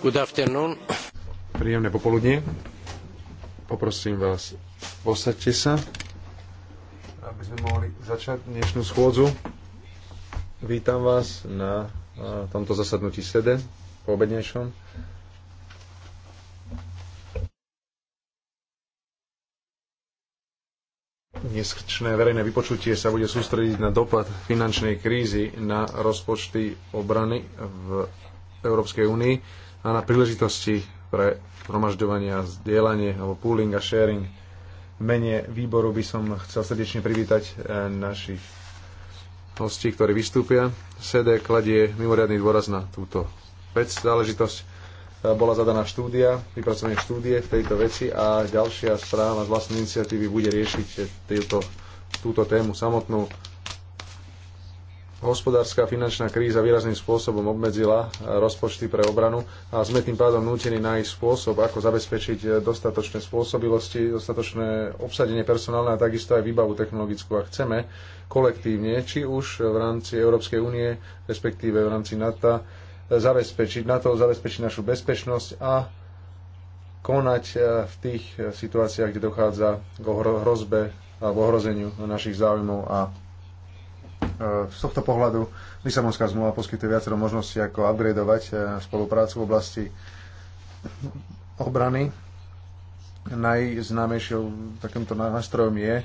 Good afternoon. Príjemné popoludnie. Poprosím vás, posaďte sa, aby sme mohli začať dnešnú schôdzu. Vítam vás na tomto zasadnutí sede, po obednejšom. Dnešné verejné vypočutie sa bude sústrediť na dopad finančnej krízy na rozpočty obrany v Európskej únii a na príležitosti pre hromažďovanie a zdieľanie alebo pooling a sharing. V mene výboru by som chcel srdečne privítať eh, našich hostí, ktorí vystúpia. CD kladie mimoriadný dôraz na túto vec, záležitosť. Eh, bola zadaná štúdia, vypracovanie štúdie v tejto veci a ďalšia správa z vlastnej iniciatívy bude riešiť eh, týto, túto tému samotnú hospodárska a finančná kríza výrazným spôsobom obmedzila rozpočty pre obranu a sme tým pádom nútení nájsť spôsob, ako zabezpečiť dostatočné spôsobilosti, dostatočné obsadenie personálne a takisto aj výbavu technologickú. A chceme kolektívne, či už v rámci Európskej únie, respektíve v rámci NATO, zabezpečiť NATO, zabezpečiť našu bezpečnosť a konať eh, v tých situáciách, kde dochádza k hrozbe alebo ohrozeniu našich záujmov a E, z tohto pohľadu Lisabonská zmluva poskytuje viacero možností, ako upgradovať e, spoluprácu v oblasti obrany. Najznámejšou takýmto nástrojom je e,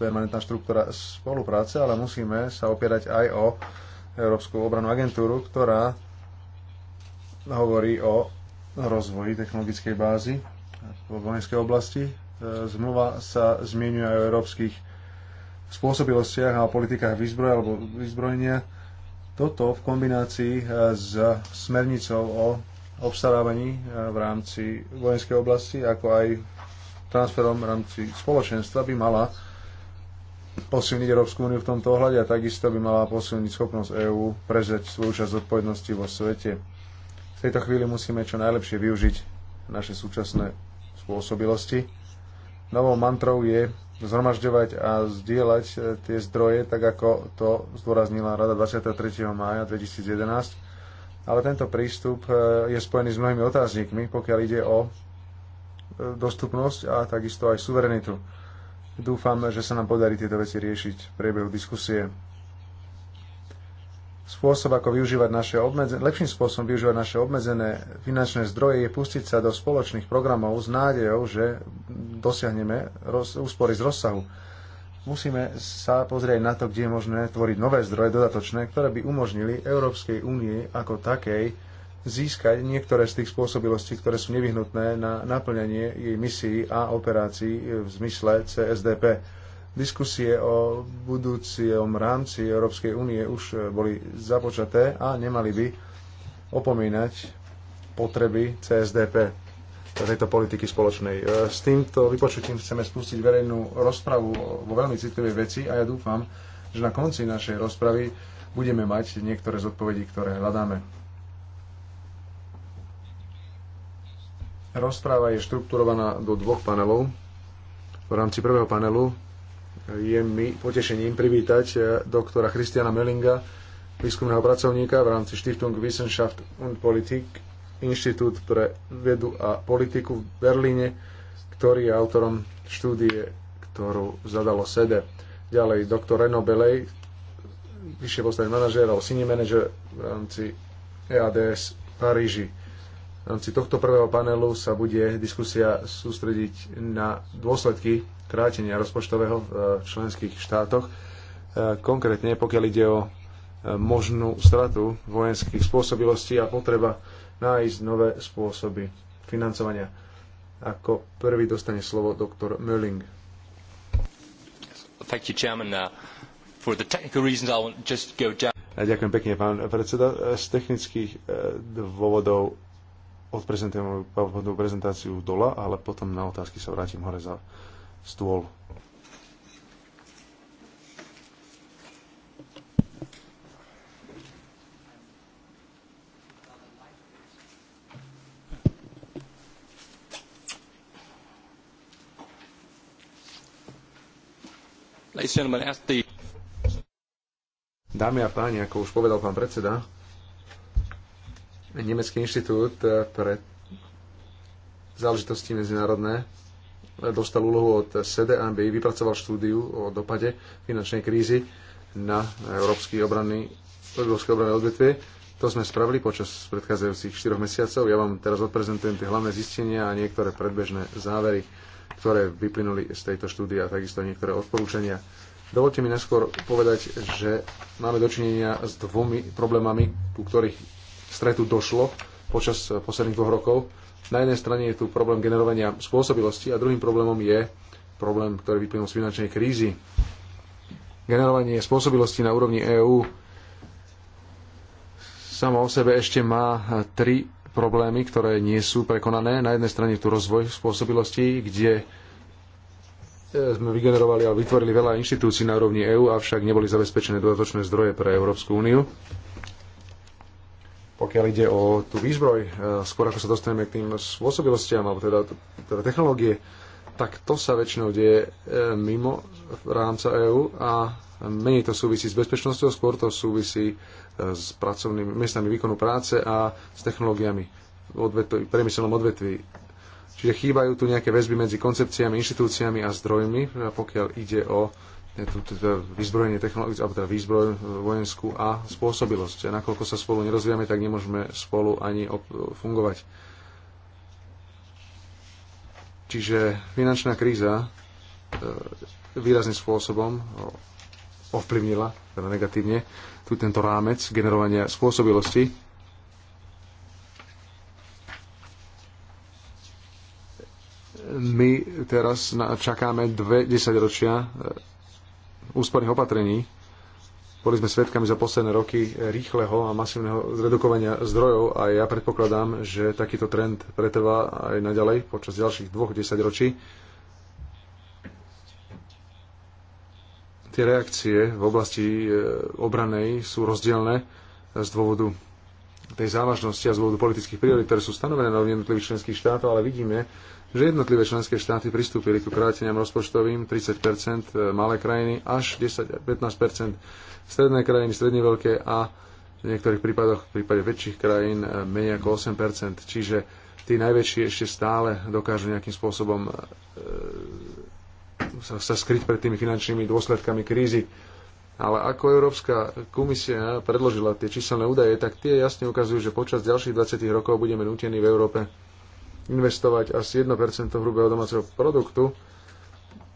permanentná štruktúra spolupráce, ale musíme sa opierať aj o Európsku obranú agentúru, ktorá hovorí o rozvoji technologickej bázy v vojenskej oblasti. Zmluva sa zmienuje aj o európskych spôsobilostiach a politikách výzbroja alebo vyzbrojenia. Toto v kombinácii eh, s smernicou o obstarávaní eh, v rámci vojenskej oblasti, ako aj transferom v rámci spoločenstva by mala posilniť Európsku úniu v tomto ohľade a takisto by mala posilniť schopnosť EÚ prežať svoju časť odpovednosti vo svete. V tejto chvíli musíme čo najlepšie využiť naše súčasné spôsobilosti. Novou mantrou je zhromažďovať a zdieľať e, tie zdroje, tak ako to zdôraznila Rada 23. mája 2011. Ale tento prístup e, je spojený s mnohými otáznikmi, pokiaľ ide o e, dostupnosť a takisto aj suverenitu. Dúfam, že sa nám podarí tieto veci riešiť v priebehu diskusie spôsob, ako využívať naše obmedzené, lepším spôsobom využívať naše obmedzené finančné zdroje je pustiť sa do spoločných programov s nádejou, že dosiahneme roz, úspory z rozsahu. Musíme sa pozrieť na to, kde je možné tvoriť nové zdroje dodatočné, ktoré by umožnili Európskej únie ako takej získať niektoré z tých spôsobilostí, ktoré sú nevyhnutné na naplňanie jej misií a operácií v zmysle CSDP Diskusie o budúciom rámci Európskej únie už e, boli započaté a nemali by opomínať potreby CSDP tejto politiky spoločnej. E, s týmto vypočutím chceme spustiť verejnú rozpravu vo veľmi citlivej veci a ja dúfam, že na konci našej rozpravy budeme mať niektoré z odpovedí, ktoré hľadáme. Rozpráva je štrukturovaná do dvoch panelov. V rámci prvého panelu je mi potešením privítať eh, doktora Christiana Mellinga, výskumného pracovníka v rámci Stiftung Wissenschaft und Politik, Inštitút pre vedu a politiku v Berlíne, ktorý je autorom štúdie, ktorú zadalo SEDE. Ďalej doktor Reno Belej, vyššie postavený manažér alebo senior manažer v rámci EADS v Paríži. V rámci tohto prvého panelu sa bude diskusia sústrediť na dôsledky krátenia rozpočtového v e, členských štátoch. E, konkrétne, pokiaľ ide o e, možnú stratu vojenských spôsobilostí a potreba nájsť nové spôsoby financovania. Ako prvý dostane slovo doktor Mölling. Thank you, Chairman. Uh, for the technical reasons, just go down. Ďakujem pekne, pán predseda. Z technických dôvodov odprezentujem moju PowerPointovú prezentáciu dola, ale potom na otázky sa vrátim hore za stôl. Dámy a páni, ako už povedal pán predseda, Nemecký inštitút pre záležitosti medzinárodné dostal úlohu od SEDE, aby vypracoval štúdiu o dopade finančnej krízy na európsky obranný, európske obranné odvetvie. To sme spravili počas predchádzajúcich 4 mesiacov. Ja vám teraz odprezentujem tie hlavné zistenia a niektoré predbežné závery, ktoré vyplynuli z tejto štúdie a takisto niektoré odporúčania. Dovolte mi neskôr povedať, že máme dočinenia s dvomi problémami, ku ktorých stretu došlo počas eh, posledných dvoch rokov. Na jednej strane je tu problém generovania spôsobilosti a druhým problémom je problém, ktorý vyplynul z finančnej krízy. Generovanie spôsobilosti na úrovni EÚ samo o sebe ešte má eh, tri problémy, ktoré nie sú prekonané. Na jednej strane je tu rozvoj spôsobilosti, kde eh, sme vygenerovali a vytvorili veľa inštitúcií na úrovni EÚ, avšak neboli zabezpečené dodatočné zdroje pre Európsku úniu pokiaľ ide o tú výzbroj, e, skôr ako sa dostaneme k tým spôsobilostiam, alebo teda, teda technológie, tak to sa väčšinou deje e, mimo rámca EÚ a menej to súvisí s bezpečnosťou, skôr to súvisí e, s pracovnými miestami výkonu práce a s technológiami v odvetvi, priemyselnom odvetví. Čiže chýbajú tu nejaké väzby medzi koncepciami, inštitúciami a zdrojmi, pokiaľ ide o teda vyzbrojenie technologické, alebo teda výzbroj e, vojenskú a spôsobilosť. A nakoľko sa spolu nerozvíjame, tak nemôžeme spolu ani fungovať. Čiže finančná kríza e, výrazným spôsobom ovplyvnila, teda negatívne, tu tento rámec generovania spôsobilosti. My teraz čakáme dve desaťročia e, úsporných opatrení. Boli sme svedkami za posledné roky rýchleho a masívneho zredukovania zdrojov a ja predpokladám, že takýto trend pretrvá aj naďalej počas ďalších dvoch desaťročí. Tie reakcie v oblasti eh, obranej sú rozdielne z dôvodu tej závažnosti a z dôvodu politických priorit, ktoré sú stanovené na jednotlivých členských štátov, ale vidíme, že jednotlivé členské štáty pristúpili ku kráteniam rozpočtovým 30 e, malé krajiny až 10-15 stredné krajiny, stredne veľké a v niektorých prípadoch, v prípade väčších krajín, e, menej ako 8 Čiže tí najväčší ešte stále dokážu nejakým spôsobom e, sa, sa skryť pred tými finančnými dôsledkami krízy. Ale ako Európska komisia predložila tie číselné údaje, tak tie jasne ukazujú, že počas ďalších 20 rokov budeme nútení v Európe investovať asi 1% hrubého domáceho produktu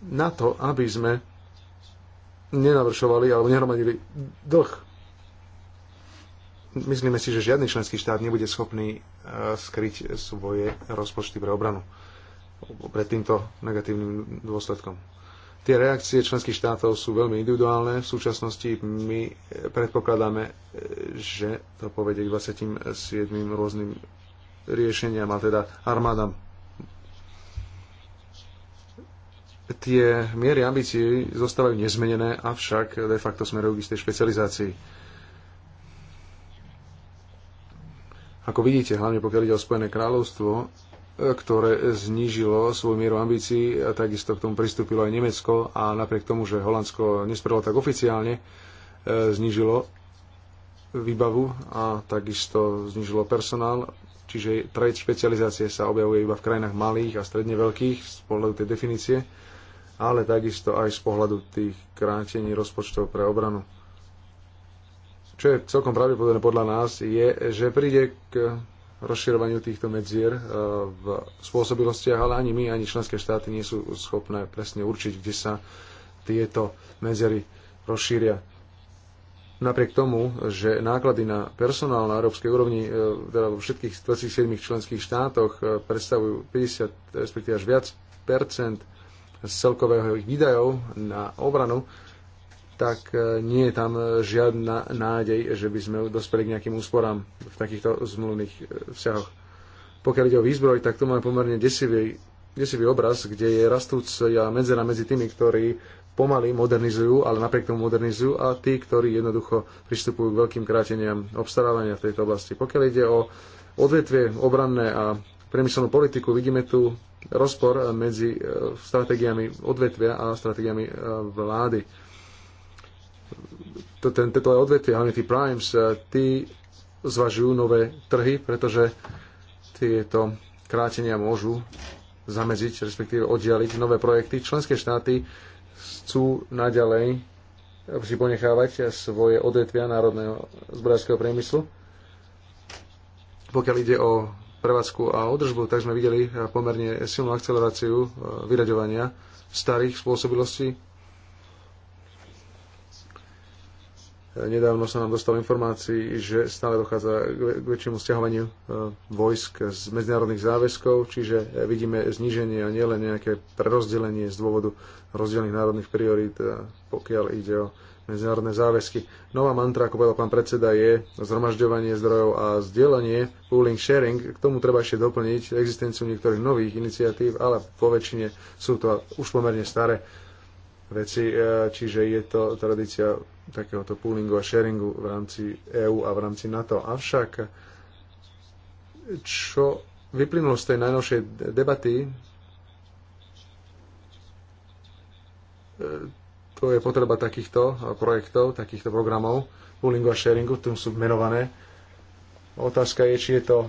na to, aby sme nenavršovali alebo nehromadili dlh. Myslíme si, že žiadny členský štát nebude schopný e, skryť svoje rozpočty pre obranu pred týmto negatívnym dôsledkom. Tie reakcie členských štátov sú veľmi individuálne. V súčasnosti my predpokladáme, e, že to povedie k 27 rôznym riešenia má teda armáda Tie miery ambícií zostávajú nezmenené, avšak de facto smerujú k istej špecializácii. Ako vidíte, hlavne pokiaľ ide o Spojené kráľovstvo, eh, ktoré znížilo svoju mieru ambícií takisto k tomu pristúpilo aj Nemecko a napriek tomu, že Holandsko nespravilo tak oficiálne, eh, znížilo výbavu a takisto znížilo personál. Čiže trade špecializácie sa objavuje iba v krajinách malých a stredne veľkých z pohľadu tej definície, ale takisto aj z pohľadu tých krátení rozpočtov pre obranu. Čo je celkom pravdepodobné podľa nás, je, že príde k rozširovaniu týchto medzier e, v spôsobilostiach, ale ani my, ani členské štáty nie sú schopné presne určiť, kde sa tieto medzery rozšíria napriek tomu, že náklady na personál na európskej úrovni, e, teda vo všetkých 27 členských štátoch e, predstavujú 50, respektíve až viac percent z celkového ich výdajov na obranu, tak e, nie je tam žiadna nádej, že by sme dospeli k nejakým úsporám v takýchto zmluvných vzťahoch. Pokiaľ ide o výzbroj, tak tu máme pomerne desivý, desivý obraz, kde je rastúca medzera medzi tými, ktorí pomaly modernizujú, ale napriek tomu modernizujú a tí, ktorí jednoducho pristupujú k veľkým kráteniam obstarávania v tejto oblasti. Pokiaľ ide o odvetvie obranné a priemyselnú politiku, vidíme tu rozpor medzi e, stratégiami odvetvia a stratégiami e, vlády. Toto je odvetvie, hlavne tí primes, e, tí zvažujú nové trhy, pretože tieto krátenia môžu zamedziť, respektíve oddialiť nové projekty. Členské štáty chcú naďalej si ponechávať svoje odvetvia národného zbrojárskeho priemyslu. Pokiaľ ide o prevádzku a održbu, tak sme videli pomerne silnú akceleráciu eh, vyraďovania starých spôsobilostí Nedávno sa nám dostalo informácií, že stále dochádza k väčšiemu stiahovaniu e, vojsk z medzinárodných záväzkov, čiže e, vidíme zníženie a nielen nejaké prerozdelenie z dôvodu rozdielných národných priorít, e, pokiaľ ide o medzinárodné záväzky. Nová mantra, ako povedal pán predseda, je zhromažďovanie zdrojov a zdieľanie, pooling, sharing. K tomu treba ešte doplniť existenciu niektorých nových iniciatív, ale po väčšine sú to už pomerne staré veci, e, čiže je to tradícia takéhoto poolingu a sharingu v rámci EÚ a v rámci NATO. Avšak, čo vyplynulo z tej najnovšej debaty, e, to je potreba takýchto projektov, takýchto programov, poolingu a sharingu, tu sú menované. Otázka je, či je to e,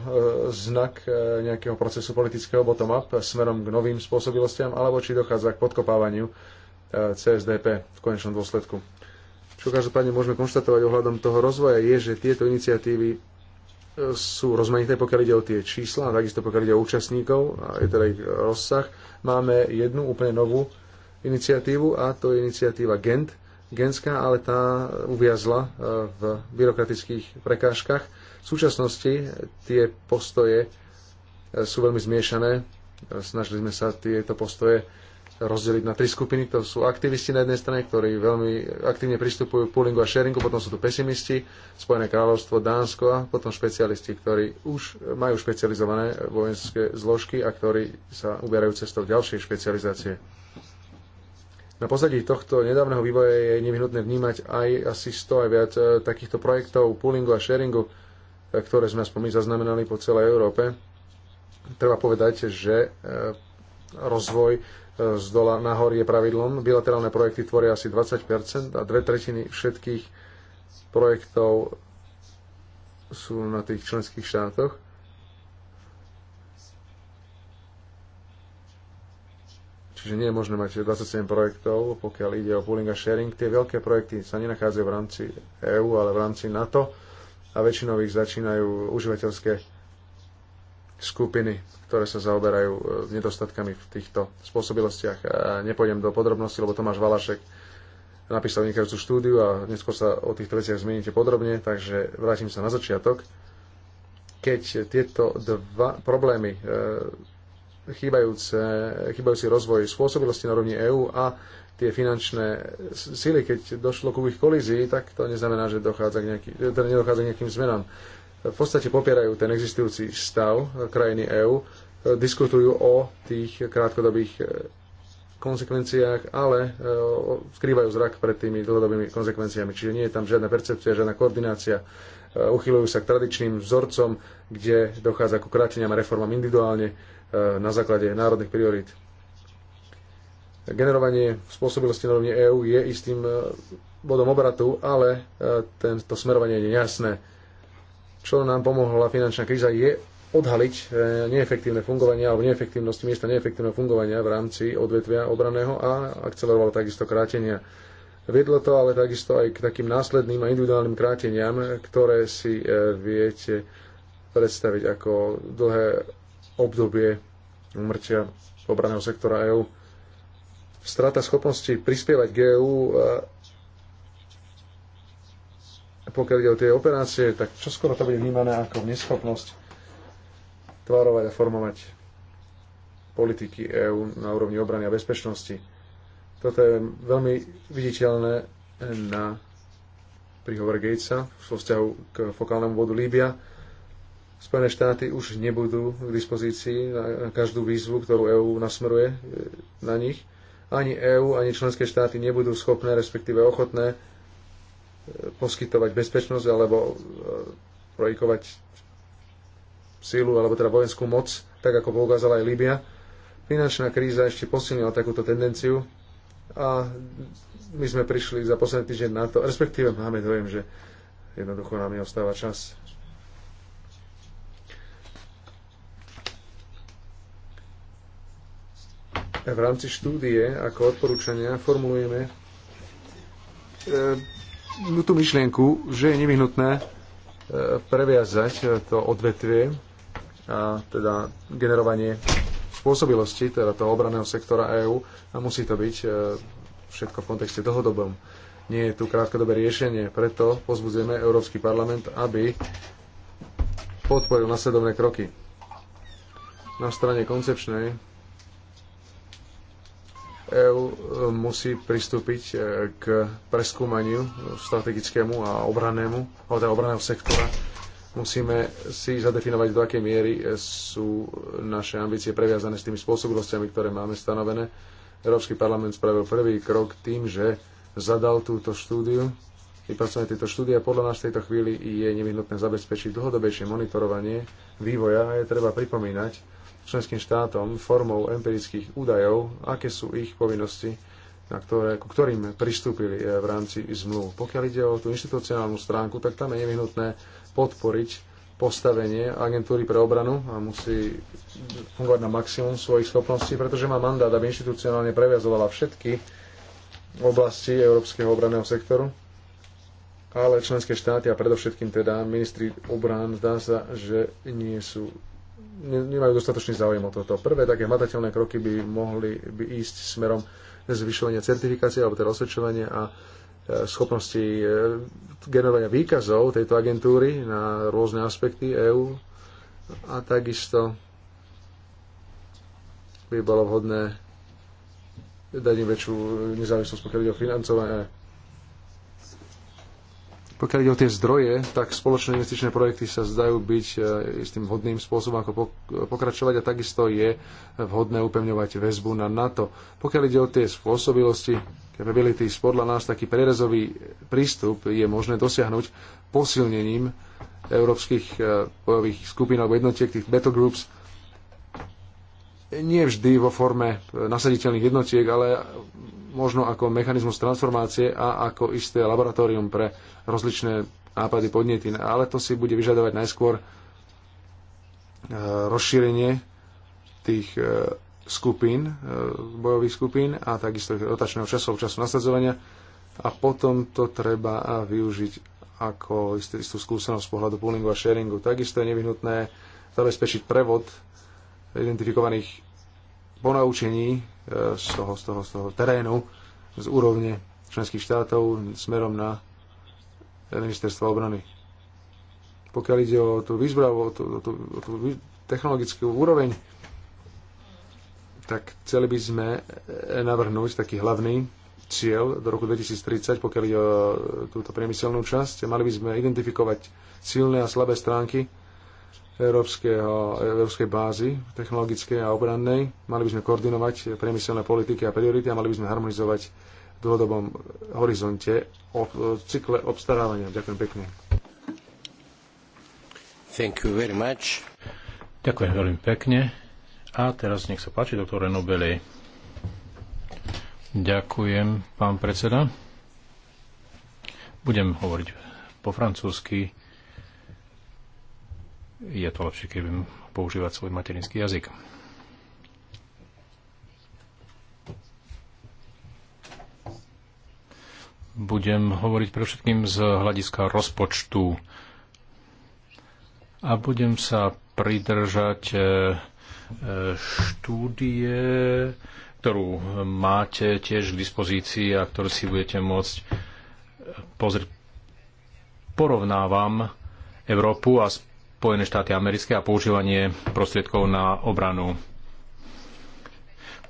znak nejakého procesu politického bottom-up smerom k novým spôsobilostiam, alebo či dochádza k podkopávaniu CSDP v konečnom dôsledku. Čo každopádne môžeme konštatovať ohľadom toho rozvoja je, že tieto iniciatívy e, sú rozmanité, pokiaľ ide o tie čísla, a takisto pokiaľ ide o účastníkov, a je teda ich rozsah. Máme jednu úplne novú iniciatívu a to je iniciatíva GENT, Genská, ale tá uviazla e, v byrokratických prekážkach. V súčasnosti tie postoje e, sú veľmi zmiešané. Snažili sme sa tieto postoje rozdeliť na tri skupiny. To sú aktivisti na jednej strane, ktorí veľmi aktívne pristupujú k poolingu a sharingu, potom sú tu pesimisti, Spojené kráľovstvo, Dánsko a potom špecialisti, ktorí už majú špecializované vojenské zložky a ktorí sa uberajú cestou ďalšej špecializácie. Na pozadí tohto nedávneho vývoja je nevyhnutné vnímať aj asi 100 aj viac e, takýchto projektov poolingu a sharingu, e, ktoré sme aspoň my zaznamenali po celej Európe. Treba povedať, že e, rozvoj z dola nahor je pravidlom. Bilaterálne projekty tvoria asi 20 a dve tretiny všetkých projektov sú na tých členských štátoch. Čiže nie je možné mať 27 projektov, pokiaľ ide o pooling a sharing. Tie veľké projekty sa nenachádzajú v rámci EÚ, ale v rámci NATO a väčšinou ich začínajú užívateľské skupiny, ktoré sa zaoberajú e, nedostatkami v týchto spôsobilostiach. Nepôjdem do podrobností, lebo Tomáš Valašek napísal vynikajúcu štúdiu a neskôr sa o týchto veciach zmeníte podrobne, takže vrátim sa na začiatok. Keď tieto dva problémy, e, chýbajúce, chýbajúci rozvoj spôsobilosti na rovni EÚ a tie finančné síly, keď došlo k ich kolízii, tak to neznamená, že dochádza k nejaký, teda nedochádza k nejakým zmenám v podstate popierajú ten existujúci stav krajiny EÚ, diskutujú o tých krátkodobých e, konsekvenciách, ale e, skrývajú zrak pred tými dlhodobými konsekvenciami. Čiže nie je tam žiadna percepcia, žiadna koordinácia. E, Uchylujú sa k tradičným vzorcom, kde dochádza ku kráteniam a reformám individuálne na základe národných priorít. Generovanie spôsobilosti na rovni EÚ je istým bodom obratu, ale tento smerovanie je nejasné čo nám pomohla finančná kríza je odhaliť e, neefektívne fungovanie alebo neefektívnosti miesta neefektívneho fungovania v rámci odvetvia obraného a akcelerovalo takisto krátenia. Viedlo to ale takisto aj k takým následným a individuálnym kráteniam, ktoré si e, viete predstaviť ako dlhé obdobie umrtia obraného sektora EÚ. Strata schopnosti prispievať k EÚ pokiaľ ide o tie operácie, tak čo skoro to bude vnímané ako neschopnosť tvárovať a formovať politiky EÚ na úrovni obrany a bezpečnosti. Toto je veľmi viditeľné na príhovor Gatesa v vzťahu k fokálnemu bodu Líbia. Spojené štáty už nebudú k dispozícii na každú výzvu, ktorú EÚ nasmeruje e, na nich. Ani EÚ, ani členské štáty nebudú schopné, respektíve ochotné poskytovať bezpečnosť alebo e, projikovať sílu alebo teda vojenskú moc, tak ako poukázala aj Líbia. Finančná kríza ešte posilnila takúto tendenciu a my sme prišli za posledný týždeň na to, respektíve máme dojem, že jednoducho nám neostáva čas. V rámci štúdie ako odporúčania formulujeme e, No, tú myšlienku, že je nevyhnutné e, previazať e, to odvetvie a teda generovanie spôsobilosti, teda toho obraného sektora EÚ a musí to byť e, všetko v kontexte dlhodobom. Nie je tu krátkodobé riešenie, preto pozbudzujeme Európsky parlament, aby podporil nasledovné kroky. Na strane koncepčnej EÚ e, musí pristúpiť e, k preskúmaniu strategickému a obrannému, alebo teda obranného sektora. Musíme si zadefinovať, do akej miery e, sú naše ambície previazané s tými spôsobnosťami, ktoré máme stanovené. Európsky parlament spravil prvý krok tým, že zadal túto štúdiu, vypracovanie tejto štúdie a podľa nás v tejto chvíli je nevyhnutné zabezpečiť dlhodobejšie monitorovanie vývoja a je treba pripomínať, členským štátom formou empirických údajov, aké sú ich povinnosti, na ktoré, ku ktorým pristúpili eh, v rámci zmluv. Pokiaľ ide o tú inštitucionálnu stránku, tak tam je nevyhnutné podporiť postavenie agentúry pre obranu a musí fungovať na maximum svojich schopností, pretože má mandát, aby institucionálne previazovala všetky oblasti európskeho obranného sektoru. Ale členské štáty a predovšetkým teda ministri obrán zdá sa, že nie sú nemajú dostatočný záujem o toto. Prvé také matateľné kroky by mohli by ísť smerom zvyšovania certifikácie alebo teda osvedčovania a e, schopnosti e, generovania výkazov tejto agentúry na rôzne aspekty EÚ a takisto by bolo vhodné dať im väčšiu nezávislosť, pokiaľ ide o financovanie pokiaľ ide o tie zdroje, tak spoločné investičné projekty sa zdajú byť e, istým vhodným spôsobom, ako pokračovať a takisto je vhodné upevňovať väzbu na NATO. Pokiaľ ide o tie spôsobilosti, capabilities, podľa nás taký prerezový prístup je možné dosiahnuť posilnením európskych e, bojových skupín alebo jednotiek, tých battle groups, nie vždy vo forme e, nasaditeľných jednotiek, ale možno ako mechanizmus transformácie a ako isté laboratórium pre rozličné nápady, podnety. Ale to si bude vyžadovať najskôr e, rozšírenie tých e, skupín, bojových skupín a takisto rotačného časov, času nasadzovania a potom to treba využiť ako istú skúsenosť z pohľadu poolingu a sharingu. Takisto je nevyhnutné zabezpečiť prevod identifikovaných ponaučení e, z toho, z toho, z toho terénu, z úrovne členských štátov smerom na ministerstvo obrany. Pokiaľ ide o tú výzbravu, o tú, o tú, o tú technologickú úroveň, tak chceli by sme e, navrhnúť taký hlavný cieľ do roku 2030, pokiaľ ide o e, túto priemyselnú časť. Mali by sme identifikovať silné a slabé stránky európskeho, európskej bázy technologickej a obrannej. Mali by sme koordinovať priemyselné politiky a priority a mali by sme harmonizovať v dlhodobom horizonte o, o cykle obstarávania. Ďakujem pekne. Thank you very much. Ďakujem veľmi pekne. A teraz nech sa páči, doktor Nobelej. Ďakujem, pán predseda. Budem hovoriť po francúzsky je to lepšie, keď budem používať svoj materinský jazyk. Budem hovoriť pre všetkým z hľadiska rozpočtu a budem sa pridržať e, e, štúdie, ktorú máte tiež k dispozícii a ktorú si budete môcť e, pozrieť. Porovnávam Európu a Spojené štáty americké a používanie prostriedkov na obranu.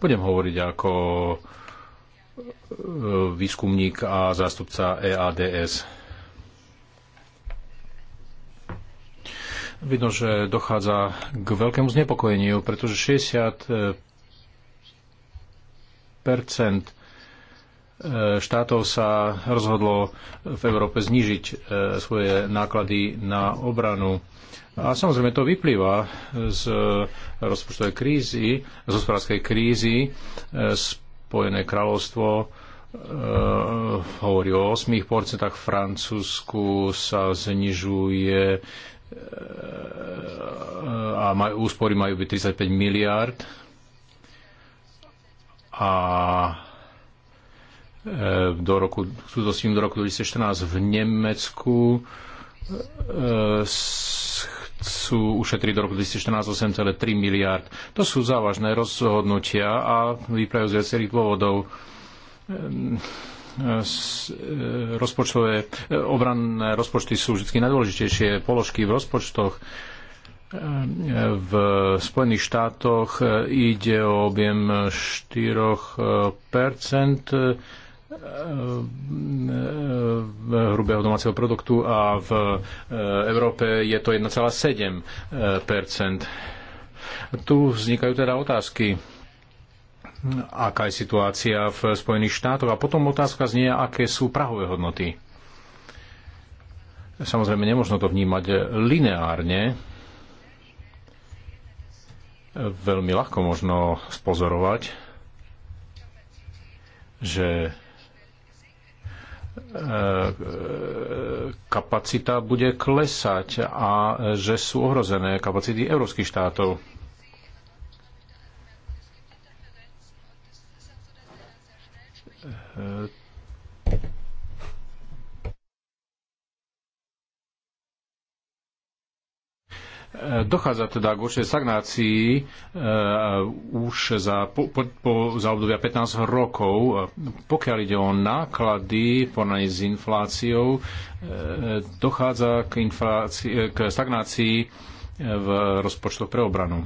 Budem hovoriť ako e, výskumník a zástupca EADS. Vidno, že dochádza k veľkému znepokojeniu, pretože 60 percent E, štátov sa rozhodlo v Európe znižiť e, svoje náklady na obranu. A samozrejme to vyplýva z rozpočtovej krízy, z hospodárskej krízy. E, Spojené kráľovstvo hovorí o 8%, v Francúzsku sa znižuje a maj, úspory majú byť 35 miliárd a E, do roku, chcú do roku 2014 v Nemecku, e, chcú ušetriť do roku 2014 8,3 miliard. To sú závažné rozhodnutia a výpravujú z viacerých dôvodov e, rozpočtové, obranné rozpočty sú vždy najdôležitejšie položky v rozpočtoch. V Spojených štátoch ide o objem 4 Eh, hrubého domáceho produktu a v eh, Európe je to 1,7 Tu vznikajú teda otázky aká je situácia v Spojených štátoch. A potom otázka znie, aké sú prahové hodnoty. Samozrejme, nemôžno to vnímať lineárne. Veľmi ľahko možno spozorovať, že E, e, kapacita bude klesať a že sú ohrozené kapacity európskych štátov. E, E, dochádza teda k určitej stagnácii e, e, už za, po, po, za obdobia 15 rokov. Pokiaľ ide o náklady porovnaní s infláciou, dochádza k, inflácii, k stagnácii v rozpočtoch pre obranu.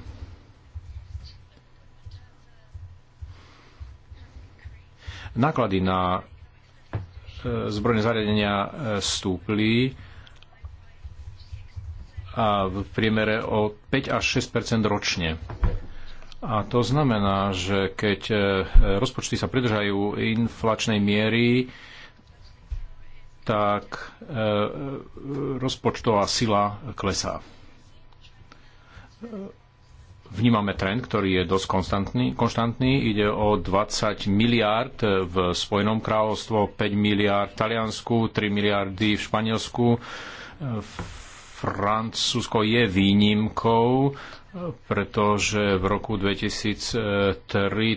Náklady na zbrojné zariadenia stúpli a v priemere o 5 až 6 ročne. A to znamená, že keď e, rozpočty sa pridržajú inflačnej miery, tak e, rozpočtová sila klesá. Vnímame trend, ktorý je dosť konstantný. konštantný. Ide o 20 miliárd v Spojenom kráľovstvo, 5 miliárd v Taliansku, 3 miliardy v Španielsku, e, v Francúzsko je výnimkou, pretože v roku 2003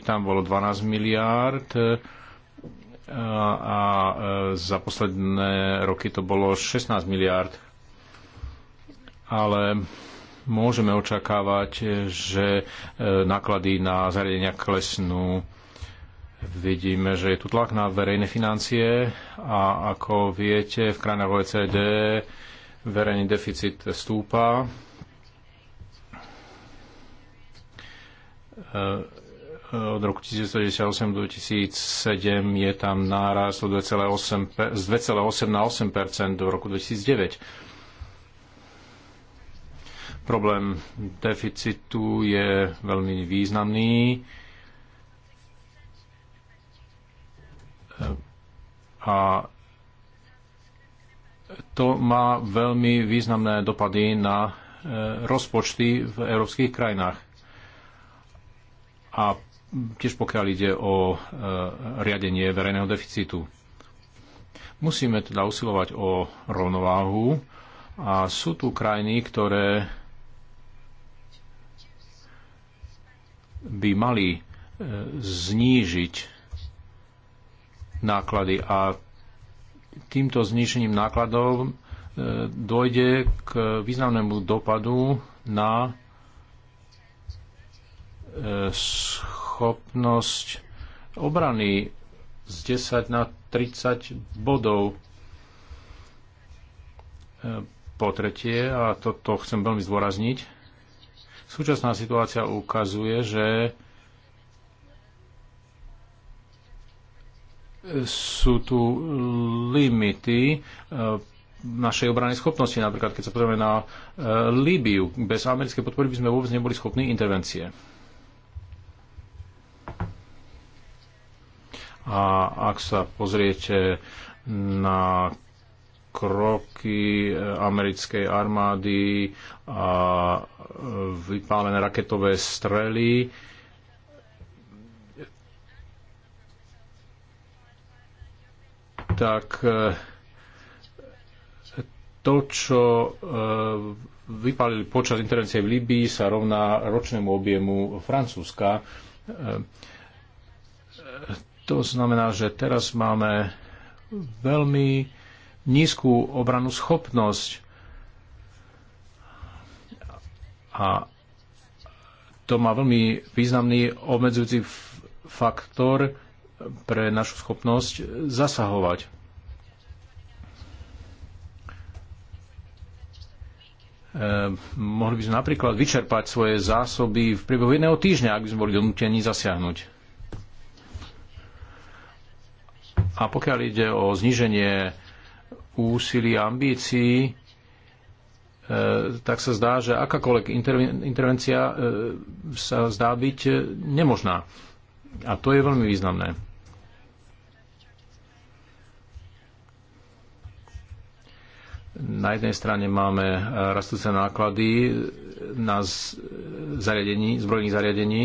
tam bolo 12 miliárd a e, za posledné roky to bolo 16 miliárd. Ale môžeme očakávať, že e, náklady na zariadenia klesnú. Vidíme, že je tu tlak na verejné financie a ako viete, v krajinách OECD Verejný deficit stúpa. E, e, od roku 1998 do 2007 je tam náraz z 2,8 na 8 do roku 2009. Problém deficitu je veľmi významný. E, a to má veľmi významné dopady na e, rozpočty v európskych krajinách. A tiež pokiaľ ide o e, riadenie verejného deficitu. Musíme teda usilovať o rovnováhu a sú tu krajiny, ktoré by mali e, znížiť náklady a týmto znišením nákladov e, dojde k významnému dopadu na e, schopnosť obrany z 10 na 30 bodov. E, po tretie, a toto chcem veľmi zdôrazniť, súčasná situácia ukazuje, že sú tu limity e, našej obranej schopnosti. Napríklad, keď sa pozrieme na e, Líbiu, bez americkej podpory by sme vôbec neboli schopní intervencie. A ak sa pozriete na kroky e, americkej armády a vypálené raketové strely, tak e, to, čo e, vypálili počas intervencie v Líbii, sa rovná ročnému objemu Francúzska. E, to znamená, že teraz máme veľmi nízku obranú schopnosť a to má veľmi významný obmedzujúci faktor pre našu schopnosť zasahovať. Eh, mohli by sme napríklad vyčerpať svoje zásoby v priebehu jedného týždňa, ak by sme boli donútení zasiahnuť. A pokiaľ ide o zníženie úsilí a ambícií, eh, tak sa zdá, že akákoľvek intervencia eh, sa zdá byť nemožná. A to je veľmi významné. Na jednej strane máme e, rastúce náklady na zariadení, zbrojných zariadení,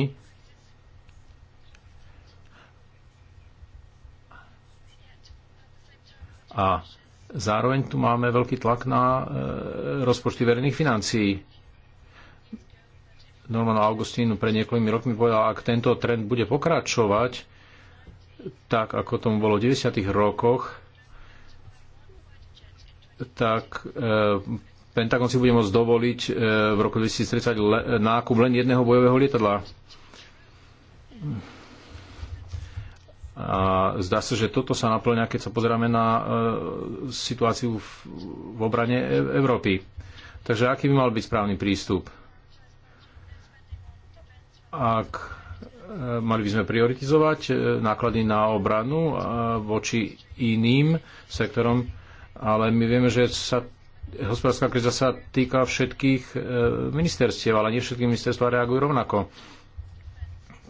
A zároveň tu máme veľký tlak na e, rozpočty verejných financií. Norman Augustín pred niekoľkými rokmi povedal, ak tento trend bude pokračovať, tak ako tomu bolo v 90. rokoch, tak eh, Pentagon si bude môcť dovoliť eh, v roku 2030 le, nákup len jedného bojového lietadla. A zdá sa, že toto sa naplňa, keď sa pozeráme na e, situáciu v, v obrane e Európy. Takže aký by mal byť správny prístup? Ak e, mali by sme prioritizovať e, náklady na obranu e, voči iným sektorom, ale my vieme, že sa hospodárska kríza sa týka všetkých e, ministerstiev, ale nie všetky ministerstva reagujú rovnako.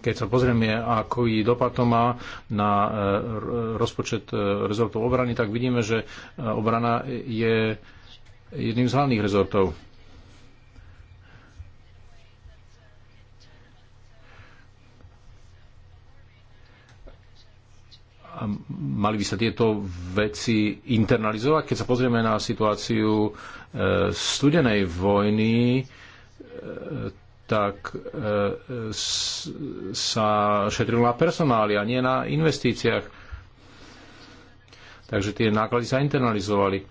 Keď sa pozrieme, aký dopad to má na e, rozpočet e, rezortov obrany, tak vidíme, že obrana je jedným z hlavných rezortov. mali by sa tieto veci internalizovať. Keď sa pozrieme na situáciu e, studenej vojny, e, tak e, sa šetrilo na personáli a nie na investíciách. Takže tie náklady sa internalizovali.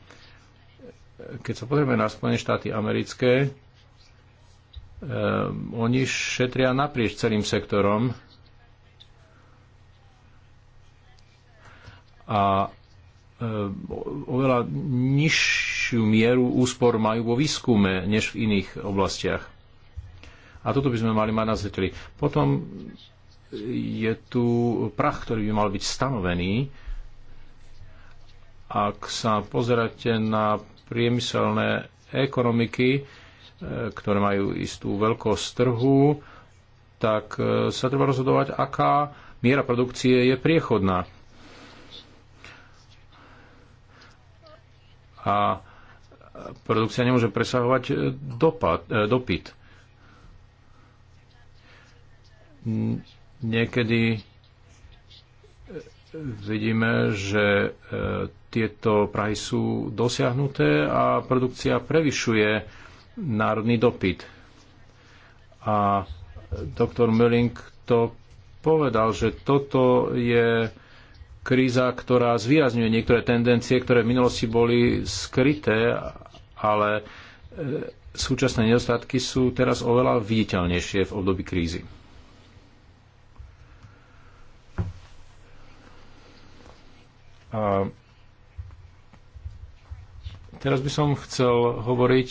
Keď sa pozrieme na Spojené štáty americké, oni šetria naprieč celým sektorom a e, oveľa nižšiu mieru úspor majú vo výskume než v iných oblastiach. A toto by sme mali mať na zreteli. Potom je tu prach, ktorý by mal byť stanovený. Ak sa pozeráte na priemyselné ekonomiky, e, ktoré majú istú veľkosť trhu, tak e, sa treba rozhodovať, aká miera produkcie je priechodná a produkcia nemôže presahovať e, dopad, e, dopyt. Niekedy e, vidíme, že tieto prahy sú dosiahnuté a produkcia prevyšuje národný dopyt. A doktor Mölling to povedal, že toto je kríza, ktorá zvýrazňuje niektoré tendencie, ktoré v minulosti boli skryté, ale e, súčasné nedostatky sú teraz oveľa viditeľnejšie v období krízy. A teraz by som chcel hovoriť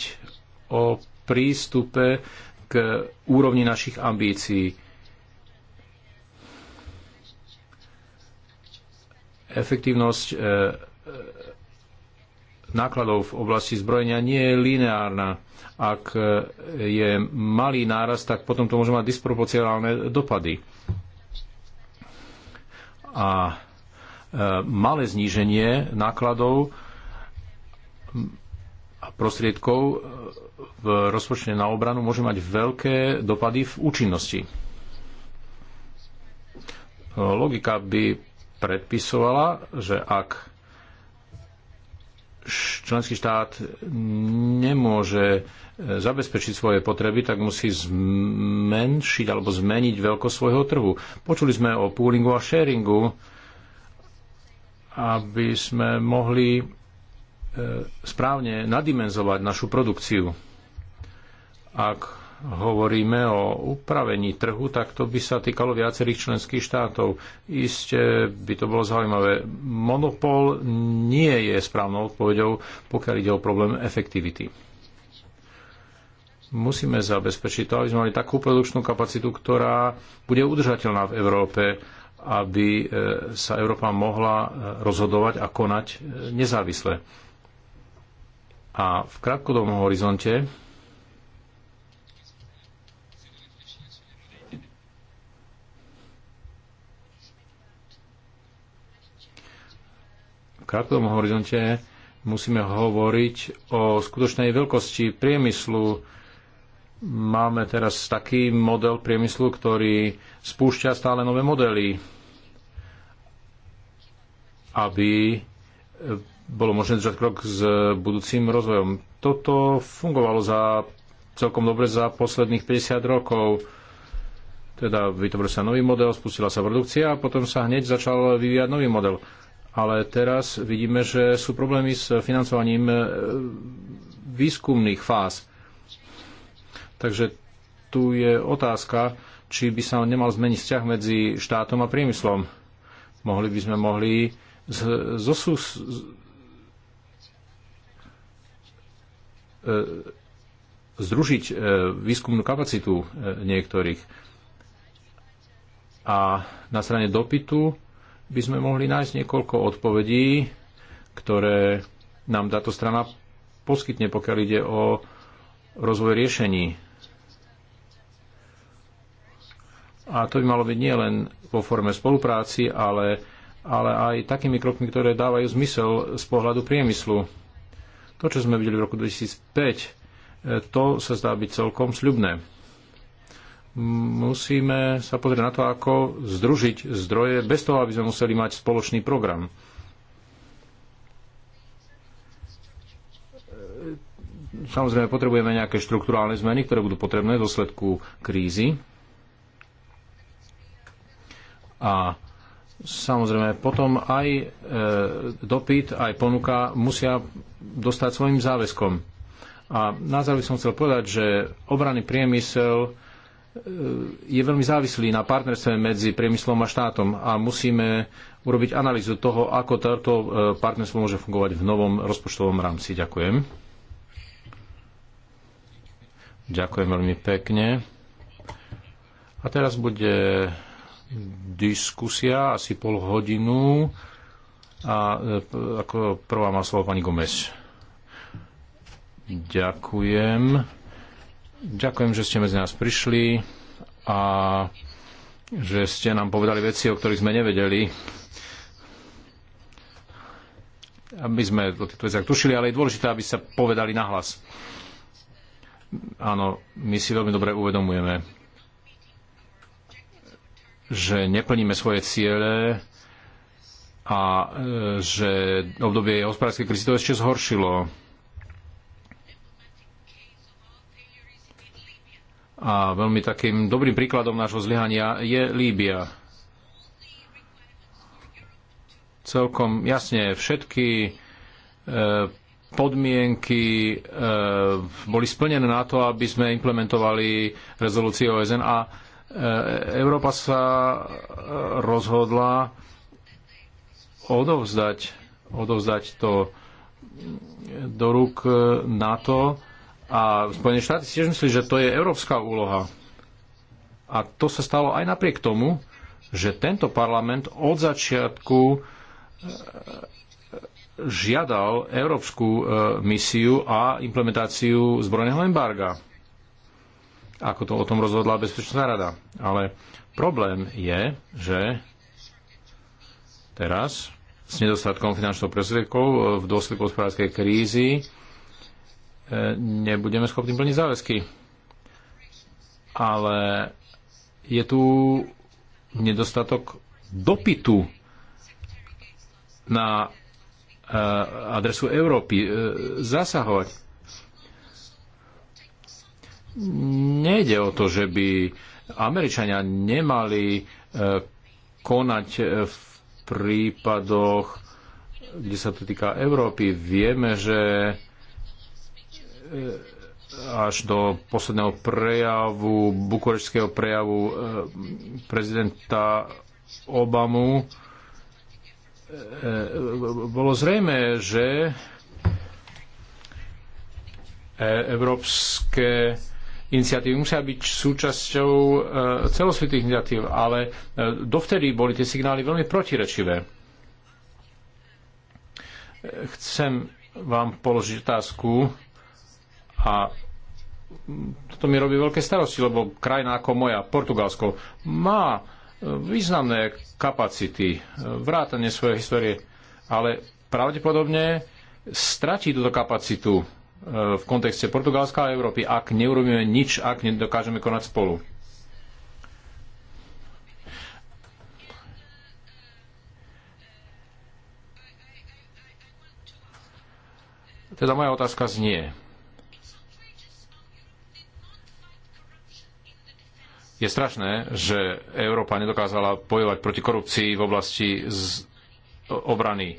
o prístupe k úrovni našich ambícií Efektívnosť e, e, nákladov v oblasti zbrojenia nie je lineárna. Ak e, je malý náraz, tak potom to môže mať disproporcionálne dopady. A malé zníženie nákladov a prostriedkov v rozpočte na obranu môže mať veľké dopady v účinnosti. Logika by predpisovala, že ak členský štát nemôže e, zabezpečiť svoje potreby, tak musí zmenšiť alebo zmeniť veľkosť svojho trhu. Počuli sme o poolingu a sharingu, aby sme mohli e, správne nadimenzovať našu produkciu. Ak hovoríme o upravení trhu, tak to by sa týkalo viacerých členských štátov. Isté by to bolo zaujímavé. Monopol nie je správnou odpovedou, pokiaľ ide o problém efektivity. Musíme zabezpečiť to, aby sme mali takú produkčnú kapacitu, ktorá bude udržateľná v Európe, aby e, sa Európa mohla e, rozhodovať a konať e, nezávisle. A v krátkodobom horizonte krátkom horizonte musíme hovoriť o skutočnej veľkosti priemyslu. Máme teraz taký model priemyslu, ktorý spúšťa stále nové modely, aby e, bolo možné držať krok s budúcim rozvojom. Toto fungovalo za, celkom dobre za posledných 50 rokov. Teda vytvoril sa nový model, spustila sa produkcia a potom sa hneď začal vyvíjať nový model ale teraz vidíme, že sú problémy s financovaním e, výskumných fáz. Takže tu je otázka, či by sa nemal zmeniť vzťah medzi štátom a priemyslom. Mohli by sme mohli z, zosús, e, združiť e, výskumnú kapacitu niektorých. A na strane dopytu by sme mohli nájsť niekoľko odpovedí, ktoré nám táto strana poskytne, pokiaľ ide o rozvoj riešení. A to by malo byť nie len vo forme spolupráci, ale, ale aj takými krokmi, ktoré dávajú zmysel z pohľadu priemyslu. To, čo sme videli v roku 2005, e, to sa zdá byť celkom sľubné musíme sa pozrieť na to, ako združiť zdroje bez toho, aby sme museli mať spoločný program. Samozrejme, potrebujeme nejaké štruktúrálne zmeny, ktoré budú potrebné v dôsledku krízy. A samozrejme potom aj e, dopyt, aj ponuka musia dostať svojim záväzkom. A na záver som chcel povedať, že obranný priemysel E, je veľmi závislý na partnerstve medzi priemyslom a štátom a musíme urobiť analýzu toho, ako toto e, partnerstvo môže fungovať v novom rozpočtovom rámci. Ďakujem. Ďakujem veľmi pekne. A teraz bude diskusia asi pol hodinu a e, ako prvá má slovo pani Gomez. Ďakujem. Ďakujem, že ste medzi nás prišli a že ste nám povedali veci, o ktorých sme nevedeli. Aby sme o týchto veciach tušili, ale je dôležité, aby sa povedali nahlas. Áno, my si veľmi dobre uvedomujeme, že neplníme svoje ciele a e, že obdobie hospodárskej krízy to ešte zhoršilo A veľmi takým dobrým príkladom nášho zlyhania je Líbia. Celkom jasne všetky e, podmienky e, boli splnené na to, aby sme implementovali rezolúciu OSN a e, Európa sa rozhodla odovzdať, odovzdať to do rúk NATO a Spojené štáty si tiež myslí, že to je európska úloha. A to sa stalo aj napriek tomu, že tento parlament od začiatku e, e, žiadal európsku e, misiu a implementáciu zbrojného embarga. Ako to o tom rozhodla Bezpečnostná rada. Ale problém je, že teraz s nedostatkom finančných prostriedkov v dôsledku hospodárskej krízy nebudeme schopní plniť záväzky. Ale je tu nedostatok dopytu na e, adresu Európy e, zasahovať. Nejde o to, že by Američania nemali e, konať v prípadoch, kde sa to týka Európy. Vieme, že E, až do posledného prejavu, bukurečského prejavu e, prezidenta Obamu, e, bolo zrejme, že európske iniciatívy musia byť súčasťou celosvetých iniciatív, ale dovtedy boli tie signály veľmi protirečivé. Chcem vám položiť otázku, a toto mi robí veľké starosti, lebo krajina ako moja, Portugalsko, má e, významné kapacity, e, vrátanie svojej histórie, ale pravdepodobne stratí túto kapacitu e, v kontexte Portugalska a Európy, ak neurobíme nič, ak nedokážeme konať spolu. Teda moja otázka znie. Je strašné, že Európa nedokázala bojovať proti korupcii v oblasti z obrany.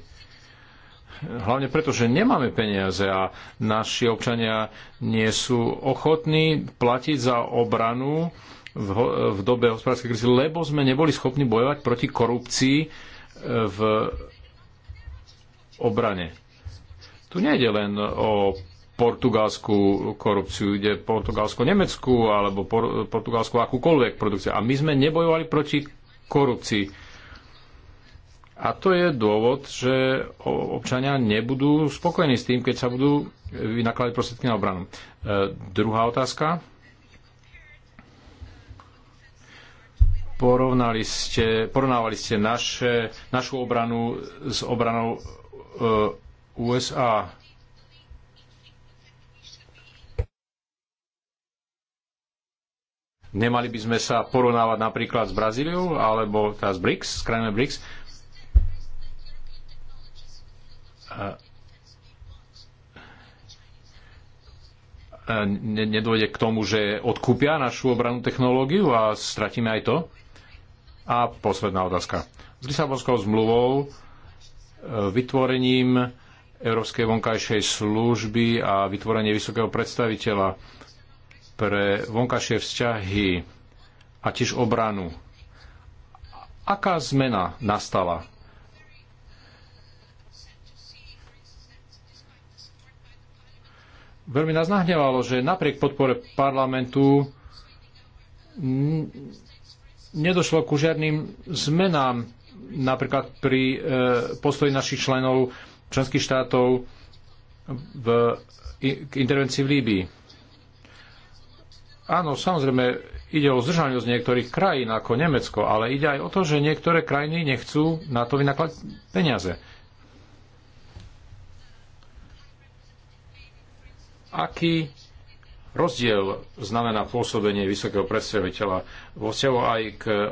Hlavne preto, že nemáme peniaze a naši občania nie sú ochotní platiť za obranu v, v dobe hospodárskej krízy, lebo sme neboli schopní bojovať proti korupcii e, v obrane. Tu nejde len o portugalskú korupciu, ide portugalsko-nemeckú alebo por, portugalsko akúkoľvek produkciu. A my sme nebojovali proti korupcii. A to je dôvod, že občania nebudú spokojní s tým, keď sa budú vynakladať prostriedky na obranu. E, druhá otázka. Porovnali ste, porovnávali ste naše, našu obranu s obranou e, USA Nemali by sme sa porovnávať napríklad s Brazíliou alebo teda s BRICS, s krajinami BRICS. nedôjde k tomu, že odkúpia našu obranú technológiu a stratíme aj to? A posledná otázka. S Lisabonskou zmluvou, e, vytvorením Európskej vonkajšej služby a vytvorenie vysokého predstaviteľa pre vonkašie vzťahy a tiež obranu. Aká zmena nastala? Veľmi nás nahnevalo, že napriek podpore parlamentu nedošlo ku žiadnym zmenám napríklad pri e, postoji našich členov členských štátov v, k intervencii v Líbii. Áno, samozrejme, ide o zdržanosť niektorých krajín ako Nemecko, ale ide aj o to, že niektoré krajiny nechcú na to vynakladať peniaze. Aký rozdiel znamená pôsobenie vysokého predstaviteľa vo vzťahu aj k e,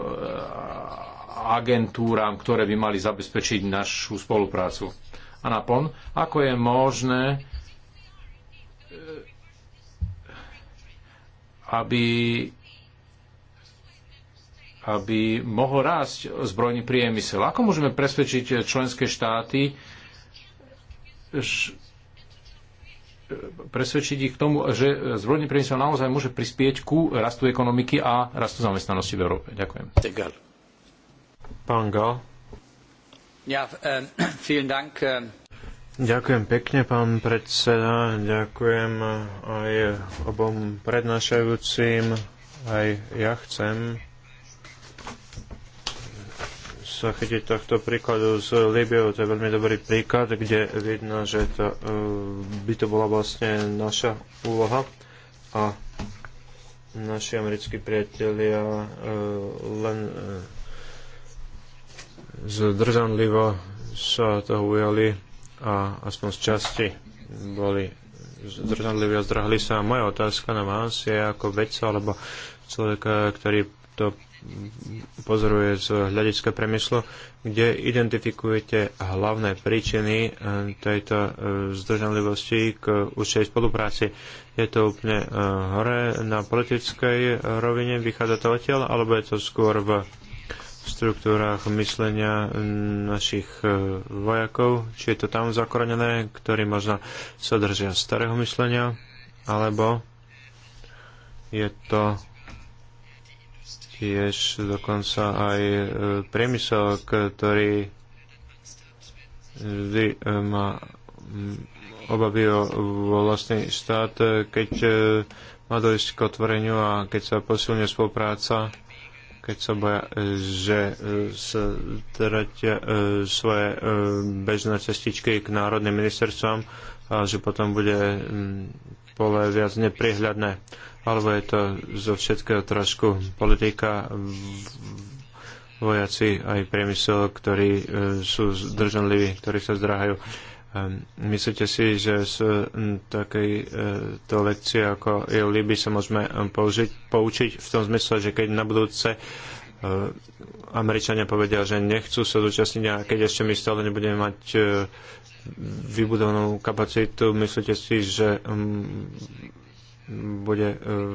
agentúram, ktoré by mali zabezpečiť našu spoluprácu? A napon, ako je možné aby aby mohol rásť zbrojný priemysel. Ako môžeme presvedčiť členské štáty, presvedčiť ich k tomu, že zbrojný priemysel naozaj môže prispieť ku rastu ekonomiky a rastu zamestnanosti v Európe. Ďakujem. Pán Gal. Ja, eh, vielen Dank. Eh, Ďakujem pekne, pán predseda. Ďakujem aj obom prednášajúcim. Aj ja chcem sa chytiť tohto príkladu z Libiou. To je veľmi dobrý príklad, kde vidno, že to, eh, by to bola vlastne naša úloha a naši americkí priatelia eh, len eh, zdržanlivo sa toho ujali a aspoň z časti boli zrnadliví a zdrhli sa. Moja otázka na vás je ako vedca alebo človeka, e, ktorý to pozoruje z hľadiska premyslu, kde identifikujete hlavné príčiny e, tejto e, zdržanlivosti k užšej spolupráci. Je to úplne hore na politickej rovine, vychádza to odtiaľ, alebo je to skôr v v myslenia našich e, vojakov, či je to tam zakorenené, ktorí možno sa držia starého myslenia, alebo je to tiež dokonca aj e, priemysel, ktorý vždy e, má obavy o vlastný štát, keď má dojsť k otvoreniu a keď sa posilne spolupráca keď sa boja, e, že e, stratia e, svoje bežné cestičky k národným ministerstvom a že potom bude mm, pole viac neprihľadné. Alebo je to zo všetkého trošku politika vojaci aj priemysel, ktorí sú zdržanliví, ktorí sa zdráhajú. Myslíte si, že z takejto lekcie ako je v sa môžeme e, použiť, poučiť v tom zmysle, že keď na budúce e, Američania povedia, že nechcú sa zúčastniť a keď ešte my stále nebudeme mať e, vybudovanú kapacitu, myslíte si, že bude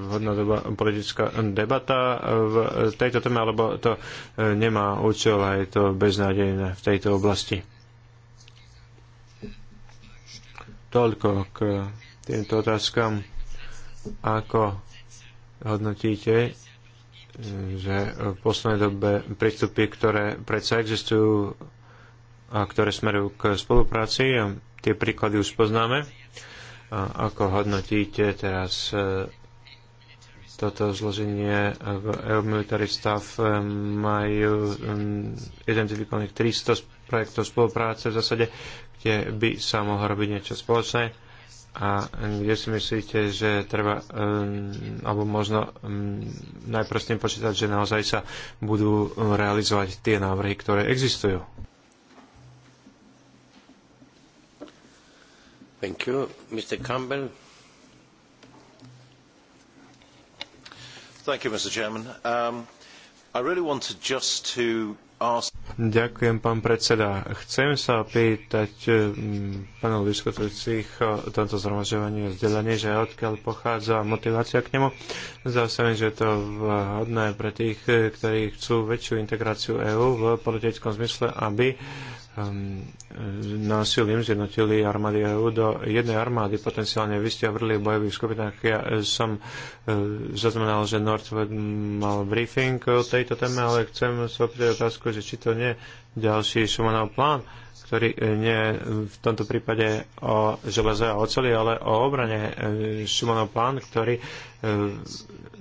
vhodná doba politická debata v tejto téme, alebo to nemá účel a je to beznádejné v tejto oblasti? Toľko k týmto otázkam, ako hodnotíte, e, že v poslednej dobe prístupy, ktoré predsa existujú a ktoré smerujú k spolupráci, tie príklady už poznáme. A ako hodnotíte teraz e, toto zloženie v EU Military Staff e, majú identifikovaných 300 projektov spolupráce v zásade, kde by sa mohlo robiť niečo spoločné a kde si myslíte, že treba, um, alebo možno um, najprv s tým počítať, že naozaj sa budú realizovať tie návrhy, ktoré existujú? Thank you. Mr. Campbell. Thank you, Mr. Chairman. Um, I really wanted just to Ďakujem, pán predseda. Chcem sa pýtať eh, panel diskutujúcich o tomto zhromažďovanie a vzdelanie, že odkiaľ pochádza motivácia k nemu. Zdá sa mi, že je to hodné pre tých, eh, ktorí chcú väčšiu integráciu EÚ v politickom zmysle, aby um, násilím zjednotili armády EU do jednej armády. Potenciálne vy ste hovorili bojových skupinách. Ja e, som uh, zaznamenal, že Northwood mal briefing o tejto téme, ale chcem sa opýtať otázku, že či to nie ďalší Šumanov plán. Uh, ktorý e, nie v tomto prípade o železe a oceli, ale o obrane e, Šimonov plán, ktorý e,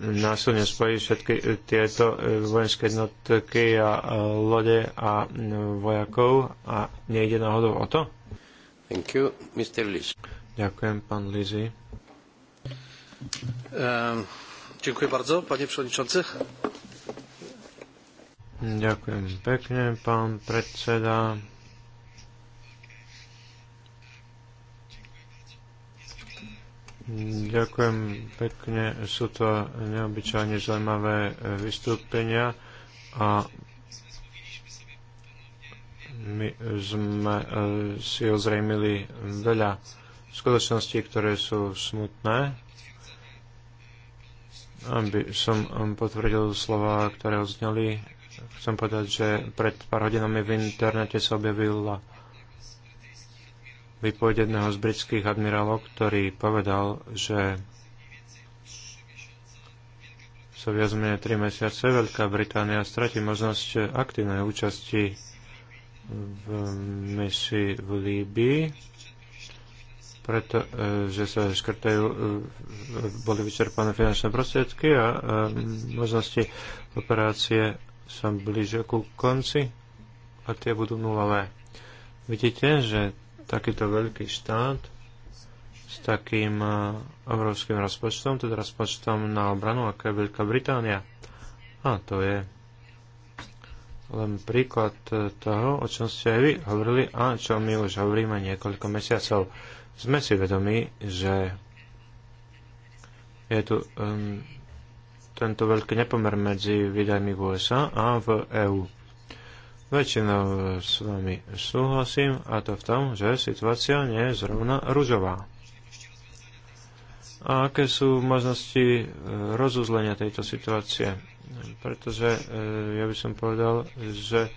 násilne spojí všetky tieto vojenské jednotky a lode a vojakov a nejde náhodou o to? Thank you, Mr. Liz. Ďakujem, pán Lizy. Um, ehm, dziękuję bardzo, pani przewodniczący. Ďakujem pekne, pán predseda. Ďakujem pekne. Sú to neobyčajne zaujímavé eh, vystúpenia a my sme eh, si ozrejmili veľa skutočností, ktoré sú smutné. Aby som eh, potvrdil slova, ktoré odzneli, chcem povedať, že pred pár hodinami v internete sa objavila Vypoveď jedného z britských admirálov, ktorý povedal, že sa viac menej 3 mesiace Veľká Británia stratí možnosť aktívnej účasti v misii v Líbii, pretože sa škrtajú, boli vyčerpané finančné prostriedky a možnosti operácie sa blížia ku konci a tie budú nulové. Vidíte, že takýto veľký štát s takým e, obrovským rozpočtom, teda rozpočtom na obranu, aká je Veľká Británia. A to je len príklad e, toho, o čom ste aj vy hovorili a čo my už hovoríme niekoľko mesiacov. Sme si vedomi, že je tu um, tento veľký nepomer medzi výdajmi v USA a v EÚ väčšinou s vami súhlasím a to v tom, že situácia nie je zrovna ružová. A aké sú možnosti e, rozuzlenia tejto situácie? Pretože e, ja by som povedal, že e,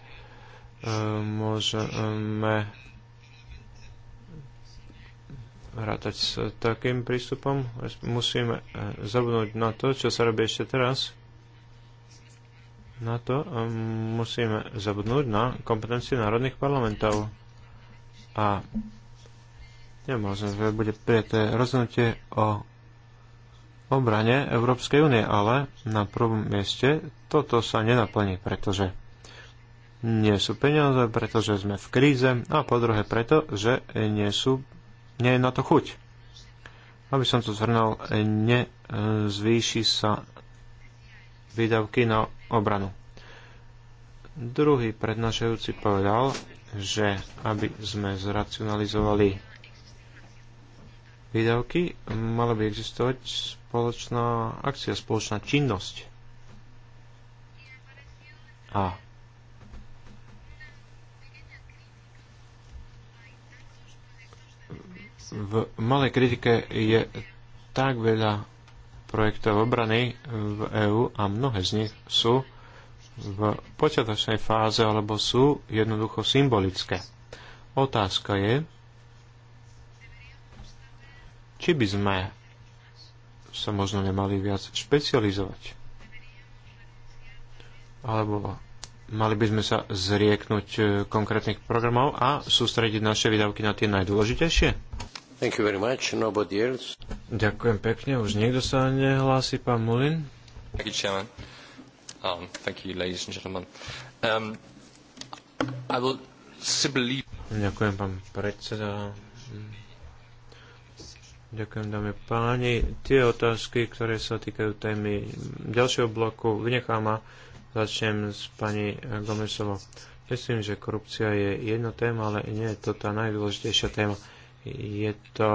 môžeme rátať s takým prístupom. Musíme zabudnúť na to, čo sa robí ešte teraz, na to um, musíme zabudnúť na kompetencie národných parlamentov. A nemôžem, že bude prijaté rozhodnutie o obrane Európskej únie, ale na prvom mieste toto sa nenaplní, pretože nie sú peniaze, pretože sme v kríze a po druhé preto, že nie, sú, nie je na to chuť. Aby som to zhrnal, nezvýši e, sa výdavky na obranu. Druhý prednášajúci povedal, že aby sme zracionalizovali výdavky, mala by existovať spoločná akcia, spoločná činnosť. A v malej kritike je tak veľa projektov obrany v EÚ a mnohé z nich sú v počiatočnej fáze alebo sú jednoducho symbolické. Otázka je, či by sme sa možno nemali viac špecializovať. Alebo mali by sme sa zrieknúť eh, konkrétnych programov a sústrediť naše výdavky na tie najdôležitejšie? Thank you very much. Nobody else. Ďakujem pekne. Už niekto sa nehlási, pán Mulin? Thank you, Chairman. Um, thank you, ladies and gentlemen. Um, I will simply... Ďakujem, pán predseda. Ďakujem, dámy páni. Tie otázky, ktoré sa týkajú témy ďalšieho bloku, vynechám a začnem s pani Gomesovou. Myslím, že korupcia je jedna téma, ale nie je to tá najdôležitejšia téma. Je to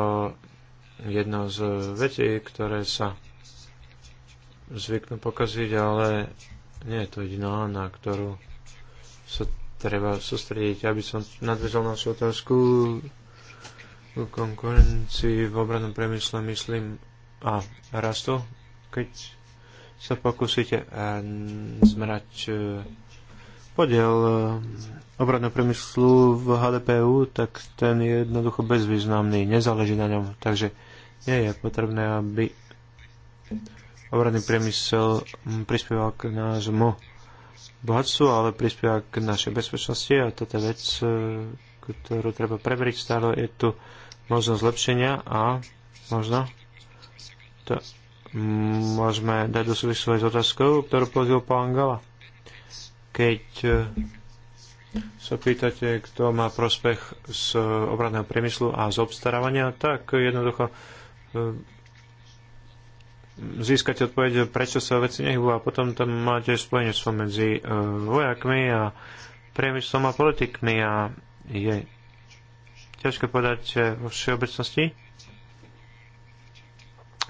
jedna z vecí, ktoré sa zvyknú pokaziť, ale nie je to jediná, na ktorú sa treba sústrediť. Aby som nadvezal na otázku o konkurencii v obranom priemysle, myslím, a rastu, keď sa pokúsite eh, zmerať eh, podiel eh, obradného priemyslu v HDPU, tak ten je jednoducho bezvýznamný, nezáleží na ňom. Takže nie je potrebné, aby obradný priemysel hm, prispieval k nášmu bohatstvu, ale prispieva k našej bezpečnosti a toto je vec, eh, ktorú treba preveriť. Stále je tu možnosť zlepšenia a možno to hm, môžeme dať do súvislosti s otázkou, ktorú položil pán Gala keď eh, sa pýtate, kto má prospech z obranného priemyslu a z obstarávania, tak jednoducho eh, získať odpoveď, prečo sa veci nehybú a potom tam máte spojenectvo medzi eh, vojakmi a priemyslom a politikmi a je ťažké povedať vo všeobecnosti.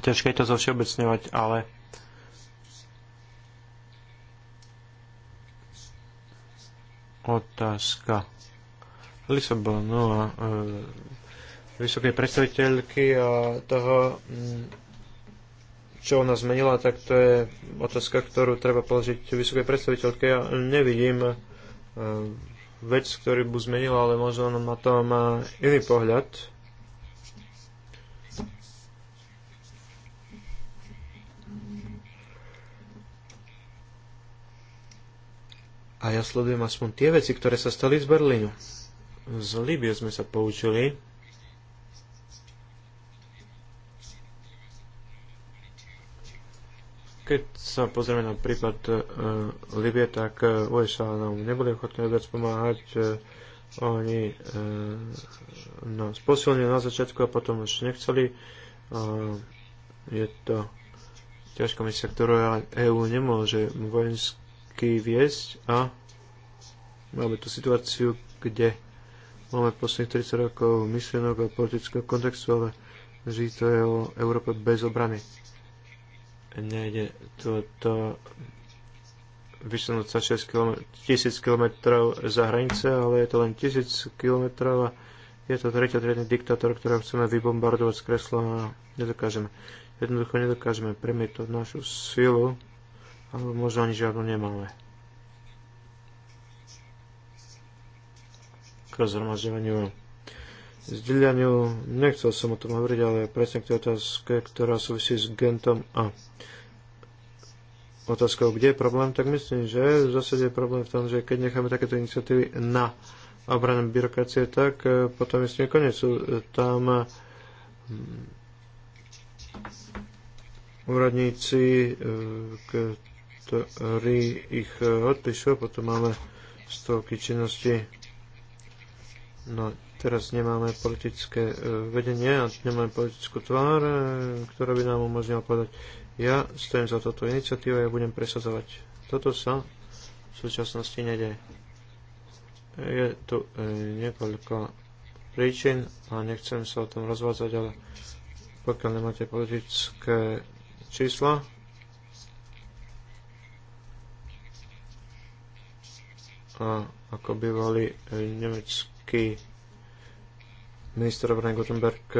Ťažké je to zovšeobecňovať, ale otázka Lisabonu a e, vysokej predstaviteľky a toho, čo ona zmenila, tak to je otázka, ktorú treba položiť vysokej predstaviteľke. Ja nevidím e, vec, ktorú by zmenila, ale možno ona má tam iný pohľad A ja sledujem aspoň tie veci, ktoré sa stali z Berlínu. Z Libie sme sa poučili, keď sa pozrieme na prípad uh, e, Libie, tak uh, e, USA nám nebude ochotné viac pomáhať. Uh, oni uh, nás posilnili na začiatku a potom už nechceli. Uh, je to ťažká misia, ktorú EÚ nemôže vojenské roky viesť a máme tu situáciu, kde máme posledných 30 rokov myšlienok a politického kontextu, ale že to je o Európe bez obrany. Nejde to, to vysunúť sa 6 km, 1000 km za hranice, ale je to len 1000 km a je to treťotriedný diktátor, ktorého chceme vybombardovať z kresla a nedokážeme. Jednoducho nedokážeme premietať našu silu alebo možno ani žiadnu nemáme. K zhromažďovaniu zdieľaniu, nechcel som o tom hovoriť, ale presne k tej otázke, ktorá súvisí s Gentom a otázkou, kde je problém, tak myslím, že v zásade je problém v tom, že keď necháme takéto iniciatívy na obranu byrokracie, tak e, potom je s tým koniec. E, tam e, úradníci, ktorý ich e, odpíšu, Potom máme stovky činnosti. No, teraz nemáme politické e, vedenie a nemáme politickú tvár, e, ktorá by nám umožnila povedať, ja stojím za toto iniciatívu a ja budem presadzovať. Toto sa v súčasnosti nedeje. Je tu niekoľko príčin a nechcem sa o tom rozvádzať, ale pokiaľ nemáte politické čísla, A ako bývalý e, nemecký minister obrany Gutenberg e,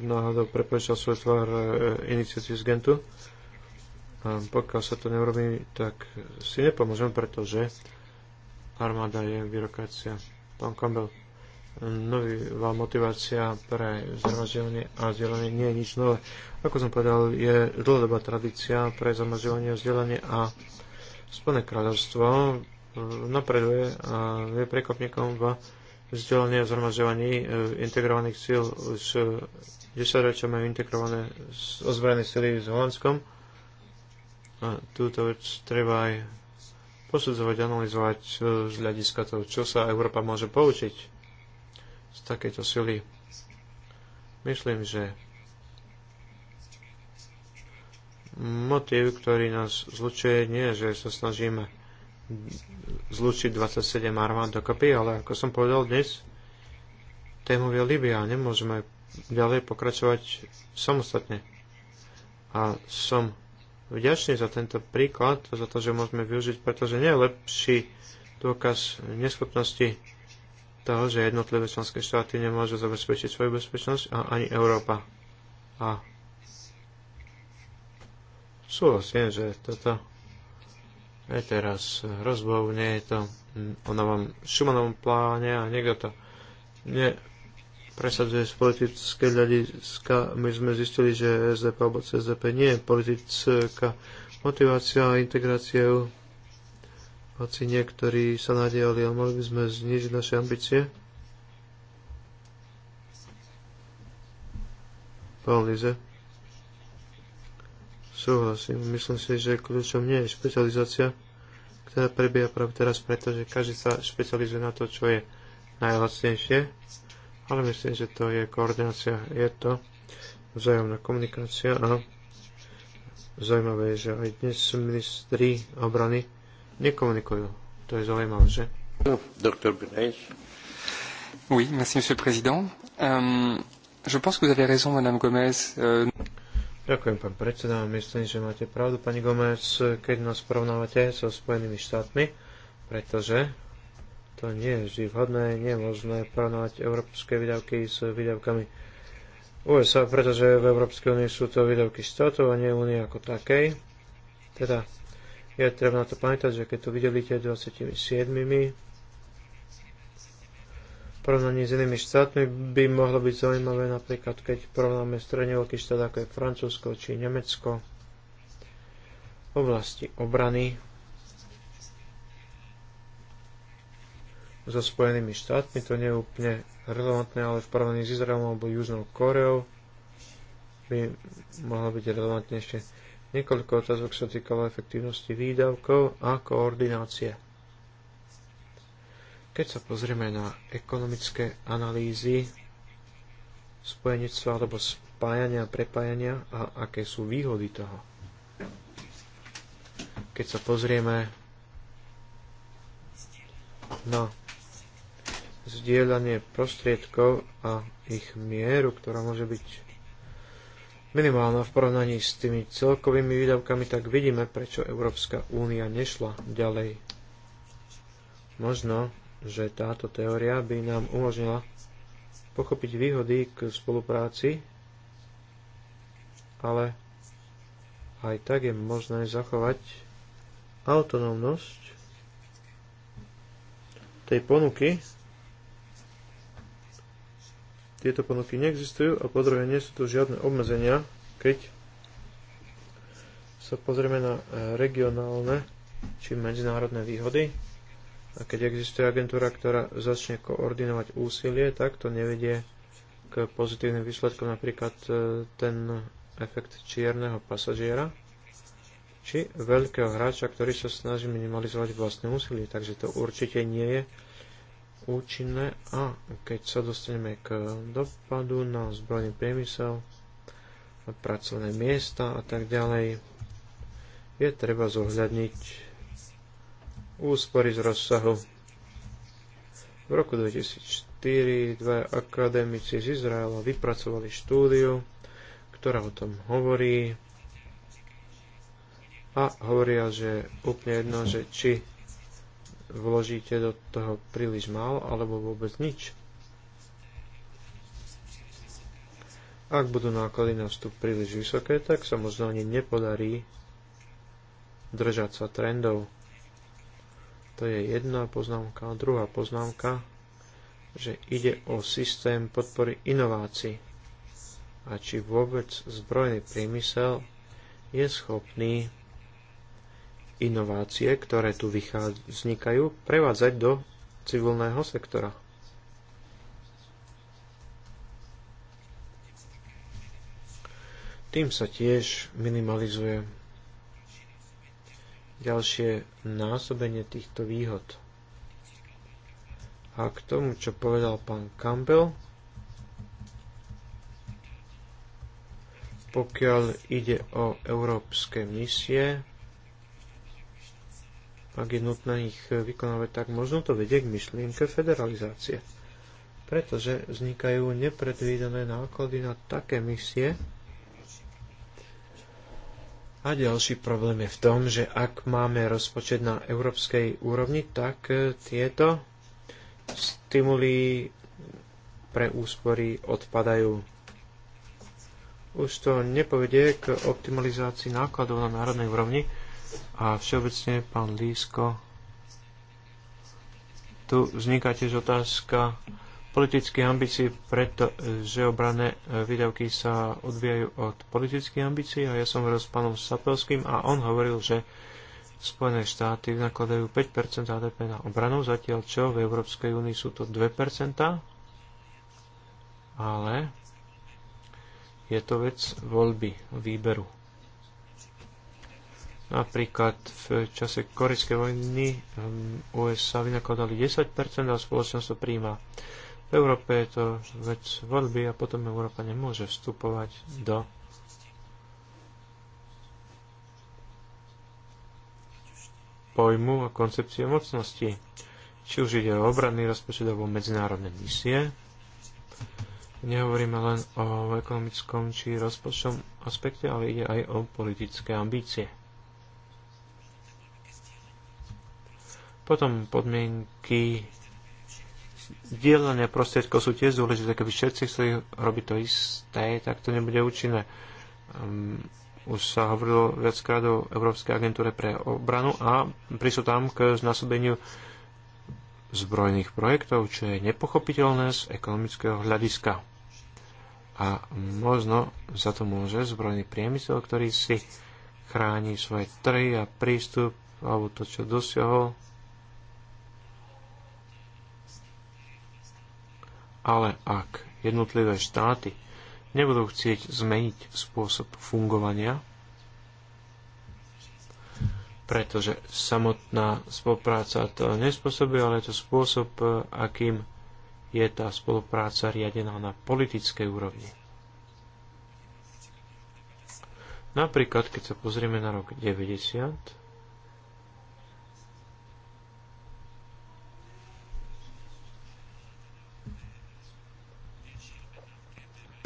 náhodou prepočal svoj tvár e, iniciatív z Gentu. A pokiaľ sa to neurobí, tak si nepomôžem, pretože armáda je byrokracia. Pán Campbell, nová motivácia pre zhromažďovanie a vzdelanie nie je nič nové. Ako som povedal, je dlhodobá tradícia pre zhromažďovanie a vzdelanie a Spojené kráľovstvo napreduje a je prekopníkom v vzdelaní a zhromažďovaní e, integrovaných síl. Už 10 ročia majú integrované ozbrojené síly s Holandskom. A túto vec treba aj posudzovať, analyzovať e, z hľadiska toho, čo sa Európa môže poučiť z takejto sily. Myslím, že motiv, ktorý nás zlučuje, nie je, že sa snažíme zlučiť 27 armád dokopy, ale ako som povedal dnes, tému je Libia. Nemôžeme ďalej pokračovať samostatne. A som vďačný za tento príklad, za to, že môžeme využiť, pretože nie je lepší dôkaz neschopnosti toho, že jednotlivé členské štáty nemôžu zabezpečiť svoju bezpečnosť a ani Európa. A súhlasím, že toto je teraz rozbov, nie je to o novom Šumanovom pláne a niekto to ne presadzuje z politické hľadiska. My sme zistili, že SDP alebo CSDP nie je politická motivácia a integráciou. Hoci niektorí sa nadiali, ale mali by sme znižiť naše ambície. Pán Lize. Súhlasím. Myslím si, že kľúčom nie je špecializácia, ktorá prebieha práve teraz, pretože každý sa špecializuje na to, čo je najlacnejšie, ale myslím, že to je koordinácia, je to vzájomná komunikácia a zaujímavé je, že aj dnes ministri obrany nekomunikujú. To je zaujímavé, že? No, doktor Beneš. Oui, merci, monsieur le président. Um, je pense que vous avez raison, madame Gomez. Uh... Ďakujem, pán predseda. Myslím, že máte pravdu, pani Gomez, keď nás porovnávate so Spojenými štátmi, pretože to nie je vždy vhodné, nie je možné porovnávať európske výdavky s výdavkami USA, pretože v Európskej únii sú to výdavky štátov a nie únie ako takej. Teda je treba na to pamätať, že keď to vydelíte 27 porovnaní s inými štátmi by mohlo byť zaujímavé napríklad, keď porovnáme stredne veľký štát ako je Francúzsko či Nemecko v oblasti obrany so Spojenými štátmi, to nie je úplne relevantné, ale v porovnaní s Izraelom alebo Južnou Koreou by mohlo byť relevantnejšie. Niekoľko otázok sa týkalo efektívnosti výdavkov a koordinácie. Keď sa pozrieme na ekonomické analýzy spojenictva alebo spájania, a prepájania a aké sú výhody toho. Keď sa pozrieme na zdieľanie prostriedkov a ich mieru, ktorá môže byť minimálna v porovnaní s tými celkovými výdavkami, tak vidíme, prečo Európska únia nešla ďalej. Možno že táto teória by nám umožnila pochopiť výhody k spolupráci, ale aj tak je možné zachovať autonómnosť tej ponuky. Tieto ponuky neexistujú a po druhé nie sú tu žiadne obmedzenia, keď sa pozrieme na regionálne či medzinárodné výhody a keď existuje agentúra, ktorá začne koordinovať úsilie, tak to nevedie k pozitívnym výsledkom, napríklad e, ten efekt čierneho pasažiera, či veľkého hráča, ktorý sa snaží minimalizovať vlastné úsilie. Takže to určite nie je účinné a keď sa dostaneme k dopadu na zbrojný priemysel, na pracovné miesta a tak ďalej, je treba zohľadniť úspory z rozsahu. V roku 2004 dva akademici z Izraela vypracovali štúdiu, ktorá o tom hovorí a hovoria, že úplne jedno, že či vložíte do toho príliš málo alebo vôbec nič. Ak budú náklady na vstup príliš vysoké, tak sa možno ani nepodarí držať sa trendov. To je jedna poznámka. Druhá poznámka, že ide o systém podpory inovácií a či vôbec zbrojný priemysel je schopný inovácie, ktoré tu vznikajú, prevádzať do civilného sektora. Tým sa tiež minimalizuje ďalšie násobenie týchto výhod. A k tomu, čo povedal pán Campbell, pokiaľ ide o európske misie, ak je nutné ich vykonávať, tak možno to vedie k myšlienke federalizácie. Pretože vznikajú nepredvídané náklady na také misie, a ďalší problém je v tom, že ak máme rozpočet na európskej úrovni, tak e, tieto stimuly pre úspory odpadajú. Už to nepovedie k optimalizácii nákladov na národnej úrovni a všeobecne pán Lísko. Tu vzniká tiež otázka politických ambícií, pretože obranné eh, výdavky sa odvíjajú od politických ambícií a ja som hovoril s pánom Sapelským a on hovoril, že Spojené štáty nakladajú 5% HDP na obranu, zatiaľ čo v Európskej únii sú to 2%, ale je to vec voľby, výberu. Napríklad v čase korejskej vojny ehm, USA vynakladali 10% a spoločnosť to príjma. V Európe je to vec voľby a potom Európa nemôže vstupovať do pojmu a koncepcie mocnosti. Či už ide o obranný rozpočet alebo medzinárodné misie. Nehovoríme len o ekonomickom či rozpočtom aspekte, ale ide aj o politické ambície. Potom podmienky zdieľania prostriedkov sú tiež dôležité. Keby všetci chceli robiť to isté, tak to nebude účinné. Um, už sa hovorilo viackrát o Európskej agentúre pre obranu a prišlo tam k znásobeniu zbrojných projektov, čo je nepochopiteľné z ekonomického hľadiska. A možno za to môže zbrojný priemysel, ktorý si chráni svoje trhy a prístup alebo to, čo dosiahol Ale ak jednotlivé štáty nebudú chcieť zmeniť spôsob fungovania, pretože samotná spolupráca to nespôsobuje, ale je to spôsob, eh, akým je tá spolupráca riadená na politickej úrovni. Napríklad, keď sa pozrieme na rok 90,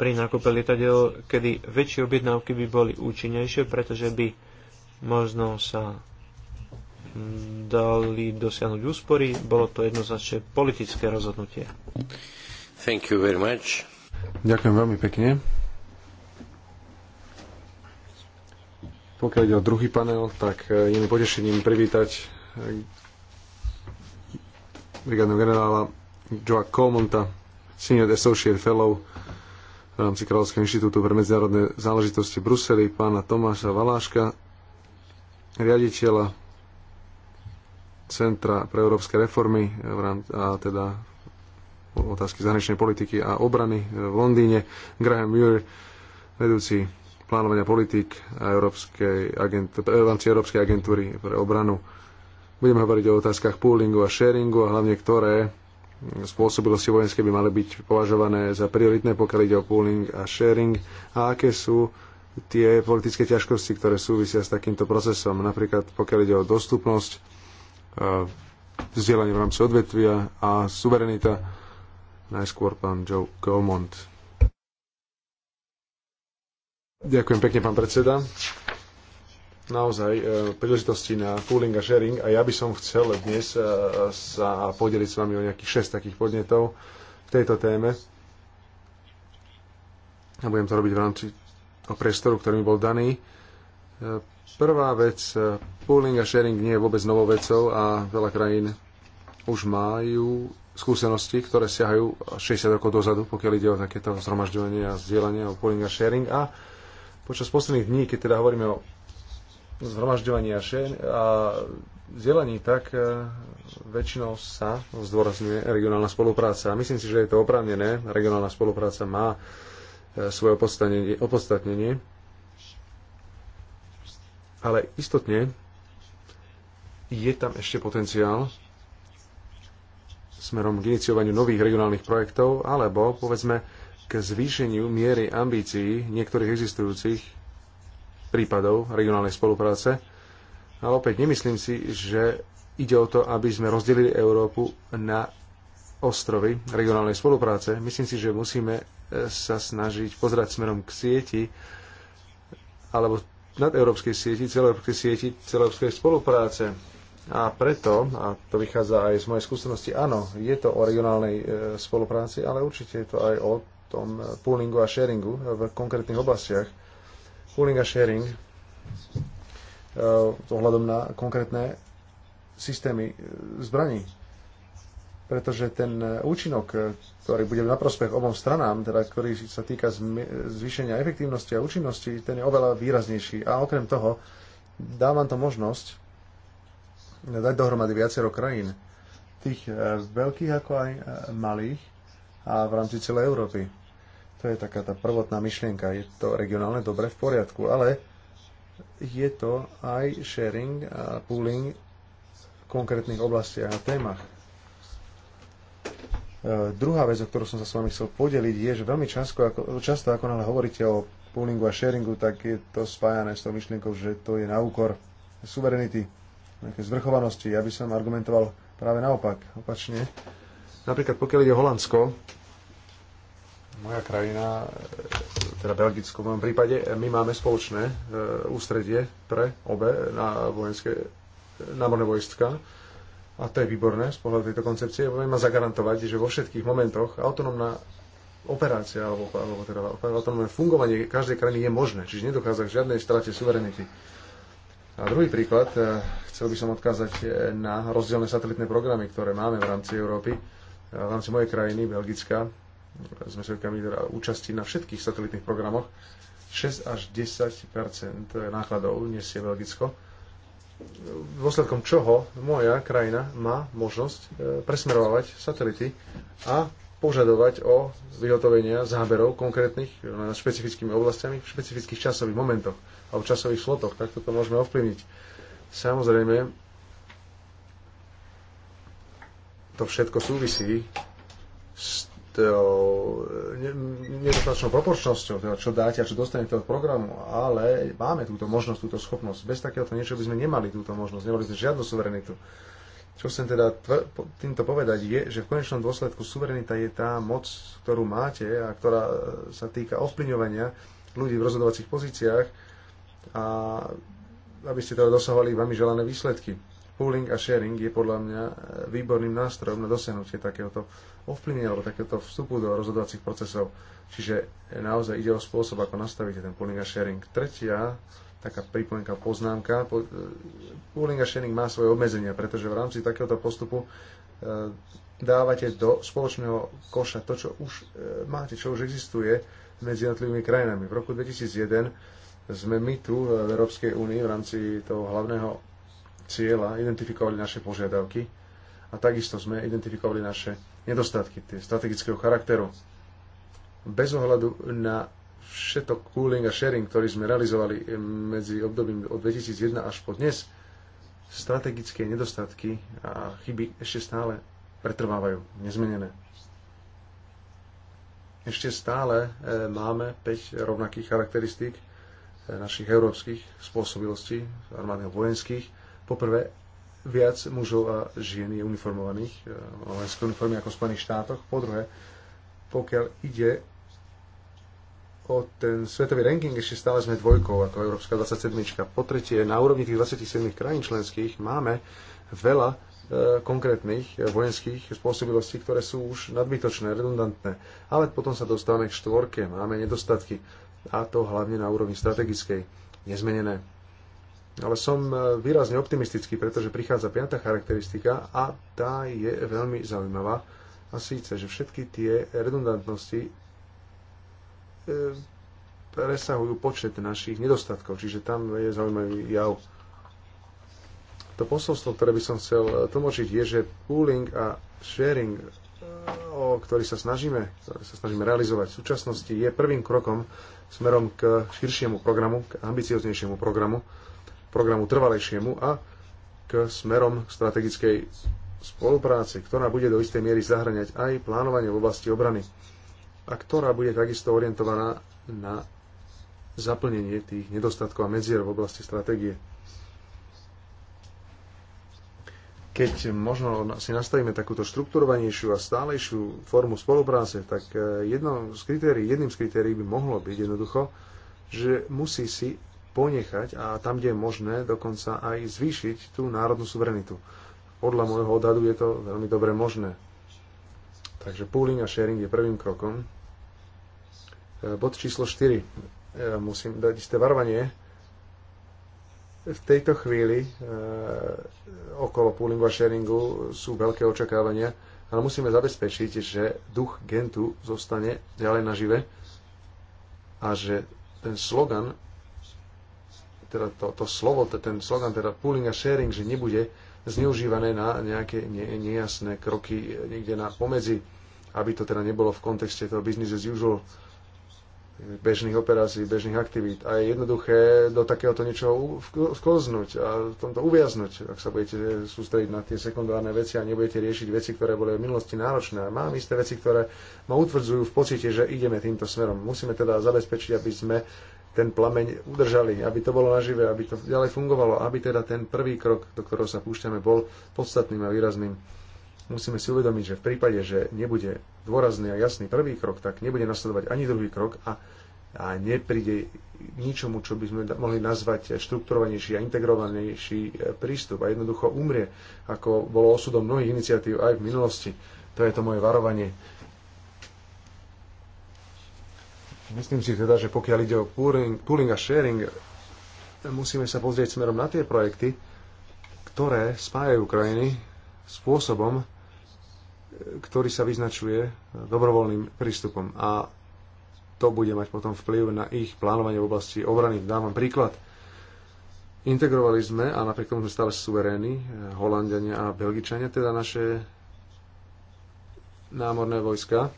pri nákupe lietadiel, kedy väčšie objednávky by boli účinnejšie, pretože by možno sa dali dosiahnuť úspory. Bolo to jednoznačne politické rozhodnutie. Thank you very much. Ďakujem veľmi pekne. Pokiaľ ide o druhý panel, tak e, je mi potešením privítať e, brigádneho generála Joa Colmonta, Senior Associate Fellow v rámci Kráľovského inštitútu pre medzinárodné záležitosti v Bruseli, pána Tomáša Valáška, riaditeľa Centra pre európske reformy a teda otázky zahraničnej politiky a obrany v Londýne, Graham Muir, vedúci plánovania politik a Európskej agentúry, v rámci Európskej agentúry pre obranu. Budeme hovoriť o otázkach poolingu a sharingu a hlavne ktoré spôsobilosti vojenské by mali byť považované za prioritné, pokiaľ ide o pooling a sharing a aké sú tie politické ťažkosti, ktoré súvisia s takýmto procesom. Napríklad pokiaľ ide o dostupnosť, vzdielanie v rámci odvetvia a suverenita. Najskôr pán Joe Gaumont. Ďakujem pekne, pán predseda naozaj e, príležitosti na pooling a sharing a ja by som chcel dnes e, sa podeliť s vami o nejakých 6 takých podnetov v tejto téme. A budem to robiť v rámci toho priestoru, ktorý mi bol daný. E, prvá vec, pooling a sharing nie je vôbec novou vecou a veľa krajín už majú skúsenosti, ktoré siahajú 60 rokov dozadu, pokiaľ ide o takéto zhromažďovanie a zdieľanie o pooling a sharing. A počas posledných dní, keď teda hovoríme o zhromažďovania šien a vzdelaní, tak e, väčšinou sa zdôrazňuje regionálna spolupráca. Myslím si, že je to oprávnené. Regionálna spolupráca má e, svoje opodstatnenie. Ale istotne je tam ešte potenciál smerom k iniciovaniu nových regionálnych projektov alebo povedzme k zvýšeniu miery ambícií niektorých existujúcich prípadov regionálnej spolupráce. Ale opäť nemyslím si, že ide o to, aby sme rozdelili Európu na ostrovy regionálnej spolupráce. Myslím si, že musíme e, sa snažiť pozerať smerom k sieti alebo nad európskej sieti, celoeurópskej sieti, celoeurópskej spolupráce. A preto, a to vychádza aj z mojej skúsenosti, áno, je to o regionálnej e, spolupráci, ale určite je to aj o tom e, poolingu a sharingu v konkrétnych oblastiach pooling a sharing eh, s ohľadom na konkrétne systémy eh, zbraní. Pretože ten eh, účinok, ktorý bude na prospech obom stranám, teda ktorý sa týka zvýšenia efektívnosti a účinnosti, ten je oveľa výraznejší. A okrem toho, dá vám to možnosť dať dohromady viacero krajín, tých veľkých ako aj malých a v rámci celej Európy to je taká tá prvotná myšlienka. Je to regionálne dobre v poriadku, ale je to aj sharing a pooling v konkrétnych oblastiach a témach. Uh, druhá vec, o ktorú som sa s vami chcel podeliť, je, že veľmi často, ako, často ako náhle hovoríte o poolingu a sharingu, tak je to spájané s tou myšlienkou, že to je na úkor suverenity, nejaké zvrchovanosti. Ja by som argumentoval práve naopak, opačne. Napríklad pokiaľ ide o Holandsko, moja krajina, e, teda Belgicko v mojom prípade, e, my máme spoločné e, ústredie pre obe na vojenské námorné vojska. A to je výborné z pohľadu tejto koncepcie. Budeme ma zagarantovať, že vo všetkých momentoch autonómna operácia alebo, alebo teda autonómne fungovanie každej krajiny je možné, čiže nedochádza k žiadnej strate suverenity. A druhý príklad, chcel by som odkázať na rozdielne satelitné programy, ktoré máme v rámci Európy, v rámci mojej krajiny, Belgická, sme svedkami teda účasti na všetkých satelitných programoch. 6 až 10 nákladov nesie Belgicko, dôsledkom čoho moja krajina má možnosť e, presmerovať satelity a požadovať o vyhotovenia záberov konkrétnych nad špecifickými oblastiami v špecifických časových momentoch alebo časových slotoch. Takto to môžeme ovplyvniť. Samozrejme, to všetko súvisí s nedostatočnou proporčnosťou, teda čo dáte a čo dostanete od programu, ale máme túto možnosť, túto schopnosť. Bez takéhoto niečo by sme nemali túto možnosť, nemali sme žiadnu suverenitu. Čo chcem teda týmto povedať je, že v konečnom dôsledku suverenita je tá moc, ktorú máte a ktorá e, sa týka ovplyvňovania ľudí v rozhodovacích pozíciách a aby ste teda dosahovali vami želané výsledky Pooling a sharing je podľa mňa e, výborným nástrojom na dosiahnutie takéhoto ovplyvnenia alebo takéhoto vstupu do rozhodovacích procesov. Čiže e, naozaj ide o spôsob, ako nastavíte ten pooling a sharing. Tretia taká pripomienka, poznámka. E, pooling a sharing má svoje obmedzenia, pretože v rámci takéhoto postupu dávate do spoločného koša to, čo už máte, čo už existuje medzi jednotlivými krajinami. V roku 2001 sme my tu v Európskej únii v rámci toho hlavného cieľa, identifikovali naše požiadavky a takisto sme identifikovali naše nedostatky, tie strategického charakteru. Bez ohľadu na všetok cooling a sharing, ktorý sme realizovali eh, medzi obdobím od 2001 až po dnes, strategické nedostatky a chyby ešte stále pretrvávajú nezmenené. Ešte stále eh, máme 5 rovnakých charakteristík eh, našich európskych spôsobilostí, armádnych vojenských, Poprvé, viac mužov a žien je uniformovaných, e, vojenské uniformy ako v Spojených štátoch. Po druhé, pokiaľ ide o ten svetový ranking, ešte stále sme dvojkou ako Európska 27. Po tretie, na úrovni tých 27 krajín členských máme veľa e, konkrétnych vojenských spôsobilostí, ktoré sú už nadbytočné, redundantné. Ale potom sa dostávame k štvorke, máme nedostatky a to hlavne na úrovni strategickej, nezmenené ale som e, výrazne optimistický, pretože prichádza piata charakteristika a tá je veľmi zaujímavá. A síce, že všetky tie redundantnosti e, presahujú počet našich nedostatkov, čiže tam je zaujímavý jav. To posolstvo, ktoré by som chcel e, tlmočiť, je, že pooling a sharing, o ktorý sa snažíme, ktorý sa snažíme realizovať v súčasnosti, je prvým krokom smerom k širšiemu programu, k ambicioznejšiemu programu, programu trvalejšiemu a k smerom strategickej spolupráce, ktorá bude do istej miery zahrňať aj plánovanie v oblasti obrany a ktorá bude takisto orientovaná na zaplnenie tých nedostatkov a medzier v oblasti stratégie. Keď možno si nastavíme takúto štrukturovanejšiu a stálejšiu formu spolupráce, tak eh, jedno z kritérií, jedným z kritérií by mohlo byť jednoducho, že musí si ponechať a tam, kde je možné, dokonca aj zvýšiť tú národnú suverenitu. Podľa môjho odhadu je to veľmi dobre možné. Takže pooling a sharing je prvým krokom. E, bod číslo 4. E, musím dať isté varovanie. V tejto chvíli e, okolo poolingu a sharingu sú veľké očakávania, ale musíme zabezpečiť, že duch Gentu zostane ďalej nažive a že ten slogan teda to, to slovo, to, ten slogan, teda pooling a sharing, že nebude zneužívané na nejaké ne, nejasné kroky niekde na pomedzi, aby to teda nebolo v kontexte toho business as usual bežných operácií, bežných aktivít. A je jednoduché do takéhoto niečoho skoznúť a v tomto uviaznuť, ak sa budete sústrediť na tie sekundárne veci a nebudete riešiť veci, ktoré boli v minulosti náročné. A mám isté veci, ktoré ma utvrdzujú v pocite, že ideme týmto smerom. Musíme teda zabezpečiť, aby sme ten plameň udržali, aby to bolo naživé, aby to ďalej fungovalo, aby teda ten prvý krok, do ktorého sa púšťame, bol podstatným a výrazným. Musíme si uvedomiť, že v prípade, že nebude dôrazný a jasný prvý krok, tak nebude nasledovať ani druhý krok a, a nepríde ničomu, čo by sme mohli nazvať štrukturovanejší a integrovanejší e, prístup. A jednoducho umrie, ako bolo osudom mnohých iniciatív aj v minulosti. To je to moje varovanie Myslím si teda, že pokiaľ ide o pooling, pooling a sharing, musíme sa pozrieť smerom na tie projekty, ktoré spájajú krajiny spôsobom, ktorý sa vyznačuje dobrovoľným prístupom. A to bude mať potom vplyv na ich plánovanie v oblasti obrany. Dávam príklad. Integrovali sme, a napriek tomu sme stále suverénni, Holandiania a Belgičania, teda naše námorné vojska,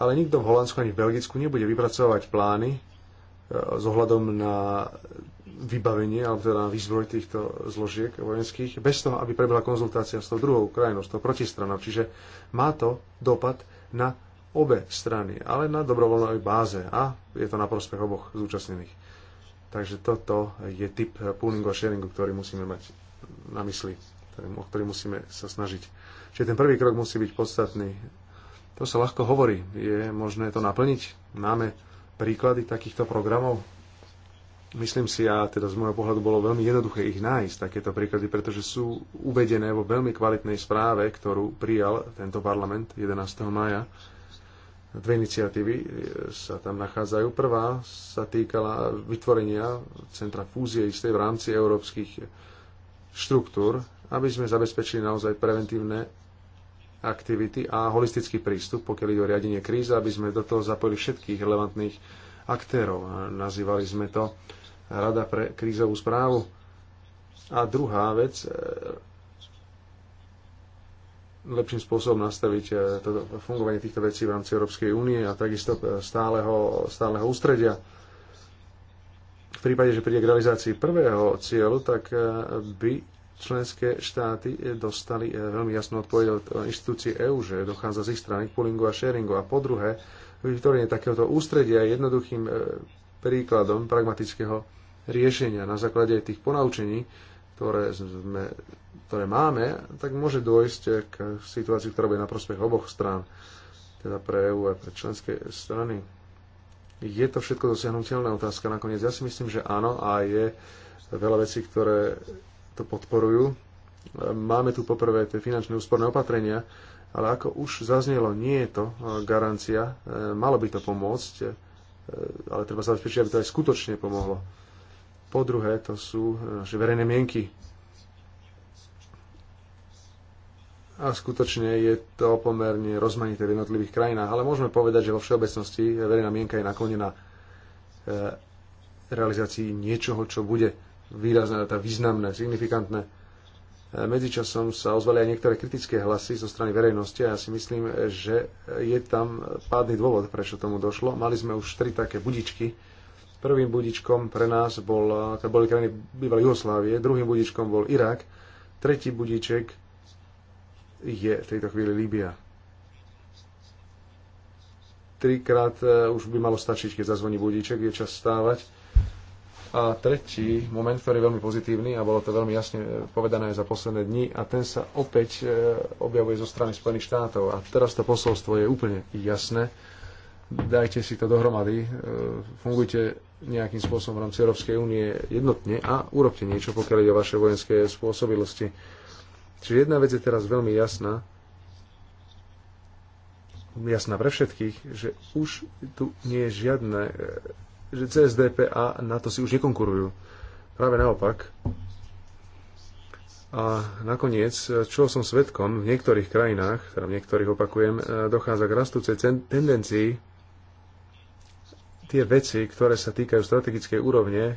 ale nikto v Holandsku ani v Belgicku nebude vypracovať plány e, s ohľadom na vybavenie, alebo teda na výzbroj týchto zložiek vojenských, bez toho, aby prebehla konzultácia s tou druhou krajinou, s tou protistranou. Čiže má to dopad na obe strany, ale na dobrovoľnej báze a je to na prospech oboch zúčastnených. Takže toto je typ pooling a sharingu, ktorý musíme mať na mysli, o ktorý musíme sa snažiť. Čiže ten prvý krok musí byť podstatný to sa ľahko hovorí. Je možné to naplniť? Máme príklady takýchto programov? Myslím si, a teda z môjho pohľadu bolo veľmi jednoduché ich nájsť, takéto príklady, pretože sú uvedené vo veľmi kvalitnej správe, ktorú prijal tento parlament 11. maja. Dve iniciatívy e, sa tam nachádzajú. Prvá sa týkala vytvorenia centra fúzie istej v rámci európskych štruktúr, aby sme zabezpečili naozaj preventívne aktivity a holistický prístup, pokiaľ ide o riadenie kríza, aby sme do toho zapojili všetkých relevantných aktérov. Nazývali sme to Rada pre krízovú správu. A druhá vec, e, lepším spôsobom nastaviť e, toto, fungovanie týchto vecí v rámci Európskej únie a takisto e, stáleho, stáleho ústredia. V prípade, že príde k realizácii prvého cieľu, tak by členské štáty dostali eh, veľmi jasnú odpoveď od eh, inštitúcií EÚ, že dochádza z ich strany k poolingu a sharingu. A po druhé, vytvorenie takéhoto ústredia je jednoduchým eh, príkladom pragmatického riešenia na základe tých ponaučení, ktoré, sme, ktoré máme, tak môže dôjsť k situácii, ktorá bude na prospech oboch strán, teda pre EÚ a pre členské strany. Je to všetko dosiahnutelná otázka nakoniec? Ja si myslím, že áno a je veľa vecí, ktoré to podporujú. Máme tu poprvé tie finančné úsporné opatrenia, ale ako už zaznelo, nie je to eh, garancia. Eh, malo by to pomôcť, eh, ale treba zabezpečiť, aby to aj skutočne pomohlo. Po druhé, to sú naše verejné mienky. A skutočne je to pomerne rozmanité v jednotlivých krajinách, ale môžeme povedať, že vo všeobecnosti verejná mienka je naklonená realizácii niečoho, čo bude výrazné, teda významné, signifikantné. E, medzičasom sa ozvali aj niektoré kritické hlasy zo strany verejnosti a ja si myslím, že je tam pádny dôvod, prečo tomu došlo. Mali sme už tri také budičky. Prvým budičkom pre nás bol, boli krajiny bývalej Jugoslávie, druhým budičkom bol Irak, tretí budiček je v tejto chvíli Líbia. Trikrát e, už by malo stačiť, keď zazvoní budiček je čas stávať a tretí moment, ktorý je veľmi pozitívny a bolo to veľmi jasne e, povedané za posledné dni a ten sa opäť e, objavuje zo strany Spojených štátov. A teraz to posolstvo je úplne jasné. Dajte si to dohromady, e, fungujte nejakým spôsobom v rámci Európskej únie jednotne a urobte niečo, pokiaľ ide o vaše vojenské spôsobilosti. Čiže jedna vec je teraz veľmi jasná, jasná pre všetkých, že už tu nie je žiadne že CSDP a NATO si už nekonkurujú. Práve naopak. A nakoniec, čo som svetkom, v niektorých krajinách, teda v niektorých opakujem, e, dochádza k rastúcej tendencii tie veci, ktoré sa týkajú strategickej úrovne,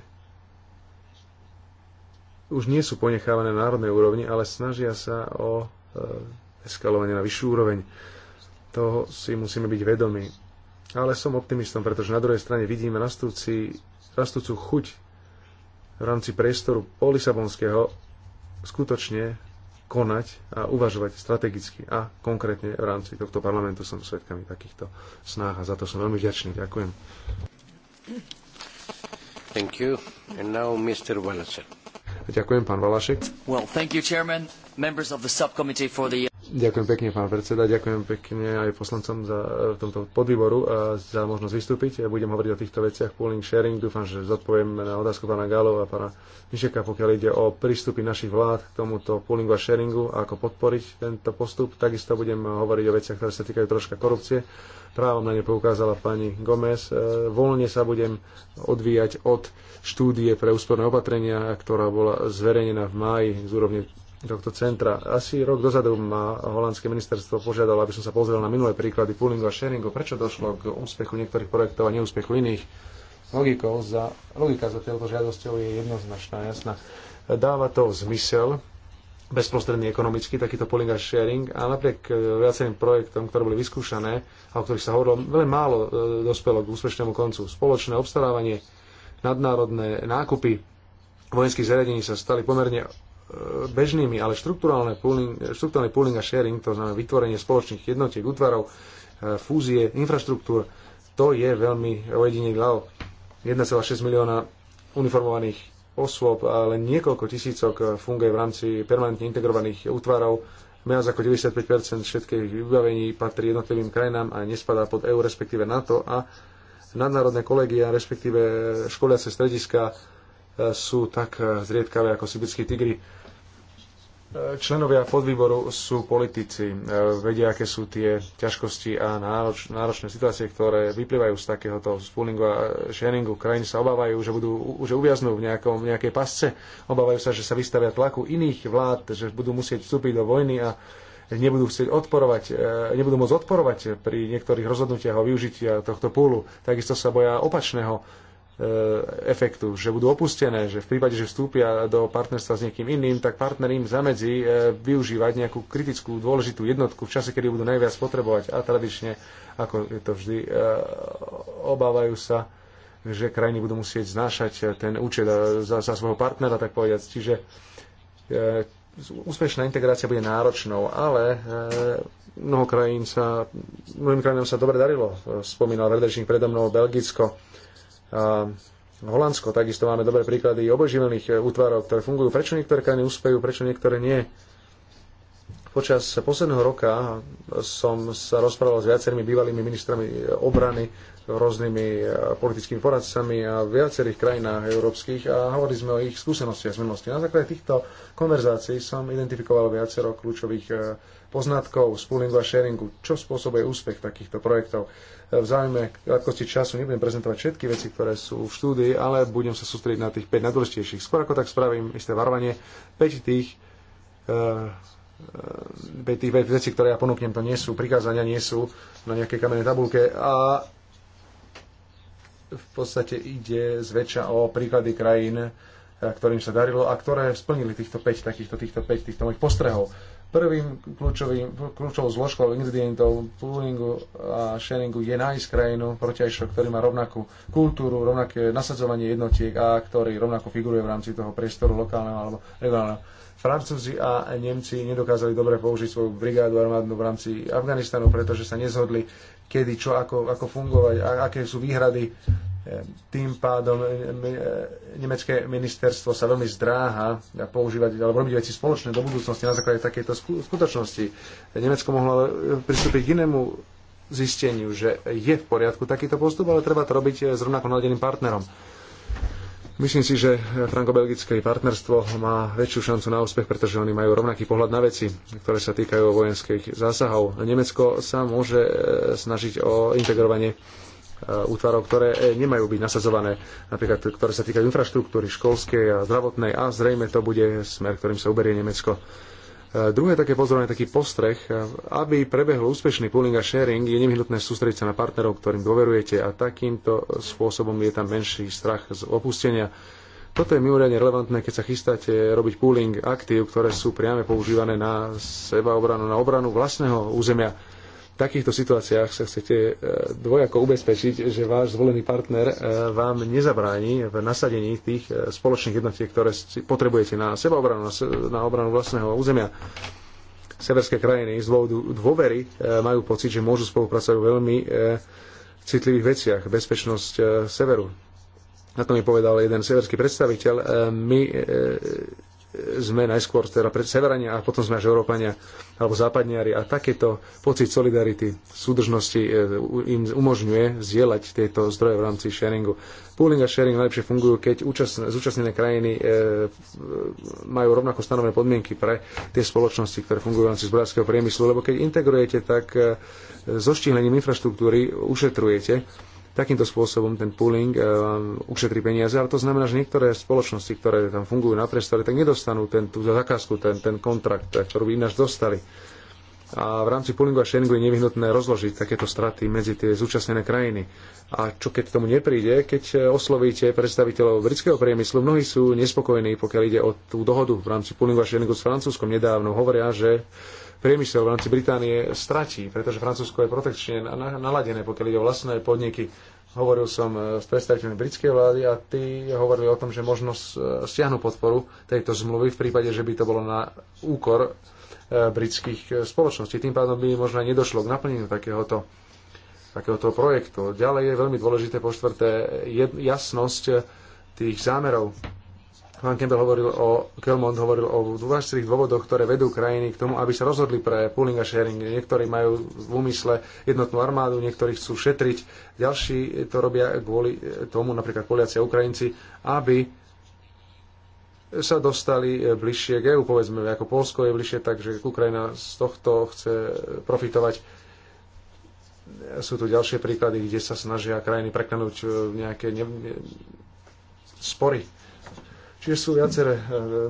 už nie sú ponechávané na národnej úrovni, ale snažia sa o e, eskalovanie na vyššiu úroveň. Toho si musíme byť vedomi ale som optimistom, pretože na druhej strane vidíme rastúci, rastúcu chuť v rámci priestoru polisabonského skutočne konať a uvažovať strategicky a konkrétne v rámci tohto parlamentu som svetkami takýchto snáh a za to som veľmi vďačný. Ďakujem. Thank you. And now Mr. Ďakujem, pán Valašek. Well, thank you, Chairman, members of the subcommittee for the... Ďakujem pekne, pán predseda. Ďakujem pekne aj poslancom za, eh, v tomto podvýboru eh, za možnosť vystúpiť. Ja budem hovoriť o týchto veciach pooling sharing. Dúfam, že zodpoviem na otázku pána Galov a pána Mišeka, pokiaľ ide o prístupy našich vlád k tomuto poolingu a sharingu a ako podporiť tento postup. Takisto budem hovoriť o veciach, ktoré sa týkajú troška korupcie. Právom na ne poukázala pani Gomez. Eh, voľne sa budem odvíjať od štúdie pre úsporné opatrenia, ktorá bola zverejnená v máji z úrovne tohto centra. Asi rok dozadu ma holandské ministerstvo požiadalo, aby som sa pozrel na minulé príklady poolingu a sharingu, prečo došlo k úspechu niektorých projektov a neúspechu iných. Logikou za, logika za touto žiadosťou je jednoznačná, jasná. Dáva to zmysel, bezprostredný ekonomický, takýto pooling a sharing a napriek viacerým projektom, ktoré boli vyskúšané a o ktorých sa hovorilo, veľmi málo e, dospelo k úspešnému koncu. Spoločné obstarávanie, nadnárodné nákupy vojenských zariadení sa stali pomerne E, bežnými, ale štruktúrálne pooling, štruktúrálne pooling a sharing, to znamená vytvorenie spoločných jednotiek, útvarov, e, fúzie, infraštruktúr, to je veľmi ojedinelý ľav. 1,6 milióna uniformovaných osôb, ale niekoľko tisícok funguje v rámci permanentne integrovaných útvarov. Viac ako 95% všetkých vybavení patrí jednotlivým krajinám a nespadá pod EU, respektíve NATO a nadnárodné kolegia, respektíve školiace strediska sú tak zriedkavé ako sibirskí tigri. Členovia podvýboru sú politici, vedia, aké sú tie ťažkosti a nároč, náročné situácie, ktoré vyplývajú z takéhoto spoolingu a sharingu. Krajiny sa obávajú, že, budú, že uviaznú v nejakom, nejakej pasce, obávajú sa, že sa vystavia tlaku iných vlád, že budú musieť vstúpiť do vojny a nebudú chcieť odporovať, e, nebudú môcť odporovať pri niektorých rozhodnutiach o využitia tohto púlu. Takisto sa boja opačného Eh, efektu, že budú opustené, že v prípade, že vstúpia do partnerstva s niekým iným, tak partner im zamedzí eh, využívať nejakú kritickú, dôležitú jednotku v čase, kedy budú najviac potrebovať. A tradične, ako je to vždy, eh, obávajú sa, že krajiny budú musieť znášať ten účet za, za svojho partnera, tak povedať. Čiže úspešná integrácia bude náročnou, ale mnoho krajín sa, mnohým krajinám sa dobre darilo. Spomínal vedečník predo mnou Belgicko, Holandsko, takisto máme dobré príklady oboživelných eh, útvarov, ktoré fungujú. Prečo niektoré krajiny úspejú, prečo niektoré nie? Počas posledného roka som sa rozprával s viacerými bývalými ministrami eh, obrany, rôznymi eh, politickými poradcami a viacerých krajinách európskych a hovorili sme o ich skúsenostiach z minulosti. Na základe týchto konverzácií som identifikoval viacero kľúčových poznatkov, z poolingu a sharingu, čo spôsobuje úspech takýchto projektov. E, v záujme krátkosti času nebudem prezentovať všetky veci, ktoré sú v štúdii, ale budem sa sústrediť na tých 5 najdôležitejších. Skôr ako tak spravím isté varovanie, 5 tých uh, tých vecí, ktoré ja ponúknem, to nie sú prikázania, nie sú na nejakej kamenej tabulke a v podstate ide zväčša o príklady krajín, ktorým sa darilo a ktoré splnili týchto 5 takýchto, týchto 5 týchto mojich postrehov. Prvým kľúčovým, kľúčovou zložkou ingredientov poolingu a sharingu je nájsť krajinu protiajšok, ktorý má rovnakú kultúru, rovnaké nasadzovanie jednotiek a ktorý rovnako figuruje v rámci toho priestoru lokálneho alebo regionálneho. Francúzi a Nemci nedokázali dobre použiť svoju brigádu armádnu v rámci Afganistanu, pretože sa nezhodli, kedy čo, ako, ako fungovať, a aké sú výhrady tým pádom e, e, nemecké ministerstvo sa veľmi zdráha používať alebo robiť veci spoločné do budúcnosti na základe takejto skutočnosti. Nemecko mohlo e, pristúpiť k inému zisteniu, že je v poriadku takýto postup, ale treba to robiť s rovnako naladeným partnerom. Myslím si, že franko-belgické partnerstvo má väčšiu šancu na úspech, pretože oni majú rovnaký pohľad na veci, ktoré sa týkajú vojenských zásahov. Nemecko sa môže snažiť o integrovanie Eh, útvarov, ktoré eh, nemajú byť nasadzované, napríklad ktoré sa týkajú infraštruktúry školskej a zdravotnej a zrejme to bude smer, ktorým sa uberie Nemecko. Eh, druhé také pozorovanie, taký postreh, aby prebehol úspešný pooling a sharing, je nevyhnutné sústrediť sa na partnerov, ktorým dôverujete a takýmto spôsobom je tam menší strach z opustenia. Toto je mimoriadne relevantné, keď sa chystáte robiť pooling aktív, ktoré sú priame používané na sebaobranu, na obranu vlastného územia v takýchto situáciách sa chcete e, dvojako ubezpečiť, že váš zvolený partner e, vám nezabráni v nasadení tých e, spoločných jednotiek, ktoré potrebujete na sebaobranu, na obranu vlastného územia. Severské krajiny z dôvodu dôvery majú pocit, že môžu spolupracovať v veľmi citlivých veciach. Bezpečnosť severu. Na to mi povedal jeden severský predstaviteľ. My sme najskôr teda pred Severania a potom sme až Európania alebo Západniari a takýto pocit solidarity, súdržnosti e, im umožňuje zdieľať tieto zdroje v rámci sharingu. Pooling a sharing najlepšie fungujú, keď zúčastnené krajiny e, majú rovnako stanovené podmienky pre tie spoločnosti, ktoré fungujú v rámci zbrojárskeho priemyslu, lebo keď integrujete, tak e, so štíhlením infraštruktúry ušetrujete Takýmto spôsobom ten pooling eh, ušetrí peniaze, ale to znamená, že niektoré spoločnosti, ktoré tam fungujú na priestore, tak nedostanú ten, tú zakázku, ten, ten kontrakt, eh, ktorú by ináč dostali. A v rámci poolingu a sharingu je nevyhnutné rozložiť takéto straty medzi tie zúčastnené krajiny. A čo keď tomu nepríde, keď eh, oslovíte predstaviteľov britského priemyslu, mnohí sú nespokojní, pokiaľ ide o tú dohodu v rámci poolingu a sharingu s Francúzskom nedávno. Hovoria, že priemysel v rámci Británie stratí, pretože Francúzsko je protekčne naladené, pokiaľ ide o vlastné podniky. Hovoril som e, s predstaviteľmi britskej vlády a tí hovorili o tom, že možno e, stiahnu podporu tejto zmluvy v prípade, že by to bolo na úkor e, britských spoločností. Tým pádom by možno aj nedošlo k naplneniu takéhoto, takéhoto projektu. Ďalej je veľmi dôležité po štvrté jasnosť tých zámerov Pán Campbell hovoril o, Kelmont hovoril o dôležitých dôvodoch, ktoré vedú krajiny k tomu, aby sa rozhodli pre pooling a sharing. Niektorí majú v úmysle jednotnú armádu, niektorí chcú šetriť. Ďalší to robia kvôli tomu, napríklad Poliaci a Ukrajinci, aby sa dostali bližšie k EU, povedzme, ako Polsko je bližšie, takže Ukrajina z tohto chce profitovať. Sú tu ďalšie príklady, kde sa snažia krajiny preklenúť nejaké ne... spory Čiže sú viaceré e,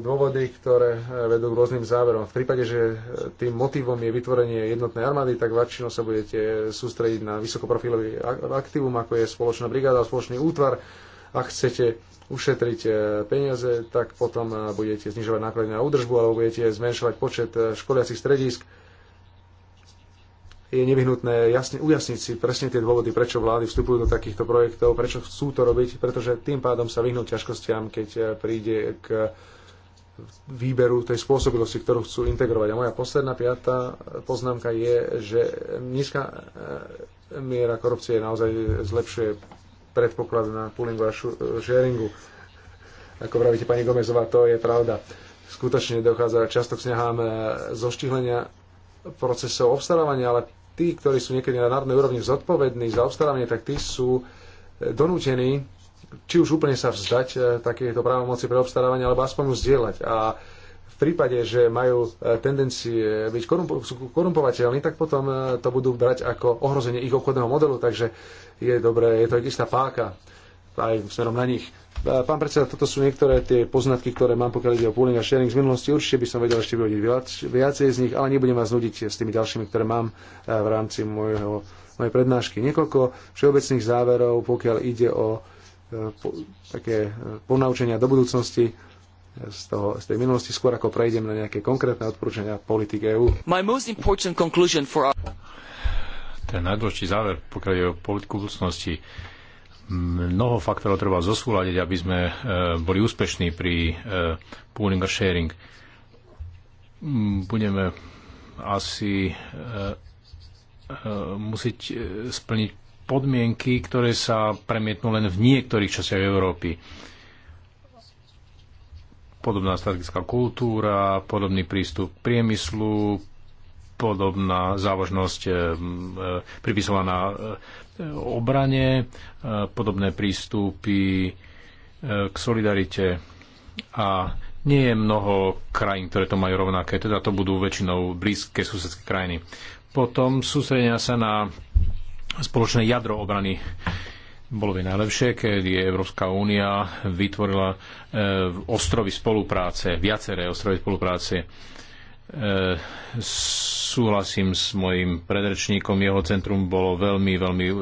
dôvody, ktoré e, vedú k rôznym záverom. V prípade, že e, tým motivom je vytvorenie jednotnej armády, tak väčšinou sa budete sústrediť na vysokoprofilový aktívum, ako je spoločná brigáda, spoločný útvar. Ak chcete ušetriť peniaze, tak potom budete znižovať náklady na údržbu alebo budete zmenšovať počet školiacich stredísk je nevyhnutné jasne ujasniť si presne tie dôvody, prečo vlády vstupujú do takýchto projektov, prečo chcú to robiť, pretože tým pádom sa vyhnú ťažkostiam, keď eh, príde k výberu tej spôsobilosti, ktorú chcú integrovať. A moja posledná piata poznámka je, že nízka eh, miera korupcie naozaj zlepšuje predpoklad na poolingu a sharingu. Ako pravíte, pani Gomezová, to je pravda. Skutočne dochádza často k snahám eh, zoštihlenia procesov obstarávania, ale tí, ktorí sú niekedy na národnej úrovni zodpovední za obstarávanie, tak tí sú e, donútení či už úplne sa vzdať e, takéto právomoci pre obstarávanie, alebo aspoň ju zdieľať. A v prípade, že majú e, tendencie byť korumpo- korumpovateľní, tak potom to budú brať ako ohrozenie ich obchodného modelu, takže je dobré, je to istá páka aj smerom na nich. Pán predseda, toto sú niektoré tie poznatky, ktoré mám, pokiaľ ide o pooling a sharing z minulosti. Určite by som vedel ešte vyhodiť viacej z nich, ale nebudem vás nudiť s tými ďalšími, ktoré mám e, v rámci mojho, mojej prednášky. Niekoľko všeobecných záverov, pokiaľ ide o e, po, také e, ponaučenia do budúcnosti z, toho, z tej minulosti, skôr ako prejdem na nejaké konkrétne odporúčania politik our... Ten najdôležitý záver, pokiaľ je o politiku budúcnosti, mnoho faktorov treba zosúľadiť, aby sme e, boli úspešní pri e, pooling a sharing. Mm, budeme asi e, musieť splniť podmienky, ktoré sa premietnú len v niektorých častiach Európy. Podobná strategická kultúra, podobný prístup k priemyslu, podobná závažnosť eh, eh, pripisovaná eh, obrane, podobné prístupy k solidarite a nie je mnoho krajín, ktoré to majú rovnaké, teda to budú väčšinou blízke susedské krajiny. Potom sústredenia sa na spoločné jadro obrany. Bolo by najlepšie, keď je Európska únia vytvorila ostrovy spolupráce, viaceré ostrovy spolupráce E, súhlasím s mojim predrečníkom, jeho centrum bolo veľmi, veľmi e,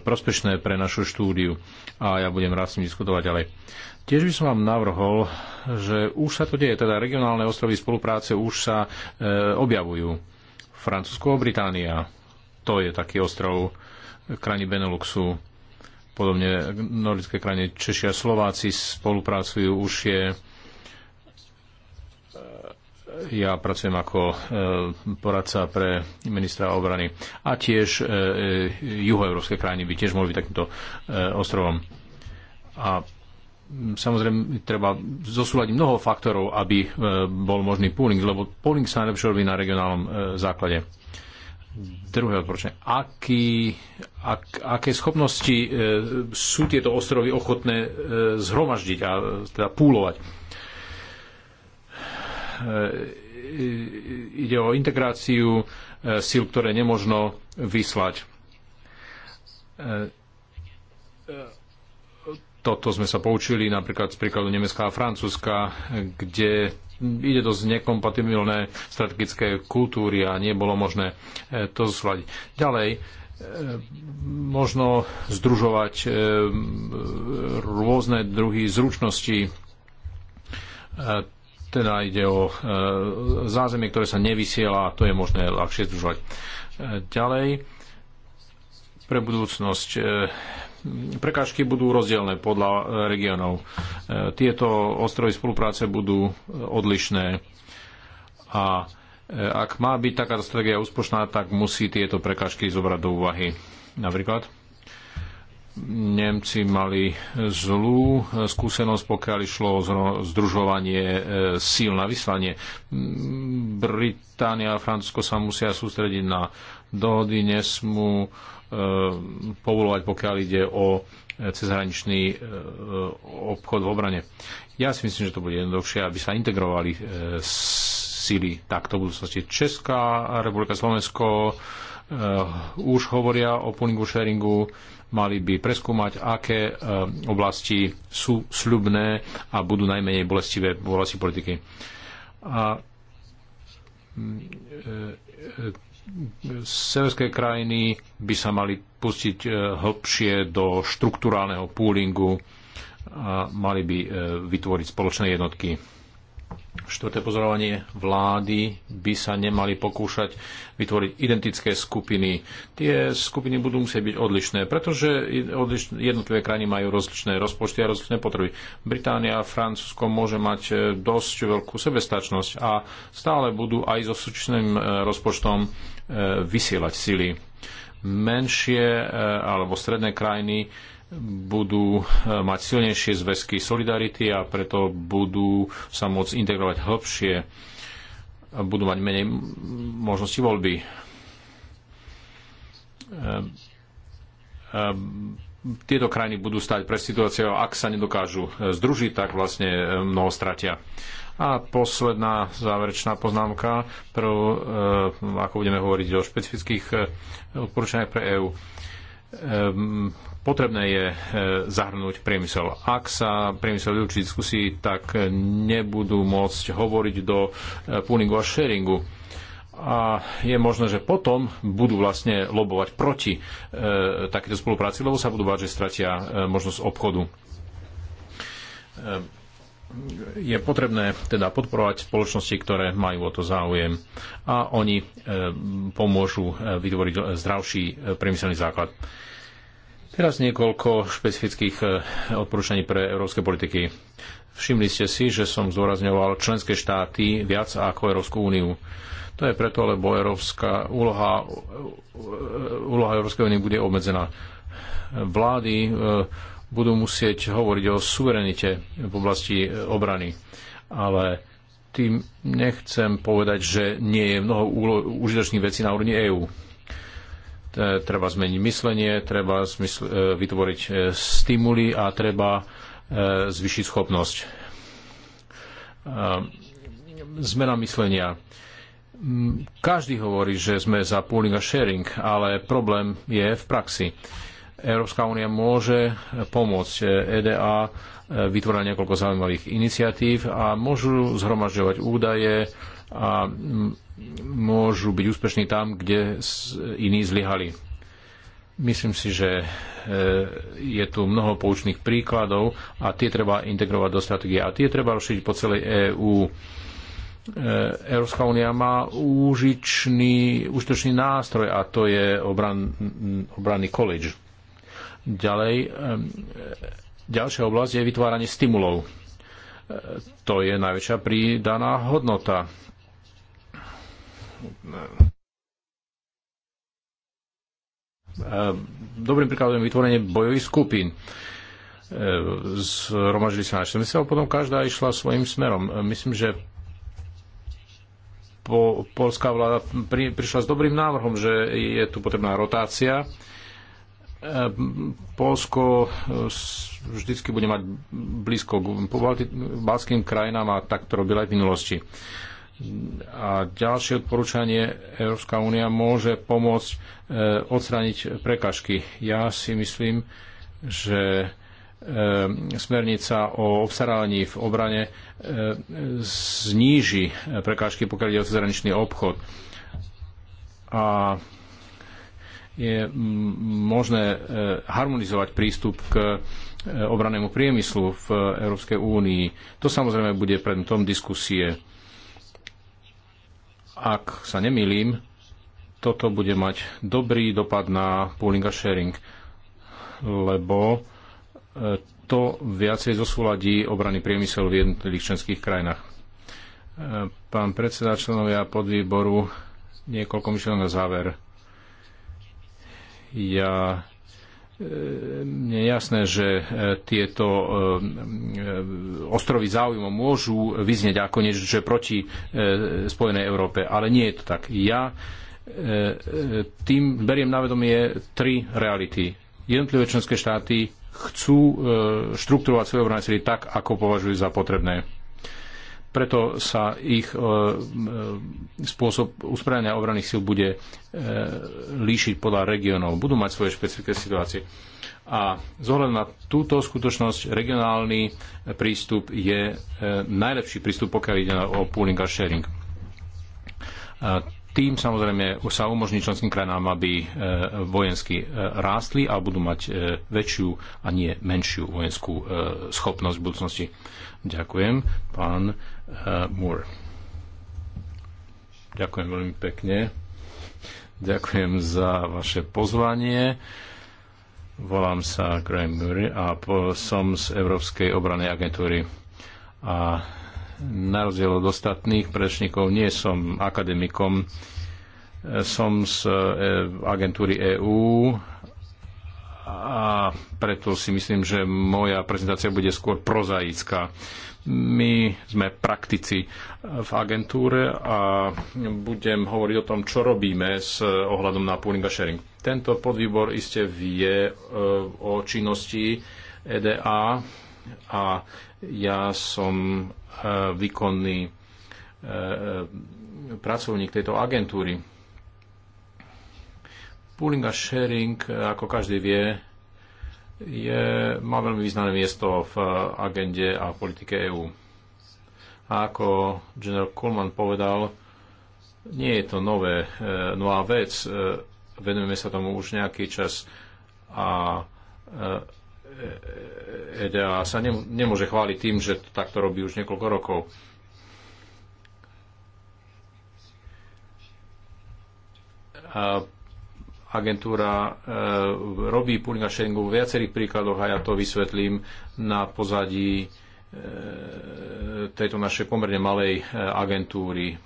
prospešné pre našu štúdiu a ja budem rád s ním diskutovať ďalej. Tiež by som vám navrhol, že už sa to deje, teda regionálne ostrovy spolupráce už sa e, objavujú. Francúzsko, Británia, to je taký ostrov, krajiny Beneluxu, podobne nordické krajiny Češia, Slováci spolupracujú už je ja pracujem ako e, poradca pre ministra obrany a tiež e, e, juhoeurópske krajiny by tiež mohli byť takýmto ostrovom. A samozrejme treba zosúľadiť mnoho faktorov, aby bol možný pooling, lebo pooling sa najlepšie robí na regionálnom základe. Druhé odporúčanie. ak, aké schopnosti e, sú tieto ostrovy ochotné e, zhromaždiť a teda púlovať? E, e, ide o integráciu e, síl, ktoré nemožno vyslať. Toto sme sa poučili napríklad z príkladu Nemecka a Francúzska, kde ide dosť nekompatibilné strategické kultúry a nie bolo možné to zladiť. Ďalej, možno združovať rôzne druhy zručností teda ide o e, zázemie, ktoré sa nevysiela a to je možné ľahšie združovať. E, ďalej, pre budúcnosť. E, prekážky budú rozdielne podľa e, regiónov. E, tieto ostrovy spolupráce budú e, odlišné a e, ak má byť takáto stratégia úspešná, tak musí tieto prekážky zobrať do úvahy. Napríklad? Nemci mali zlú eh, skúsenosť, pokiaľ išlo o združovanie eh, síl na vyslanie. Mm, Británia a Francúzsko sa musia sústrediť na dohody, nesmú eh, povolovať, pokiaľ ide o cezhraničný obchod v obrane. Ja si myslím, že to bude jednoduchšie, aby sa integrovali síly takto v budúcnosti. Česká republika, Slovensko už hovoria o pooling sharingu Mali by preskúmať, aké e, oblasti sú sľubné a budú najmenej bolestivé v oblasti politiky. A mm, e, e, severské krajiny by sa mali pustiť hlbšie do štruktúrálneho poolingu a mali by vytvoriť spoločné jednotky Štvrté pozorovanie vlády by sa nemali pokúšať vytvoriť identické skupiny. Tie skupiny budú musieť byť odlišné, pretože jednotlivé krajiny majú rozličné rozpočty a rozličné potreby. Británia a Francúzsko môže mať e, dosť veľkú sebestačnosť a stále budú aj so súčasným e, rozpočtom e, vysielať sily. Menšie alebo stredné krajiny budú e, mať silnejšie zväzky solidarity a preto budú sa môcť integrovať hlbšie, budú mať menej možnosti voľby. E, e, tieto krajiny budú stať pre situáciou, ak sa nedokážu združiť, tak vlastne mnoho stratia. A posledná záverečná poznámka, prv, ako budeme hovoriť o špecifických odporúčaniach pre EÚ potrebné je e, zahrnúť priemysel. Ak sa priemysel vyučí diskusí, tak nebudú môcť hovoriť do e, poolingu a sharingu. A je možné, že potom budú vlastne lobovať proti e, takéto spolupráci, lebo sa budú báť, že stratia e, možnosť obchodu. E, je potrebné teda podporovať spoločnosti, ktoré majú o to záujem a oni e, pomôžu e, vytvoriť zdravší priemyselný základ. E, Teraz niekoľko špecifických e, odporúčaní pre európske politiky. Všimli ste si, že som zdôrazňoval členské štáty viac ako Európsku úniu. To je preto, lebo európska úloha, e, úloha Európskej únie bude obmedzená. Vlády e, budú musieť hovoriť o suverenite v oblasti obrany, ale tým nechcem povedať, že nie je mnoho užitočných vecí na úrovni EÚ E, treba zmeniť myslenie, treba e, vytvoriť e, stimuly a treba zvyšiť schopnosť. Zmena myslenia. Každý hovorí, že sme za pooling a sharing, ale problém je v praxi. Európska únia môže pomôcť EDA vytvorať niekoľko zaujímavých iniciatív a môžu zhromažďovať údaje a môžu byť úspešní tam, kde iní zlyhali. Myslím si, že e, je tu mnoho poučných príkladov a tie treba integrovať do stratégie a tie treba rozšíriť po celej EÚ. E, Európska únia má úžičný, úžitočný nástroj a to je obran, obranný college. Ďalej, e, ďalšia oblasť je vytváranie stimulov. To je najväčšia pridaná hodnota Ehm, dobrým príkladom je vytvorenie bojových skupín. Ehm, zhromaždili sa na 40 potom každá išla svojim smerom. Myslím, že po, polská vláda pri, prišla s dobrým návrhom, že je tu potrebná rotácia. Ehm, Polsko eh, vždycky bude mať blízko k baltským krajinám a tak to robila aj v minulosti. A ďalšie odporúčanie Európska únia môže pomôcť eh, odstrániť prekažky. Ja si myslím, že eh, smernica o obstarávaní v obrane eh, zníži prekážky, pokiaľ ide o zahraničný obchod. A je možné harmonizovať prístup k obranému priemyslu v Európskej únii. To samozrejme bude predmetom diskusie. Ak sa nemýlim, toto bude mať dobrý dopad na pooling a sharing, lebo e, to viacej zosúladí obrany priemysel v jednotlivých členských krajinách. E, pán predseda členovia podvýboru, niekoľko myšlenok na záver. Ja mne je jasné, že e, tieto e, ostrovy záujmu môžu vyznieť ako niečo, čo je proti e, Spojenej Európe, ale nie je to tak. Ja tým beriem na vedomie tri reality. Jednotlivé členské štáty chcú štruktúrovať svoje obrany tak, ako považujú za potrebné preto sa ich e, e, spôsob uspravenia obranných síl bude e, líšiť podľa regionov. Budú mať svoje špecifické situácie. A zohľadom na túto skutočnosť regionálny prístup je najlepší prístup, pokiaľ ide o pooling a sharing tým samozrejme sa umožní členským krajinám, aby e, vojensky e, rástli a budú mať e, väčšiu a nie menšiu vojenskú schopnosť v budúcnosti. Ďakujem, pán Moore. Ďakujem veľmi pekne. Ďakujem za vaše pozvanie. Volám sa Graham Murray a som z Európskej obranej agentúry. A na rozdiel od ostatných prečníkov nie som akademikom, som z e, agentúry EÚ a preto si myslím, že moja prezentácia bude skôr prozaická. My sme praktici v agentúre a budem hovoriť o tom, čo robíme s ohľadom na pooling a sharing. Tento podvýbor iste vie e, o činnosti EDA a ja som Eh, výkonný eh, eh, pracovník tejto agentúry. Pooling a sharing, ako každý vie, je, má veľmi významné miesto v agende a politike EÚ. A ako general Kuhlman povedal, nie je to nové, nová vec, venujeme sa tomu už nejaký čas a EDA sa nemôže chváliť tým, že to takto robí už niekoľko rokov. A agentúra e, robí pooling a sharingu v viacerých príkladoch a ja to vysvetlím na pozadí e, tejto našej pomerne malej e, agentúry.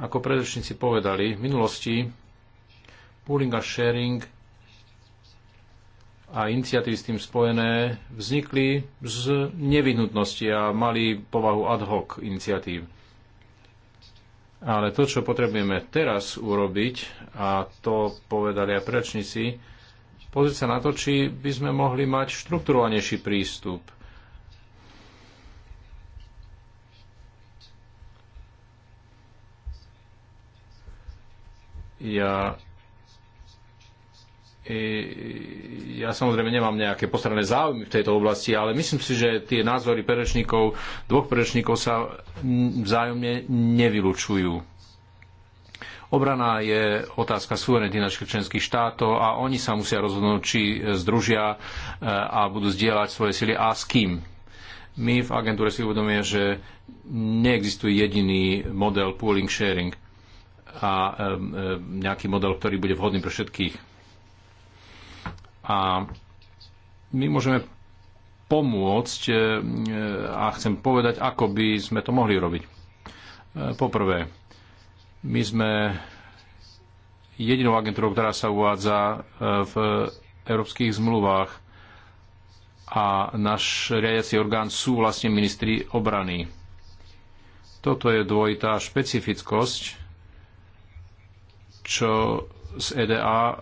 Ako predrečníci povedali, v minulosti pooling a sharing a iniciatívy s tým spojené vznikli z nevyhnutnosti a mali povahu ad hoc iniciatív. Ale to, čo potrebujeme teraz urobiť, a to povedali aj prečníci, pozrieť sa na to, či by sme mohli mať štrukturovanejší prístup. Ja E, ja samozrejme nemám nejaké postranné záujmy v tejto oblasti, ale myslím si, že tie názory perečníkov, dvoch perečníkov sa vzájomne nevylučujú. Obrana je otázka suverenity našich členských štátov a oni sa musia rozhodnúť, či združia e, a budú zdieľať svoje sily a s kým. My v agentúre si uvedomujeme, že neexistuje jediný model pooling sharing a e, nejaký model, ktorý bude vhodný pre všetkých a my môžeme pomôcť e, e, a chcem povedať, ako by sme to mohli robiť. E, poprvé, my sme jedinou agentúrou, ktorá sa uvádza v európskych zmluvách a náš riadiaci orgán sú vlastne ministri obrany. Toto je dvojitá špecifickosť, čo z EDA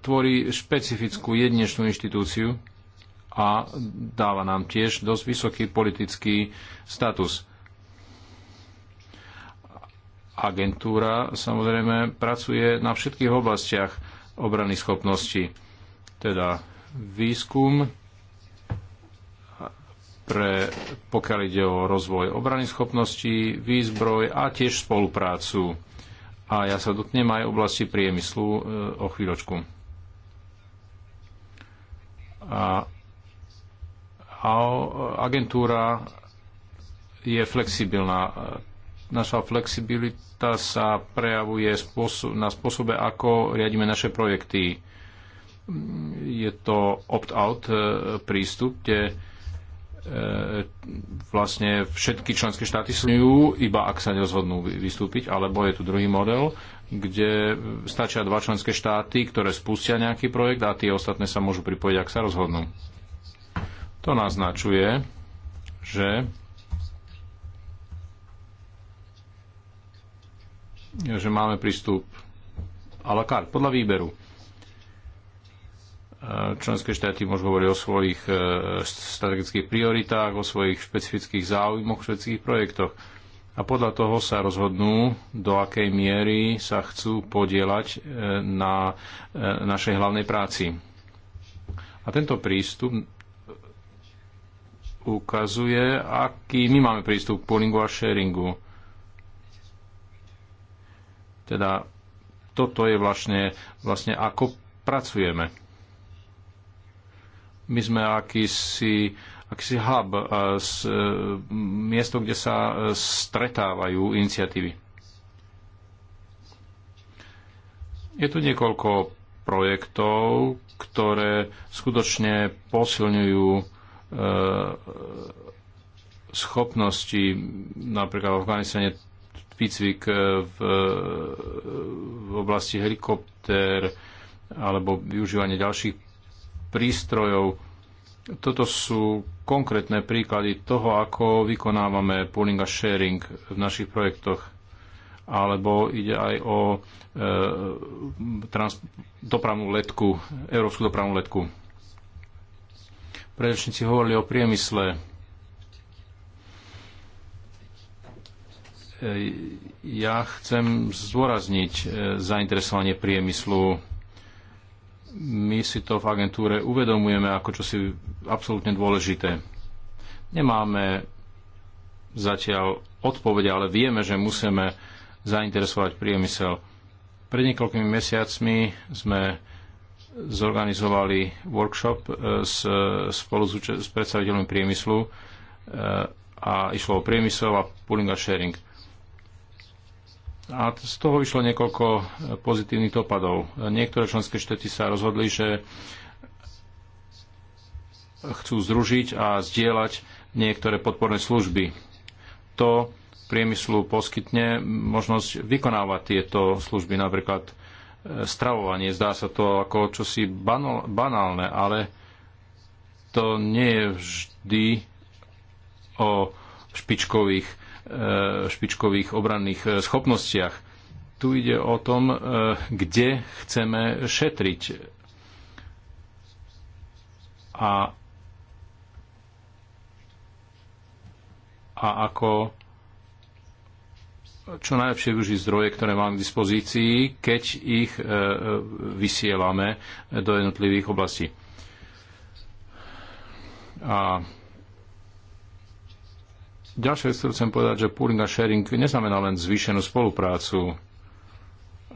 tvorí špecifickú jedinečnú inštitúciu a dáva nám tiež dosť vysoký politický status. Agentúra samozrejme pracuje na všetkých oblastiach obrany schopnosti, teda výskum, pre, pokiaľ ide o rozvoj obrany schopností, výzbroj a tiež spoluprácu. A ja sa dotknem aj oblasti priemyslu e, o chvíľočku. A, a agentúra je flexibilná. Naša flexibilita sa prejavuje na spôsobe, ako riadíme naše projekty. Je to opt-out e, prístup, kde e, vlastne všetky členské štáty sú iba ak sa nezhodnú vystúpiť, alebo je tu druhý model, kde stačia dva členské štáty, ktoré spustia nejaký projekt a tie ostatné sa môžu pripojiť, ak sa rozhodnú. To naznačuje, že že máme prístup a la carte, podľa výberu. E, členské štáty môžu hovoriť o svojich e, strategických prioritách, o svojich špecifických záujmoch, špecifických projektoch a podľa toho sa rozhodnú, do akej miery sa chcú podielať e, na e, našej hlavnej práci. A tento prístup ukazuje, aký my máme prístup k poolingu a sharingu. Teda toto je vlastne, vlastne ako pracujeme. My sme akýsi akýsi hub, eh, s, eh, miesto, kde sa eh, stretávajú iniciatívy. Je tu niekoľko projektov, ktoré skutočne posilňujú e, schopnosti, napríklad v Afganistane výcvik v, v oblasti helikoptér alebo využívanie ďalších prístrojov. Toto sú konkrétne príklady toho, ako vykonávame pooling a sharing v našich projektoch. Alebo ide aj o e, trans, dopravnú letku, európsku dopravnú letku. Predrečníci hovorili o priemysle. E, ja chcem zdôrazniť e, zainteresovanie priemyslu my si to v agentúre uvedomujeme ako čosi absolútne dôležité. Nemáme zatiaľ odpovede, ale vieme, že musíme zainteresovať priemysel. Pred niekoľkými mesiacmi sme zorganizovali workshop e, s, spolu s, s predstaviteľmi priemyslu e, a išlo o priemysel a pooling a sharing. A z toho vyšlo niekoľko e, pozitívnych dopadov. Niektoré členské štáty sa rozhodli, že chcú združiť a zdieľať niektoré podporné služby. To priemyslu poskytne možnosť vykonávať tieto služby, napríklad e, stravovanie. Zdá sa to ako čosi banálne, ale to nie je vždy o špičkových Eh, špičkových obranných eh, schopnostiach. Tu ide o tom, eh, kde chceme šetriť. A, a ako čo najlepšie využiť zdroje, ktoré mám k dispozícii, keď ich vysielame do jednotlivých oblastí. A Ďalšie vec, chcem povedať, že pooling a sharing neznamená len zvýšenú spoluprácu.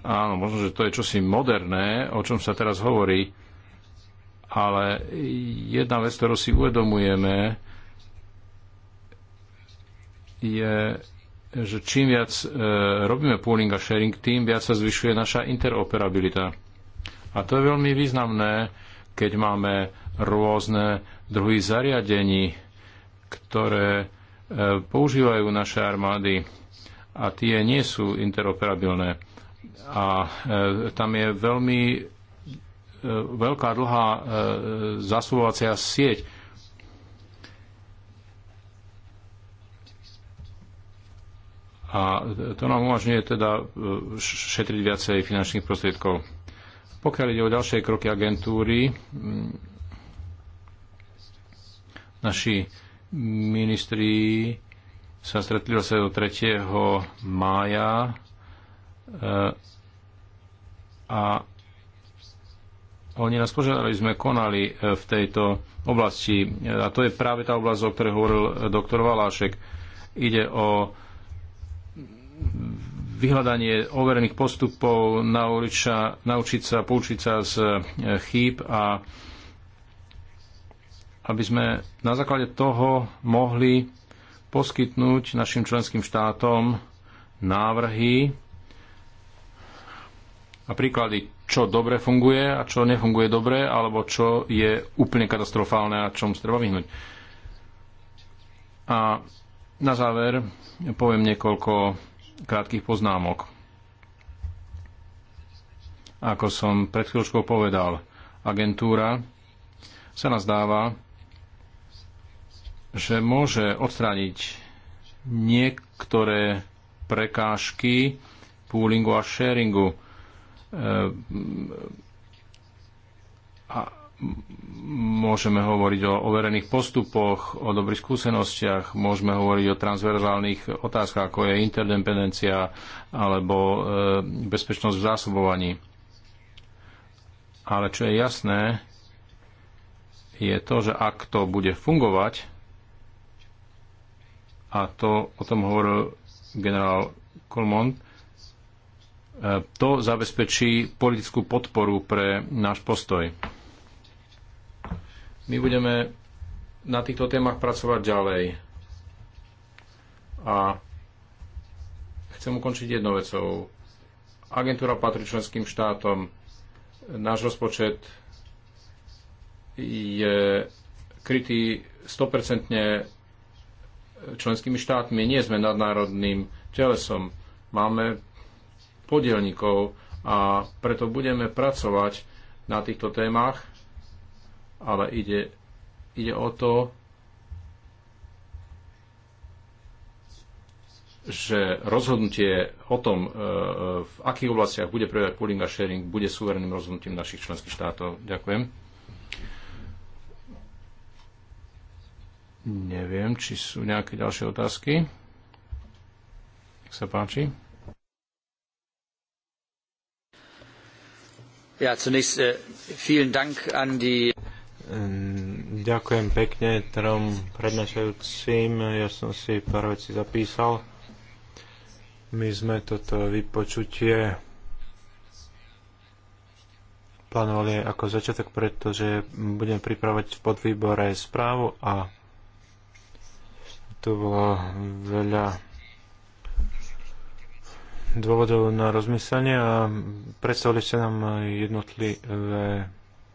Áno, možno, že to je čosi moderné, o čom sa teraz hovorí, ale jedna vec, ktorú si uvedomujeme, je, že čím viac e, robíme pooling a sharing, tým viac sa zvyšuje naša interoperabilita. A to je veľmi významné, keď máme rôzne druhy zariadení, ktoré používajú naše armády a tie nie sú interoperabilné. A e, tam je veľmi e, veľká dlhá e, zasúvacia sieť. A to nám umožňuje teda šetriť viacej finančných prostriedkov. Pokiaľ ide o ďalšie kroky agentúry, naši Ministri sa stretli 3. mája eh, a oni nás požiadali, sme konali eh, v tejto oblasti. A to je práve tá oblasť, o ktorej hovoril eh, doktor Valášek. Ide o vyhľadanie overených postupov, naučiť sa, naučiť sa poučiť sa z chýb a aby sme na základe toho mohli poskytnúť našim členským štátom návrhy a príklady, čo dobre funguje a čo nefunguje dobre, alebo čo je úplne katastrofálne a čom sa treba vyhnúť. A na záver poviem niekoľko krátkých poznámok. Ako som pred chvíľočkou povedal, agentúra sa nazdáva, že môže odstrániť niektoré prekážky poolingu a sharingu. E, a môžeme hovoriť o overených postupoch, o dobrých skúsenostiach, môžeme hovoriť o transverzálnych otázkach, ako je interdependencia alebo e, bezpečnosť v zásobovaní. Ale čo je jasné, je to, že ak to bude fungovať, a to o tom hovoril generál Colmont, e, to zabezpečí politickú podporu pre náš postoj. My budeme na týchto témach pracovať ďalej. A chcem ukončiť jednou vecou. Agentúra patrí členským štátom. Náš rozpočet je krytý 100% členskými štátmi. Nie sme nadnárodným telesom. Máme podielníkov a preto budeme pracovať na týchto témach, ale ide, ide o to, že rozhodnutie o tom, e, e, v akých oblastiach bude prebiehať pooling a sharing, bude suverenným rozhodnutím našich členských štátov. Ďakujem. Neviem, či sú nejaké ďalšie otázky. Nech sa páči. Ja, zunächst, uh, vielen Dank an die ehm, Ďakujem pekne trom prednášajúcim. Ja som si pár vecí zapísal. My sme toto vypočutie plánovali ako začiatok, pretože budem pripravať v podvýbore správu a to bolo veľa dôvodov na rozmyslenie a predstavili ste nám jednotlivé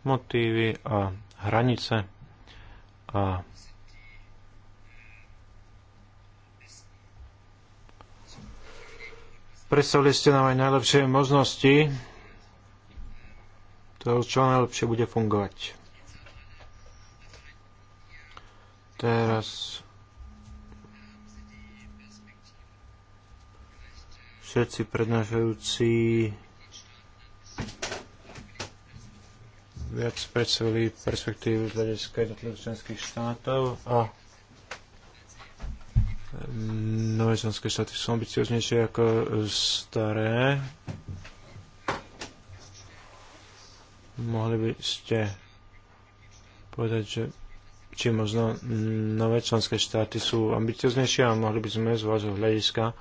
motívy a hranice a predstavili ste nám aj najlepšie možnosti to, čo najlepšie bude fungovať. Teraz všetci prednášajúci viac predstavili perspektívy z hľadiska jednotlivých členských štátov a nové členské štáty sú ambicioznejšie ako staré. Mohli by ste povedať, že či možno nové členské štáty sú ambicioznejšie a mohli by sme z vášho hľadiska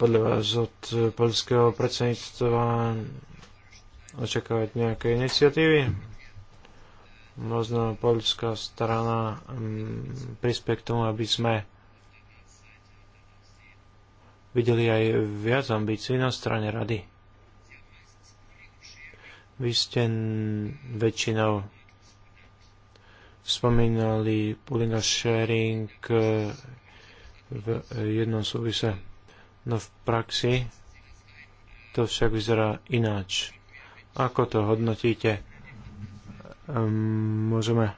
podľa vás od e, polského predsedníctva očakávať nejaké iniciatívy? Možno polská strana mm, prispie k tomu, aby sme videli aj viac ambícií na strane rady. Vy ste väčšinou spomínali Pulino Sharing e, v jednom súvise. No v praxi to však vyzerá ináč. Ako to hodnotíte? Ehm, môžeme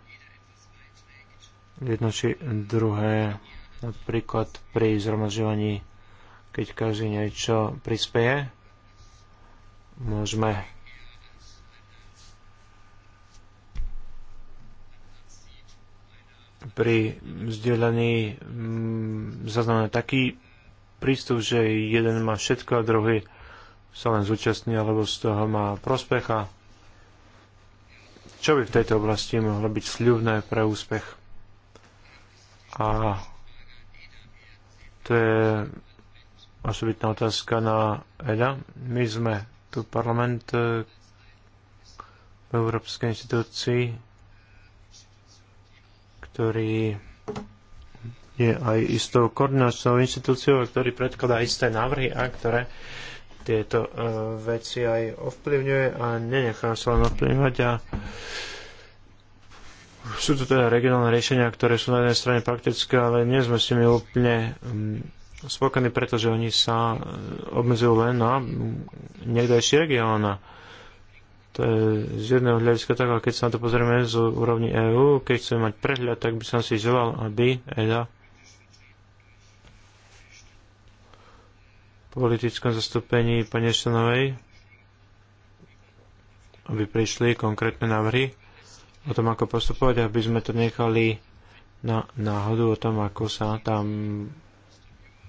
jedno či druhé, napríklad pri zhromažďovaní, keď každý niečo prispieje, môžeme pri zdieľaní mm, zaznamenať taký prístup, že jeden má všetko a druhý sa len zúčastní alebo z toho má prospecha. Čo by v tejto oblasti mohlo byť sľubné pre úspech? A to je osobitná otázka na EDA. My sme tu parlament e, v Európskej inštitúcii, ktorý je aj istou koordinačnou inštitúciou, ktorý predkladá isté návrhy a ktoré tieto e, veci aj ovplyvňuje a nenechá sa len ovplyvňovať a sú to teda regionálne riešenia, ktoré sú na jednej strane praktické, ale nie sme s nimi úplne mm, spokojní, pretože oni sa e, obmedzujú len na mm, niekdajší región. To je z jedného hľadiska tak, ale keď sa na to pozrieme z úrovni EÚ, keď chceme mať prehľad, tak by som si želal, aby EDA politickom zastúpení pani Štenovej, aby prišli konkrétne návrhy o tom, ako postupovať, aby sme to nechali na náhodu o tom, ako sa tam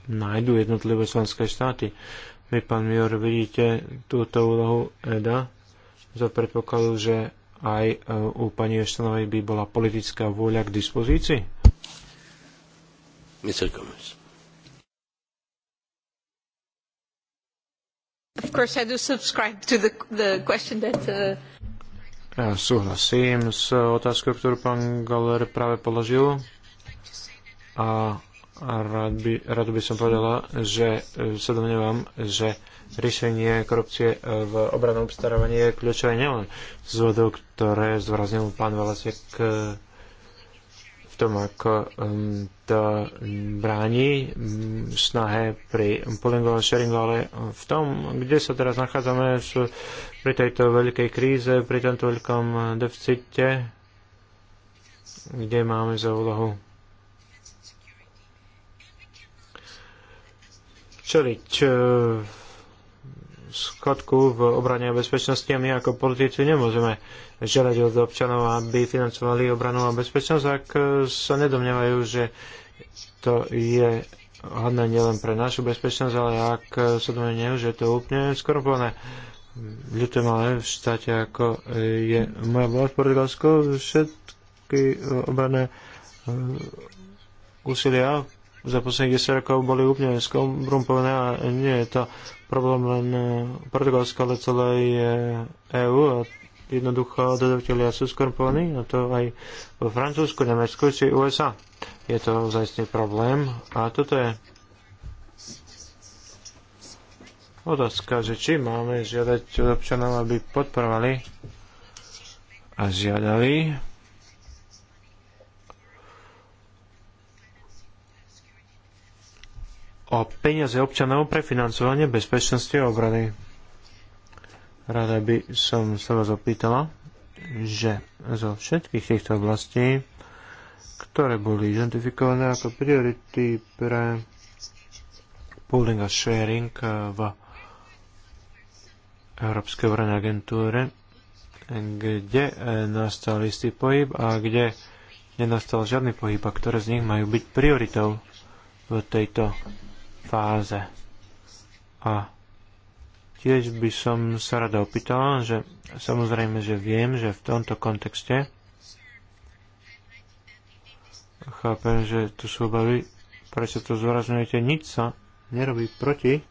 nájdú jednotlivé členské štáty. Vy, pán Mior, vidíte túto úlohu EDA za predpokladu, že aj e, u pani Eštanovej by bola politická vôľa k dispozícii? Mr. Gomez. Of course, I do subscribe to the, the question that uh... Ja súhlasím s otázkou, ktorú pán Galler práve položil. A rád by, rád by som povedala, že e, sa domnievam, že riešenie korupcie v obranom obstarávaní je kľúčové nielen z dôvodov, ktoré zdôraznil pán Valasek e, tom, ako um, to bráni um, snahe pri poolingu a sharingu, ale v tom, kde sa teraz nachádzame pri tejto veľkej kríze, pri tomto veľkom deficite, kde máme za úlohu čeliť uh, skotku v obrane a bezpečnosti a my ako politici nemôžeme žiadať od občanov, aby financovali obranu a bezpečnosť, ak sa nedomnievajú, že to je hodné nielen pre našu bezpečnosť, ale ak sa domnievajú, že to úplne skorupované. Ľutujem, ale v štáte ako je moja bola v Portugalsku, všetky eh, obrané eh, úsilia za posledných 10 rokov boli úplne skorumpované a nie je to problém len e, Portugalska, ale celej EÚ e a jednoducho dodavatelia sú skorumpovaní a to aj vo Francúzsku, Nemecku či USA. Je to zaistný problém a toto je otázka, že či máme žiadať od občanov, aby podporovali a žiadali o peniaze občanov pre financovanie bezpečnosti a obrany. Rada by som sa vás opýtala, že zo všetkých týchto oblastí, ktoré boli identifikované ako priority pre pooling a sharing v Európskej obrany agentúre, kde nastal istý pohyb a kde nenastal žiadny pohyb a ktoré z nich majú byť prioritou v tejto fáze. A tiež by som sa rada opýtala, že samozrejme, že viem, že v tomto kontexte chápem, že tu sú obavy, prečo to zúrazňujete, nič sa nerobí proti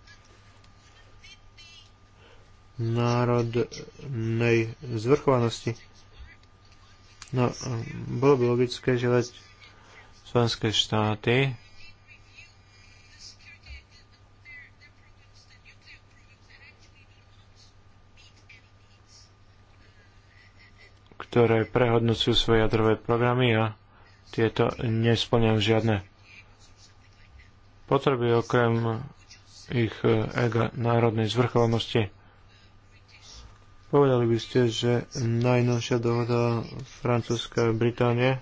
národnej zvrchovanosti. No, bolo by logické, že veď slovenské štáty ktoré prehodnocujú svoje jadrové programy a tieto nesplňajú žiadne potreby okrem ich e, ega národnej zvrchovanosti. Povedali by ste, že najnovšia dohoda Francúzska a Británie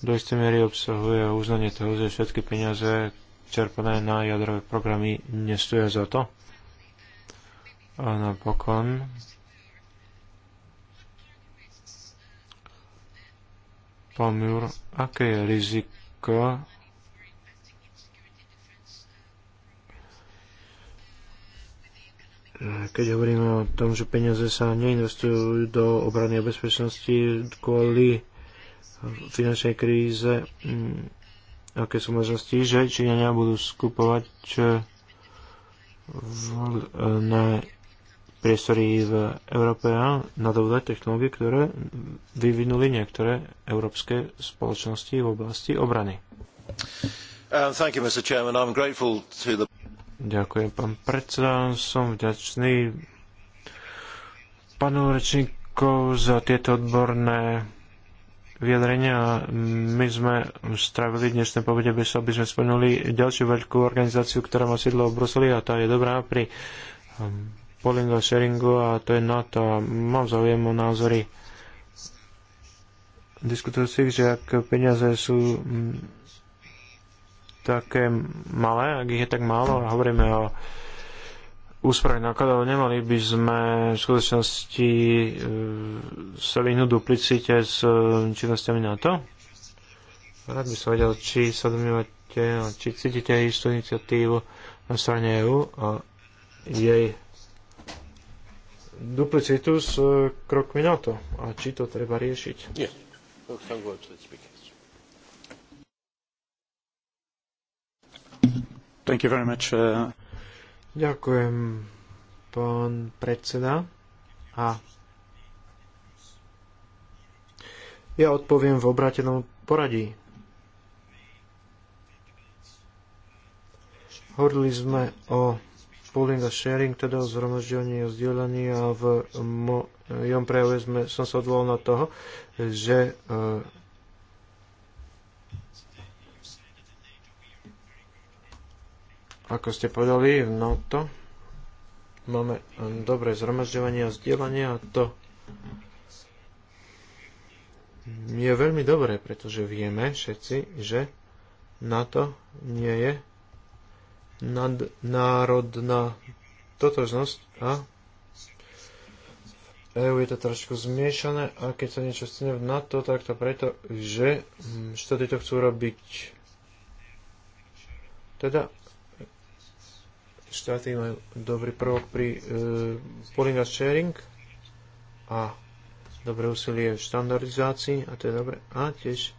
do istej miery obsahuje uznanie toho, že všetky peniaze čerpané na jadrové programy nestoja za to. A napokon pán aké je riziko keď hovoríme o tom, že peniaze sa neinvestujú do obrany a bezpečnosti kvôli finančnej kríze, mm, aké sú možnosti, že Číňania budú skupovať eh, na priestory v Európe a nadobúdať technológie, ktoré vyvinuli niektoré európske spoločnosti v oblasti obrany. Uh, you, the... Ďakujem, pán predseda. Som vďačný panu rečníkov za tieto odborné vyjadrenia. My sme strávili dnešné povede bez, aby sme spomenuli ďalšiu veľkú organizáciu, ktorá má sídlo v Bruseli a tá je dobrá pri um, Polinga sharingu a to je na to a mám záujem o názory si, že ak peniaze sú mm, také malé, ak ich je tak málo a hovoríme o úsporách nákladov, nemali by sme v skutočnosti e, sa vyhnúť duplicite s e, činnosťami NATO? Rád by som vedel, či sa domnievate, či cítite istú iniciatívu na strane EU a jej duplicitu s e, krokmi NATO a či to treba riešiť. Thank you very much. Uh, Ďakujem, pán predseda. A ja odpoviem v obratenom poradí. Hovorili sme o pooling a sharing, teda o zhromažďovaní a zdieľaní a v mojom prejave sme, som sa odvolal na toho, že eh, ako ste povedali, no to máme dobré zhromažďovanie a zdieľanie a to je veľmi dobré, pretože vieme všetci, že na to nie je nadnárodná totožnosť a EU je to trošku zmiešané a keď sa niečo stane v NATO, tak to preto, že štáty mm, to chcú robiť. Teda štáty majú dobrý prvok pri e, pooling sharing a dobré úsilie v štandardizácii a to je dobre. A tiež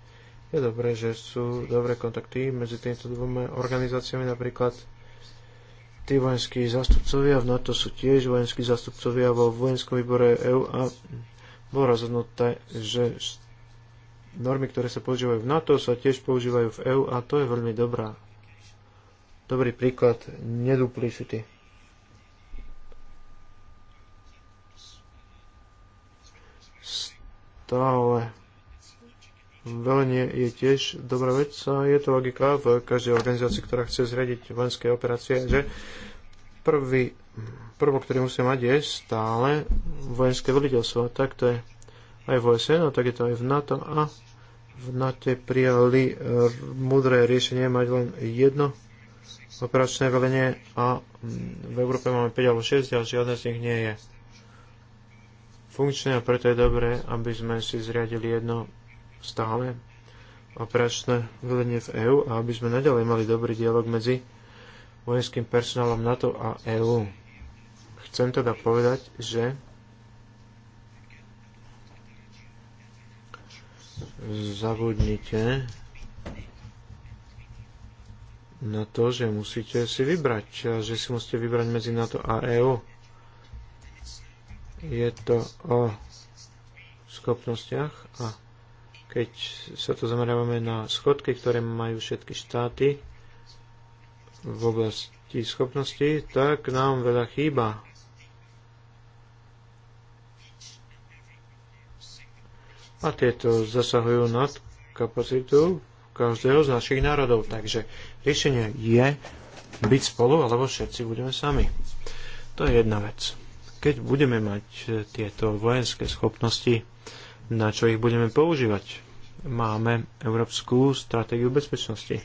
je dobré, že sú dobré kontakty medzi týmito dvoma organizáciami, napríklad tí vojenskí zastupcovia v NATO sú tiež vojenskí zastupcovia vo vojenskom výbore EU a bolo rozhodnuté, že normy, ktoré sa používajú v NATO, sa tiež používajú v EU a to je veľmi dobrá. Dobrý príklad neduplicity. Stále Velenie je tiež dobrá vec a je to logika v každej organizácii, ktorá chce zriadiť vojenské operácie, že prvý prvok, ktorý musí mať, je stále vojenské veliteľstvo. Tak to je aj v OSN, a tak je to aj v NATO. A v NATO prijali e, mudré riešenie mať len jedno operačné velenie a v Európe máme 5 alebo 6 a žiadne z nich nie je funkčné a preto je dobré, aby sme si zriadili jedno stále operačné vedenie v EÚ a aby sme nadalej mali dobrý dialog medzi vojenským personálom NATO a EÚ. Chcem teda povedať, že zabudnite na to, že musíte si vybrať, že si musíte vybrať medzi NATO a EÚ. Je to o schopnostiach a keď sa to zamerávame na schodky, ktoré majú všetky štáty v oblasti schopnosti, tak nám veľa chýba. A tieto zasahujú nad kapacitu každého z našich národov. Takže riešenie je byť spolu, alebo všetci budeme sami. To je jedna vec. Keď budeme mať tieto vojenské schopnosti, na čo ich budeme používať. Máme Európsku stratégiu bezpečnosti.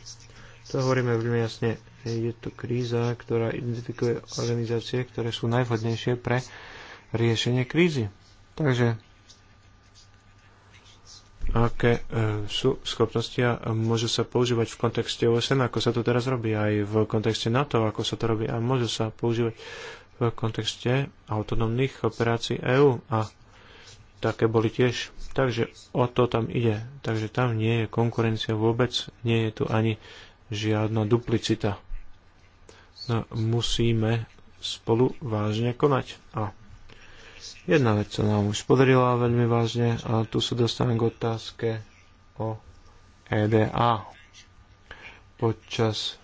To hovoríme veľmi jasne. Je to kríza, ktorá identifikuje organizácie, ktoré sú najvhodnejšie pre riešenie krízy. Takže aké e, sú schopnosti a môžu sa používať v kontexte OSN, ako sa to teraz robí, aj v kontexte NATO, ako sa to robí a môžu sa používať v kontexte autonómnych operácií EÚ. A také boli tiež. Takže o to tam ide. Takže tam nie je konkurencia vôbec, nie je tu ani žiadna duplicita. No, musíme spolu vážne konať. A jedna vec sa nám už podarila veľmi vážne a tu sa dostanem k otázke o EDA. Počas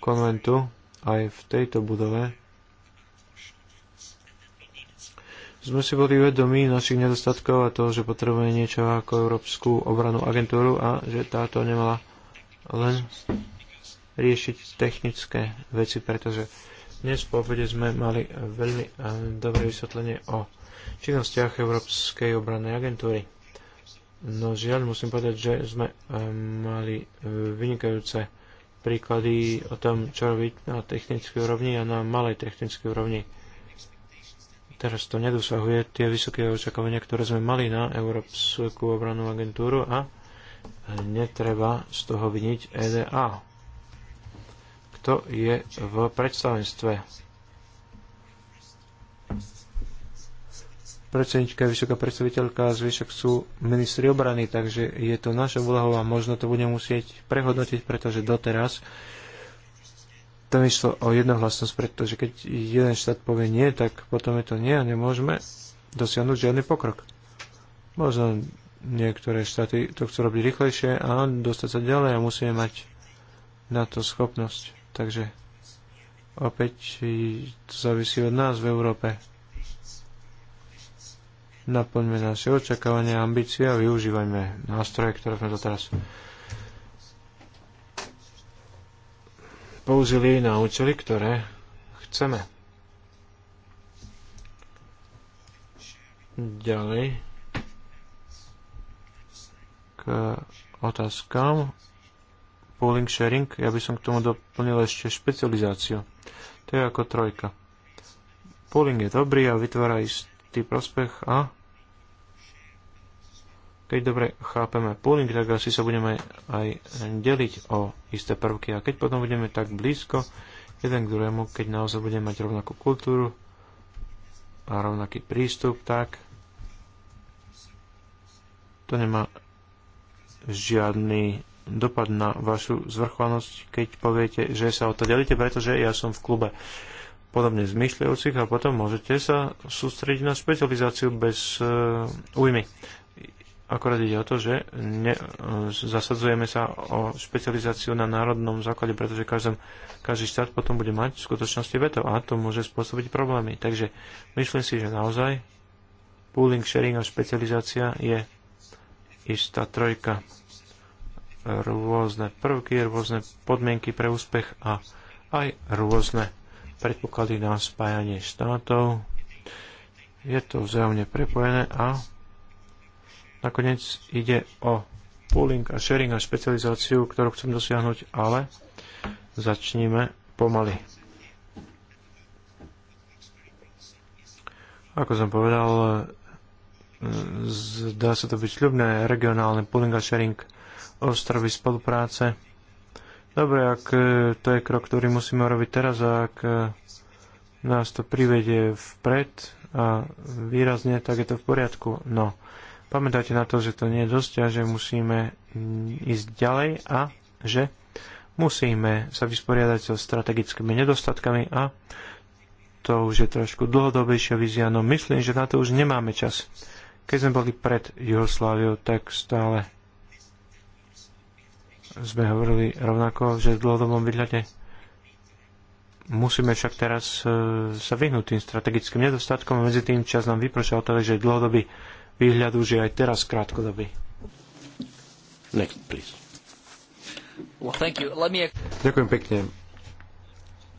konventu aj v tejto budove sme si boli vedomí našich nedostatkov a toho, že potrebujeme niečo ako Európsku obranú agentúru a že táto nemala len riešiť technické veci, pretože dnes po obede sme mali veľmi eh, dobré vysvetlenie o činnostiach Európskej obrannej agentúry. No žiaľ, musím povedať, že sme eh, mali eh, vynikajúce príklady o tom, čo robiť na technickej úrovni a na malej technickej úrovni teraz to nedosahuje tie vysoké očakávania, ktoré sme mali na Európsku obranú agentúru a netreba z toho viniť EDA. Kto je v predstavenstve? Predsednička, vysoká predstaviteľka a zvyšok sú ministri obrany, takže je to naša úloha a možno to budeme musieť prehodnotiť, pretože doteraz uh, tam išlo o jednohlasnosť, pretože keď jeden štát povie nie, tak potom je to nie a nemôžeme dosiahnuť žiadny pokrok. Možno niektoré štáty to chcú robiť rýchlejšie a dostať sa ďalej a musíme mať na to schopnosť. Takže opäť to závisí od nás v Európe. Naplňme naše očakávania, ambície a využívajme nástroje, ktoré sme doteraz použili na účely, ktoré chceme. Ďalej k otázkam pooling sharing, ja by som k tomu doplnil ešte špecializáciu. To je ako trojka. Pooling je dobrý a vytvára istý prospech a keď dobre chápeme pooling, tak asi sa budeme aj deliť o isté prvky. A keď potom budeme tak blízko jeden k druhému, keď naozaj budeme mať rovnakú kultúru a rovnaký prístup, tak to nemá žiadny dopad na vašu zvrchovanosť, keď poviete, že sa o to delíte, pretože ja som v klube podobne zmyšľajúcich a potom môžete sa sústrediť na špecializáciu bez e, újmy akorát ide o to, že ne, zasadzujeme sa o špecializáciu na národnom základe, pretože každý, každý štát potom bude mať v skutočnosti veto a to môže spôsobiť problémy. Takže myslím si, že naozaj pooling, sharing a špecializácia je istá trojka rôzne prvky, rôzne podmienky pre úspech a aj rôzne predpoklady na spájanie štátov. Je to vzájomne prepojené a Nakoniec ide o pooling a sharing a špecializáciu, ktorú chcem dosiahnuť, ale začníme pomaly. Ako som povedal, zdá sa to byť sľubné regionálne pooling a sharing ostrovy spolupráce. Dobre, ak to je krok, ktorý musíme robiť teraz a ak nás to privedie vpred a výrazne, tak je to v poriadku. No, pamätajte na to, že to nie je dosť a že musíme ísť ďalej a že musíme sa vysporiadať so strategickými nedostatkami a to už je trošku dlhodobejšia vízia, no myslím, že na to už nemáme čas. Keď sme boli pred Jugosláviou, tak stále sme hovorili rovnako, že v dlhodobom výhľade musíme však teraz e, sa vyhnúť tým strategickým nedostatkom. Medzi tým čas nám vypršal, to, že dlhodobý výhľadu, že aj teraz krátkodobý. Next, please. Well, thank you. Let me... Ďakujem pekne.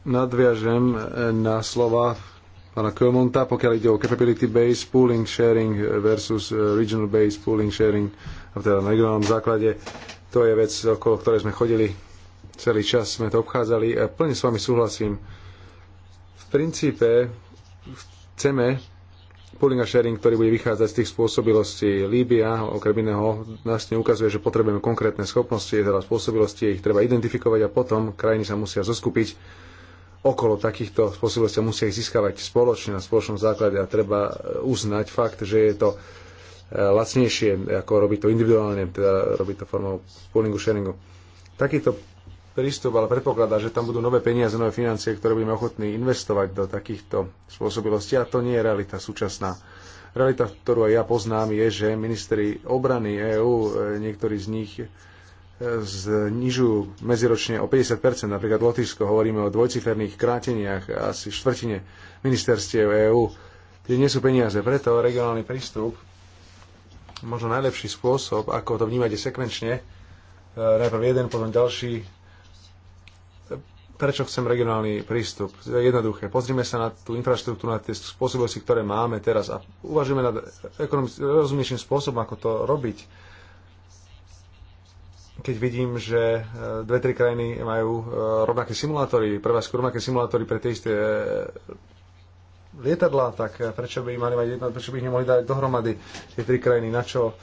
Nadviažem eh, na slova pána Kölmonta, pokiaľ ide o capability-based pooling sharing eh, versus eh, regional-based pooling sharing, a teda na regionálnom základe. To je vec, okolo ktorej sme chodili celý čas, sme to obchádzali a plne s vami súhlasím. V princípe chceme pooling a sharing, ktorý bude vychádzať z tých spôsobilostí. Líbia okrem iného vlastne ukazuje, že potrebujeme konkrétne schopnosti, teda spôsobilosti, ich treba identifikovať a potom krajiny sa musia zoskupiť okolo takýchto spôsobilostí a musia ich získavať spoločne na spoločnom základe a treba eh, uznať fakt, že je to eh, lacnejšie, ako robiť to individuálne, teda robiť to formou poolingu, sharingu. Takýto prístup, ale predpokladá, že tam budú nové peniaze, nové financie, ktoré budeme ochotní investovať do takýchto spôsobilostí. A to nie je realita súčasná. Realita, ktorú aj ja poznám, je, že ministri obrany EÚ, e, niektorí z nich e, znižujú medziročne o 50%. Napríklad Lotyšsko, hovoríme o dvojciferných kráteniach, asi štvrtine ministerstiev EÚ. Tie nie sú peniaze, preto regionálny prístup, možno najlepší spôsob, ako to vnímate sekvenčne, e, najprv jeden, potom ďalší, prečo chcem regionálny prístup? To je jednoduché. Pozrime sa na tú infraštruktúru, na tie spôsobosti, ktoré máme teraz a uvažujeme nad rozumnejším spôsobom, ako to robiť. Keď vidím, že e, dve, tri krajiny majú e, rovnaké simulátory, pre vás rovnaké simulátory pre tie isté e, lietadla, tak prečo by, mali mať prečo by ich nemohli dať dohromady tie tri krajiny? Na čo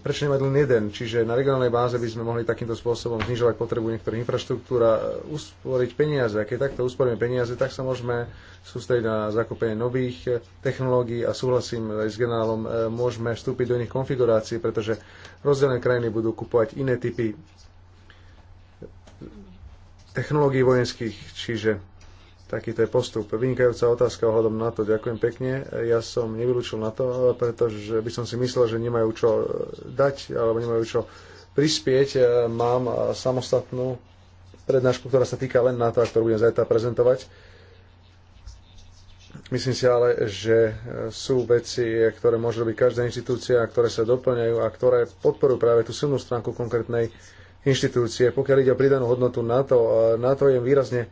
prečo nemať len jeden? Čiže na regionálnej báze by sme mohli takýmto spôsobom znižovať potrebu niektorých infraštruktúr a usporiť peniaze. A keď takto usporíme peniaze, tak sa môžeme sústrediť na zakúpenie nových technológií a súhlasím aj s generálom, e, môžeme vstúpiť do iných konfigurácií, pretože rozdielne krajiny budú kupovať iné typy technológií vojenských, čiže Takýto je postup. Vynikajúca otázka ohľadom na to. Ďakujem pekne. Ja som nevylúčil na to, pretože by som si myslel, že nemajú čo dať alebo nemajú čo prispieť. E, mám samostatnú prednášku, ktorá sa týka len to, a ktorú budem zajtra prezentovať. Myslím si ale, že sú veci, ktoré môže robiť každá inštitúcia, ktoré sa doplňajú a ktoré podporujú práve tú silnú stránku konkrétnej inštitúcie. Pokiaľ ide o pridanú hodnotu NATO, e, NATO je výrazne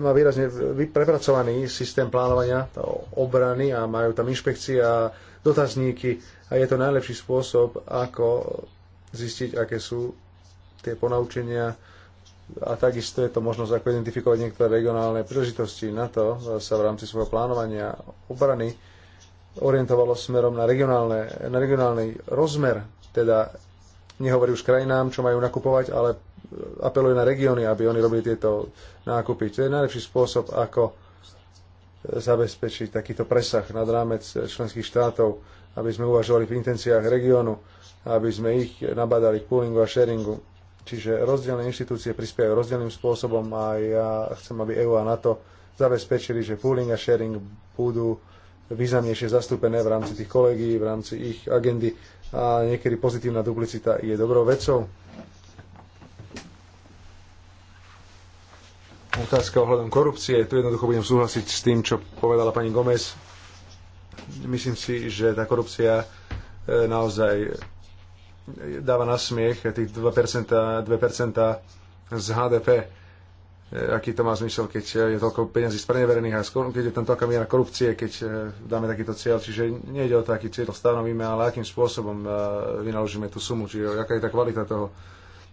má výrazne prepracovaný systém plánovania obrany a majú tam inšpekcie a dotazníky a je to najlepší spôsob, ako zistiť, aké sú tie ponaučenia a takisto je to možnosť, ako identifikovať niektoré regionálne príležitosti. Na to sa v rámci svojho plánovania obrany orientovalo smerom na, regionálne, na regionálny rozmer, teda nehovorí už krajinám, čo majú nakupovať, ale apeluje na regióny, aby oni robili tieto nákupy. To je najlepší spôsob, ako zabezpečiť takýto presah nad rámec členských štátov, aby sme uvažovali v intenciách regiónu, aby sme ich nabadali k poolingu a sharingu. Čiže rozdielne inštitúcie prispievajú rozdielným spôsobom a ja chcem, aby EU a NATO zabezpečili, že pooling a sharing budú významnejšie zastúpené v rámci tých kolegií, v rámci ich agendy a niekedy pozitívna duplicita je dobrou vecou Otázka ohľadom korupcie, tu jednoducho budem súhlasiť s tým, čo povedala pani Gomez. Myslím si, že tá korupcia e, naozaj dáva na smiech tých 2%, 2% z HDP. E, aký to má zmysel, keď je toľko peniazí spreneverených a keď je tam taká miera korupcie, keď e, dáme takýto cieľ. Čiže nejde o to, aký cieľ stanovíme, ale akým spôsobom vynaložíme tú sumu, čiže aká je tá kvalita toho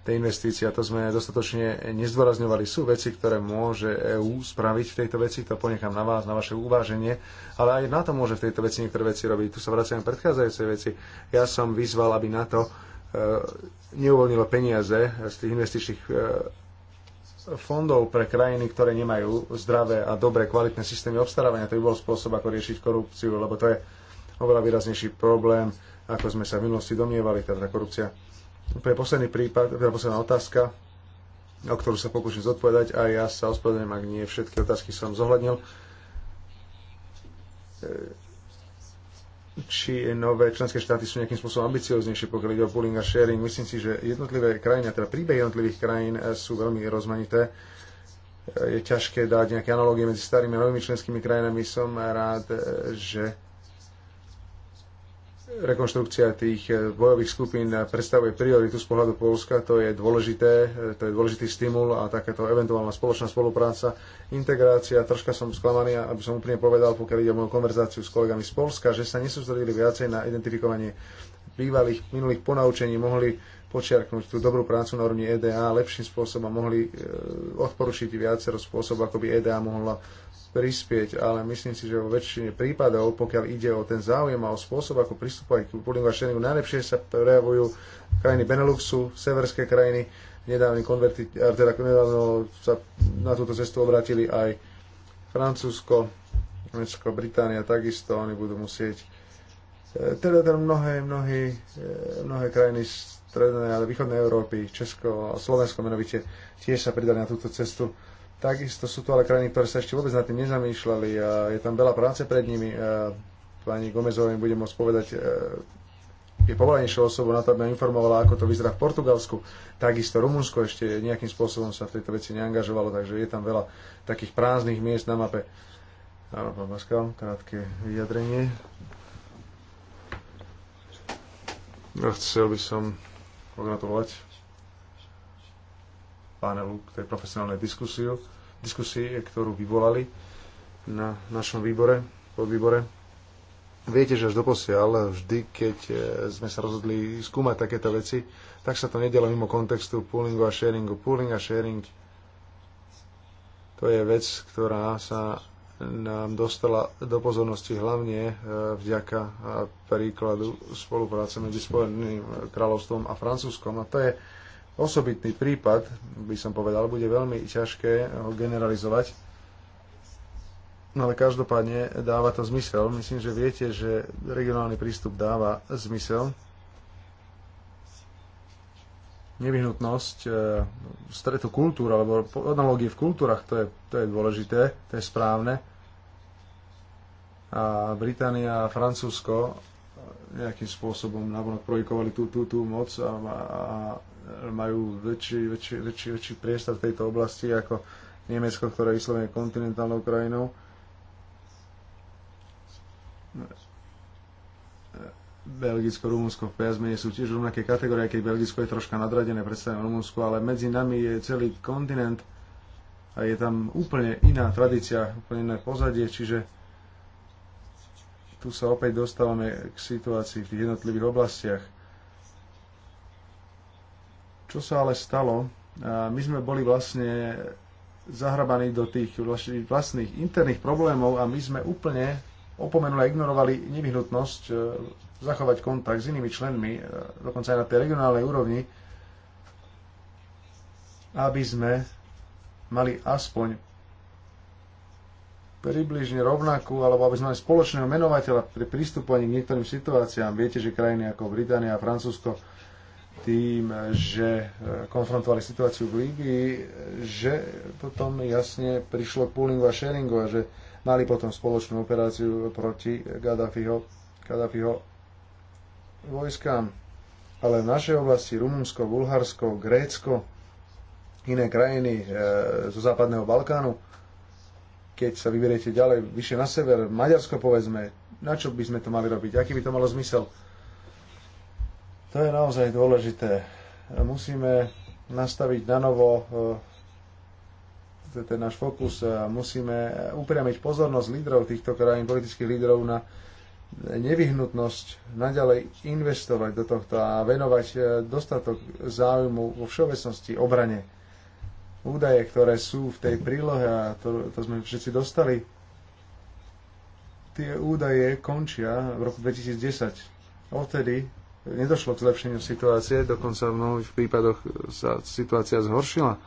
tej investície a to sme dostatočne nezdôrazňovali. Sú veci, ktoré môže EÚ spraviť v tejto veci, to ponechám na vás, na vaše uváženie, ale aj na to môže v tejto veci niektoré veci robiť. Tu sa vraciam predchádzajúcej veci. Ja som vyzval, aby na to e, neuvoľnilo peniaze z tých investičných e, fondov pre krajiny, ktoré nemajú zdravé a dobré kvalitné systémy obstarávania. To by bol spôsob, ako riešiť korupciu, lebo to je oveľa výraznejší problém, ako sme sa v minulosti domnievali, teda tá korupcia pre posledný prípad, pre posledná otázka, o ktorú sa pokúšam zodpovedať a ja sa ospravedlňujem, ak nie všetky otázky som zohľadnil. E, či nové členské štáty sú nejakým spôsobom ambicioznejšie, pokiaľ ide o pooling a sharing. Myslím si, že jednotlivé krajiny, a teda príbehy jednotlivých krajín e, sú veľmi rozmanité. E, je ťažké dať nejaké analogie medzi starými a novými členskými krajinami. Som rád, že rekonštrukcia tých eh, bojových skupín predstavuje prioritu z pohľadu Polska, to je dôležité, eh, to je dôležitý stimul a takáto eventuálna spoločná spolupráca, integrácia. Troška som sklamaný, aby som úplne povedal, pokiaľ ide o moju konverzáciu s kolegami z Polska, že sa nesústredili viacej na identifikovanie bývalých minulých ponaučení, mohli počiarknúť tú dobrú prácu na úrovni EDA lepším spôsobom, mohli eh, odporučiť viacero spôsobov, ako by EDA mohla prispieť, ale myslím si, že vo väčšine prípadov, pokiaľ ide o ten záujem a o spôsob, ako pristupovať k poolingu a najlepšie sa prejavujú krajiny Beneluxu, severské krajiny, nedávne konverti, teda nedávno sa na túto cestu obratili aj Francúzsko, Nemecko, Británia, takisto oni budú musieť e, teda tam mnohé, mnohé, e, mnohé krajiny strednej a východnej Európy, Česko a Slovensko menovite, tiež sa pridali na túto cestu Takisto sú tu ale krajiny, ktoré sa ešte vôbec nad tým nezamýšľali a je tam veľa práce pred nimi. Pani Gomezová im bude môcť povedať, e, je povolenejšou osobou na to, aby informovala, ako to vyzerá v Portugalsku. Takisto Rumunsko ešte nejakým spôsobom sa v tejto veci neangažovalo, takže je tam veľa takých prázdnych miest na mape. Áno, pán Baskal, krátke vyjadrenie. No, chcel by som pogratulovať panelu, k tej profesionálnej diskusiu, diskusii, ktorú vyvolali na našom výbore, podvýbore. Viete, že až doposiaľ, vždy, keď e, sme sa rozhodli skúmať takéto veci, tak sa to nedelo mimo kontextu poolingu a sharingu. Pooling a sharing to je vec, ktorá sa nám dostala do pozornosti hlavne e, vďaka e, príkladu spolupráce medzi Spojeným kráľovstvom a Francúzskom. A to je osobitný prípad, by som povedal, bude veľmi ťažké ho generalizovať. ale každopádne dáva to zmysel. Myslím, že viete, že regionálny prístup dáva zmysel. Nevyhnutnosť e, stretu kultúr alebo analogie v kultúrach, to je, to je dôležité, to je správne. A Británia a Francúzsko nejakým spôsobom navonok projekovali tú, tú, tú moc a, a, majú väčší, väčší, väčší, väčší priestor v tejto oblasti ako Nemecko, ktoré je vyslovene kontinentálnou krajinou. Belgicko, Rumunsko v menej sú tiež rovnaké kategórie, keď Belgicko je troška nadradené predstavené Rumunsko, ale medzi nami je celý kontinent a je tam úplne iná tradícia, úplne iné pozadie, čiže tu sa opäť dostávame k situácii v tých jednotlivých oblastiach. Čo sa ale stalo? My sme boli vlastne zahrabaní do tých vlastne vlastných interných problémov a my sme úplne opomenuli a ignorovali nevyhnutnosť e, zachovať kontakt s inými členmi, e, dokonca aj na tej regionálnej úrovni, aby sme mali aspoň približne rovnakú, alebo aby sme mali spoločného menovateľa pri prístupovaní k niektorým situáciám. Viete, že krajiny ako Británia a Francúzsko tým, že e, konfrontovali situáciu v Líbii, že potom jasne prišlo k poolingu a sharingu a že mali potom spoločnú operáciu proti Gaddafiho, Gaddafiho vojskám. Ale v našej oblasti Rumunsko, Bulharsko, Grécko, iné krajiny e, zo západného Balkánu, keď sa vyberiete ďalej, vyššie na sever, Maďarsko povedzme, na čo by sme to mali robiť, aký by to malo zmysel. To je naozaj dôležité. Musíme nastaviť na novo e, ten náš fokus, musíme upriamiť pozornosť lídrov týchto krajín, politických lídrov na nevyhnutnosť naďalej investovať do tohto a venovať e, dostatok záujmu vo všeobecnosti obrane. Údaje, ktoré sú v tej prílohe, a to, to sme všetci dostali, tie údaje končia v roku 2010. Odtedy nedošlo k zlepšeniu situácie, dokonca v mnohých prípadoch sa situácia zhoršila.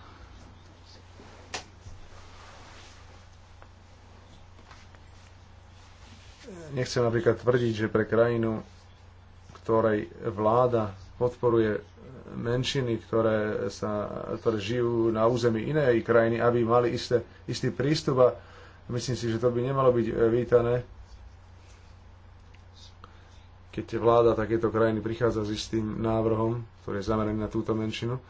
Nechcem napríklad tvrdiť, že pre krajinu, ktorej vláda podporuje menšiny, ktoré, sa, ktoré žijú na území inej krajiny, aby mali isté, istý prístup a myslím si, že to by nemalo byť vítané keď vláda takéto krajiny prichádza s istým návrhom, ktorý je zameraný na túto menšinu,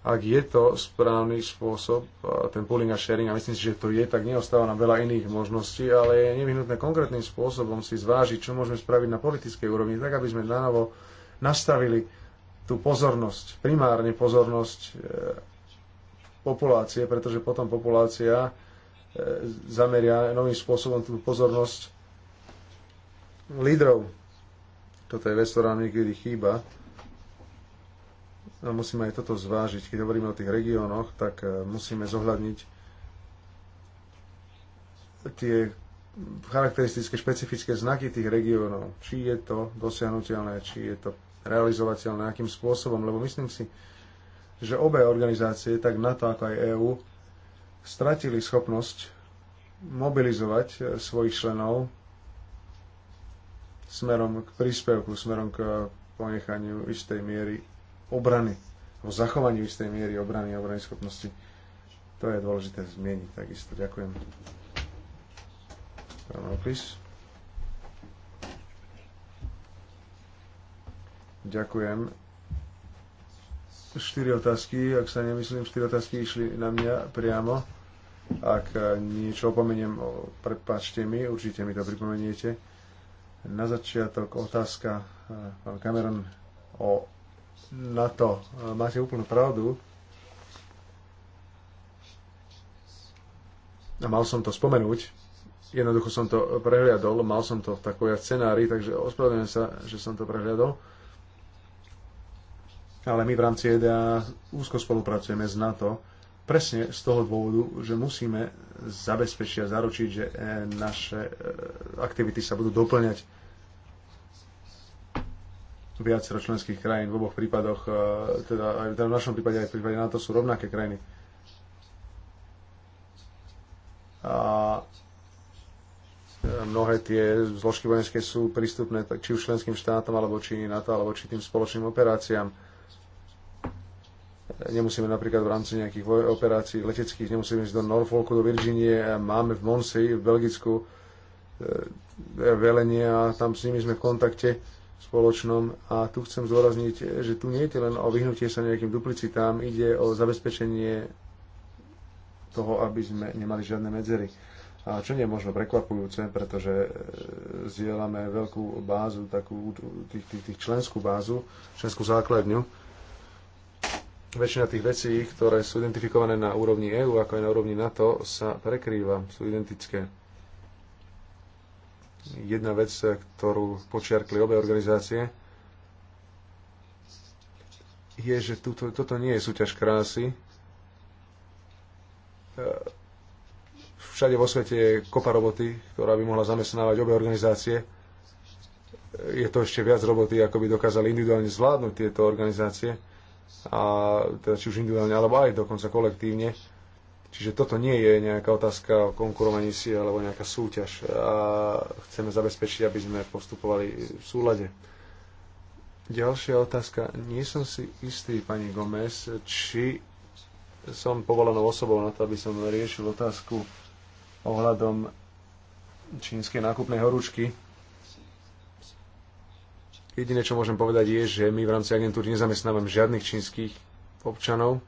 ak je to správny spôsob, ten pooling a sharing, a myslím si, že to je, tak neostáva nám veľa iných možností, ale je nevyhnutné konkrétnym spôsobom si zvážiť, čo môžeme spraviť na politickej úrovni, tak aby sme nanovo nastavili tú pozornosť, primárne pozornosť e, populácie, pretože potom populácia e, zameria novým spôsobom tú pozornosť lídrov toto je vec, ktorá nám niekedy chýba. A musíme aj toto zvážiť. Keď hovoríme o tých regiónoch, tak e, musíme zohľadniť tie charakteristické, špecifické znaky tých regiónov. Či je to dosiahnutelné, či je to realizovateľné, akým spôsobom. Lebo myslím si, že obe organizácie, tak NATO ako aj EÚ, stratili schopnosť mobilizovať e, svojich členov smerom k príspevku, smerom k ponechaniu istej miery obrany, o zachovaniu istej miery obrany a obrany schopnosti. To je dôležité zmieniť takisto. Ďakujem. Pán opis. Ďakujem. Štyri otázky, ak sa nemyslím, štyri otázky išli na mňa priamo. Ak niečo opomeniem, prepáčte mi, určite mi to pripomeniete. Na začiatok otázka, e, pán Cameron, o NATO. E, máte úplnú pravdu. A mal som to spomenúť. Jednoducho som to prehliadol, mal som to v takovej scenári, takže ospravedlňujem sa, že som to prehliadol. Ale my v rámci EDA úzko spolupracujeme s NATO Presne z toho dôvodu, že musíme zabezpečiť a zaručiť, že e, naše e, aktivity sa budú doplňať viacero členských krajín. V oboch prípadoch, e, teda aj teda v našom prípade, aj v prípade NATO sú rovnaké krajiny. A mnohé tie zložky vojenské sú prístupné či už členským štátom, alebo či NATO, alebo či tým spoločným operáciám Nemusíme napríklad v rámci nejakých operácií leteckých, nemusíme ísť do Norfolku, do Virginie, máme v Monsi, v Belgicku e, velenie a tam s nimi sme v kontakte spoločnom. A tu chcem zdôrazniť, že tu nie je len o vyhnutie sa nejakým duplicitám, ide o zabezpečenie toho, aby sme nemali žiadne medzery. A čo nie je možno prekvapujúce, pretože e, zdieľame veľkú bázu, takú tých, tých, tých členskú bázu, členskú základňu väčšina tých vecí, ktoré sú identifikované na úrovni EÚ, ako aj na úrovni NATO, sa prekrýva, sú identické. Jedna vec, ktorú počiarkli obe organizácie, je, že tuto, toto nie je súťaž krásy. E, všade vo svete je kopa roboty, ktorá by mohla zamestnávať obe organizácie. E, je to ešte viac roboty, ako by dokázali individuálne zvládnuť tieto organizácie a teda či už individuálne, alebo aj dokonca kolektívne. Čiže toto nie je nejaká otázka o konkurovaní si alebo nejaká súťaž. A chceme zabezpečiť, aby sme postupovali v súlade. Ďalšia otázka. Nie som si istý, pani Gomez, či som povolanou osobou na to, aby som riešil otázku ohľadom čínskej nákupnej horúčky Jediné, čo môžem povedať, je, že my v rámci agentúry nezamestnávame žiadnych čínskych občanov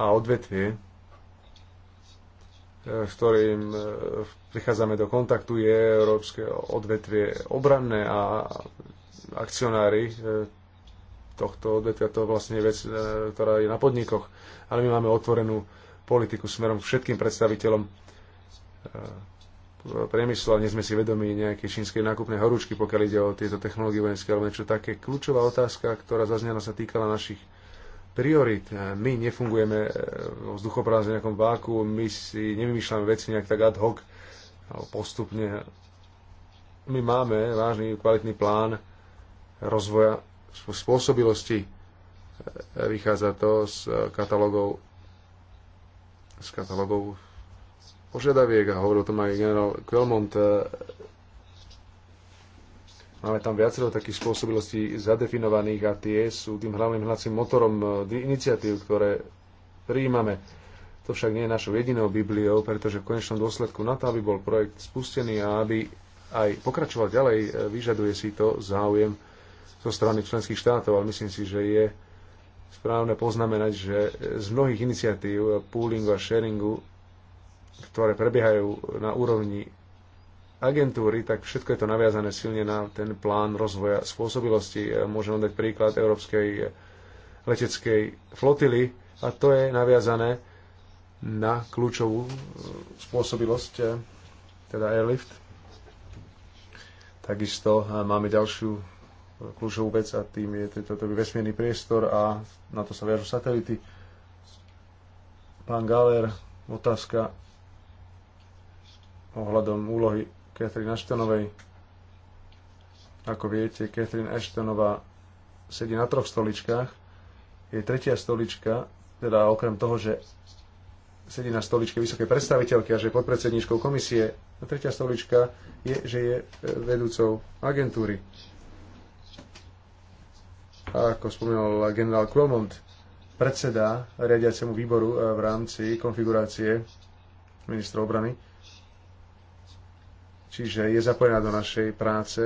a odvetvie, eh, s ktorým eh, prichádzame do kontaktu, je európske odvetvie obranné a akcionári eh, tohto odvetvia, to vlastne je vec, ktorá je na podnikoch, ale my máme otvorenú politiku smerom k všetkým predstaviteľom priemyslu ale nie sme si vedomi nejakej čínskej nákupnej horúčky, pokiaľ ide o tieto technológie vojenské alebo niečo také. Kľúčová otázka, ktorá zaznela, sa týkala našich priorit. My nefungujeme eh, vo vzduchoprázdne nejakom váku, my si nevymýšľame veci nejak tak ad hoc alebo postupne. My máme vážny kvalitný plán rozvoja spôsobilosti. Eh, vychádza to z katalógov z katalógov požiadaviek a hovoril tom aj generál Quelmont. Eh, máme tam viacero takých spôsobilostí zadefinovaných a tie sú tým hlavným hnacím motorom eh, iniciatív, ktoré prijímame. To však nie je našou jedinou Bibliou, pretože v konečnom dôsledku na to, aby bol projekt spustený a aby aj pokračoval ďalej, eh, vyžaduje si to záujem zo strany členských štátov, ale myslím si, že je správne poznamenať, že z mnohých iniciatív poolingu a sharingu ktoré prebiehajú na úrovni agentúry, tak všetko je to naviazané silne na ten plán rozvoja spôsobilosti. Môžem dať príklad Európskej leteckej flotily a to je naviazané na kľúčovú e, spôsobilosť, e, teda airlift. Takisto e, máme ďalšiu kľúčovú vec a tým je toto vesmírny priestor a na to sa viažú satelity. Pán Galer, otázka ohľadom úlohy Catherine Ashtonovej. Ako viete, Catherine Ashtonová sedí na troch stoličkách. Je tretia stolička, teda okrem toho, že sedí na stoličke vysokej predstaviteľky a že je podpredsedničkou komisie, a tretia stolička je, že je e, vedúcou agentúry. A ako spomínal generál Quilmont, predseda riadiacemu výboru e, v rámci konfigurácie ministra obrany Čiže je zapojená do našej práce,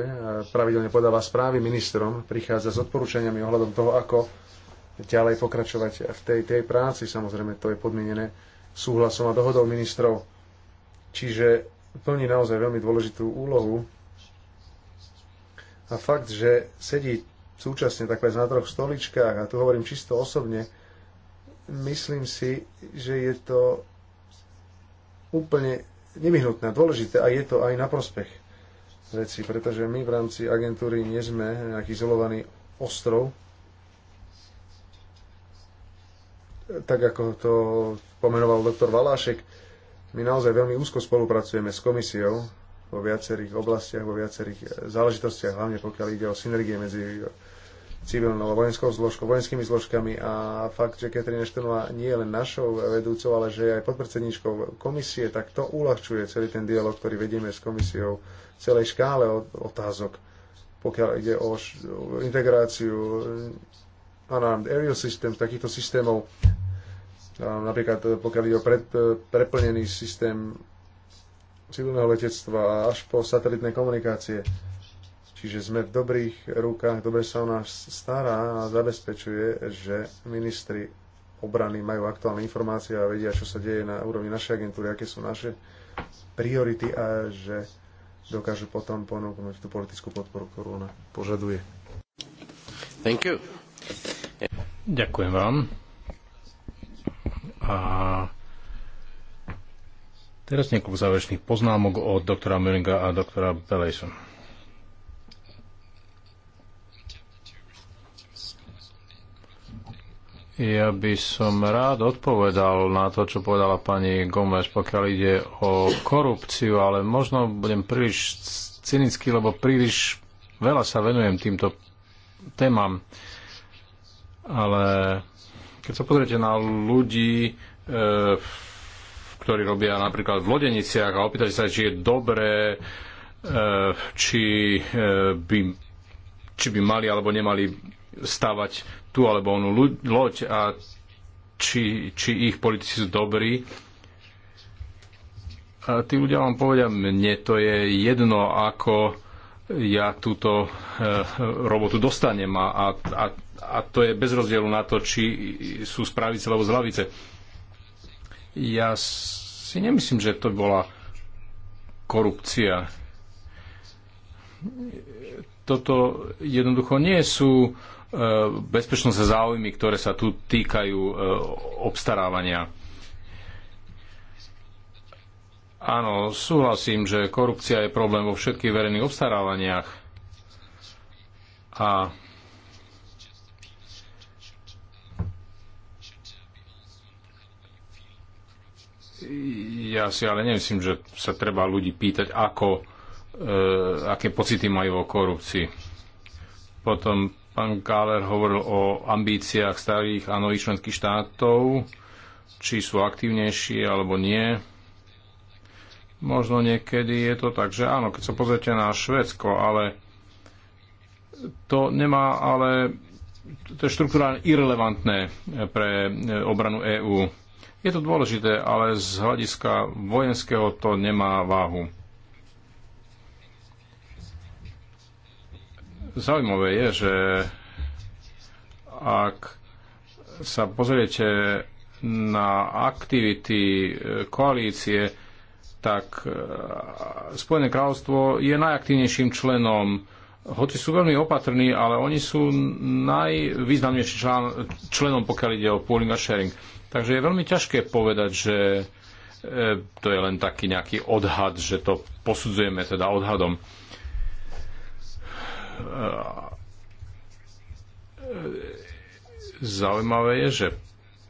pravidelne podáva správy ministrom, prichádza s odporúčaniami ohľadom toho, ako ďalej pokračovať v tej, tej práci. Samozrejme, to je podmienené súhlasom a dohodou ministrov. Čiže plní naozaj veľmi dôležitú úlohu. A fakt, že sedí súčasne takhle na troch stoličkách, a tu hovorím čisto osobne, myslím si, že je to úplne nevyhnutné, dôležité a je to aj na prospech veci, pretože my v rámci agentúry nie sme nejaký izolovaný ostrov, tak ako to pomenoval doktor Valášek, my naozaj veľmi úzko spolupracujeme s komisiou vo viacerých oblastiach, vo viacerých záležitostiach, hlavne pokiaľ ide o synergie medzi civilnou a vojenskou zložkou, vojenskými zložkami a fakt, že Katrina Štrnová nie je len našou vedúcou, ale že je aj podpredsedničkou komisie, tak to uľahčuje celý ten dialog, ktorý vedieme s komisiou v celej škále otázok, pokiaľ ide o integráciu uh, unarmed aerial systems, takýchto systémov, napríklad uh, pokiaľ ide o pred, uh, preplnený systém civilného letectva až po satelitné komunikácie Čiže sme v dobrých rukách, dobre sa o nás stará a zabezpečuje, že ministri obrany majú aktuálne informácie a vedia, čo sa deje na úrovni našej agentúry, aké sú naše priority a že dokážu potom ponúknuť tú politickú podporu, ktorú ona požaduje. Thank you. Ďakujem vám. A teraz niekoľko záverečných poznámok od doktora Möringa a doktora Belejsona. Ja by som rád odpovedal na to, čo povedala pani Gomez, pokiaľ ide o korupciu, ale možno budem príliš cynický, lebo príliš veľa sa venujem týmto témam. Ale keď sa pozriete na ľudí, e, ktorí robia napríklad v lodeniciach a opýtate sa, či je dobré, e, či e, by, či by mali alebo nemali stavať tú alebo onú loď a či, či ich politici sú dobrí. A tí ľudia vám povedia, mne to je jedno, ako ja túto e, robotu dostanem a, a, a, to je bez rozdielu na to, či sú z pravice alebo z lavice. Ja si nemyslím, že to bola korupcia. Toto jednoducho nie sú E, bezpečnostné záujmy, ktoré sa tu týkajú e, obstarávania. Áno, súhlasím, že korupcia je problém vo všetkých verejných obstarávaniach. A ja si ale nemyslím, že sa treba ľudí pýtať, ako, e, aké pocity majú o korupcii. Potom Pán Káler hovoril o ambíciách starých a nových členských štátov, či sú aktívnejšie alebo nie. Možno niekedy je to tak, že áno, keď sa pozrite na Švedsko, ale to nemá, ale to je štruktúrálne irrelevantné pre obranu EÚ. Je to dôležité, ale z hľadiska vojenského to nemá váhu. Zaujímavé je, že ak sa pozriete na aktivity e, koalície, tak e, Spojené kráľovstvo je najaktívnejším členom. Hoci sú veľmi opatrní, ale oni sú najvýznamnejším člen, členom, pokiaľ ide o pooling a sharing. Takže je veľmi ťažké povedať, že e, to je len taký nejaký odhad, že to posudzujeme teda odhadom. Zaujímavé je, že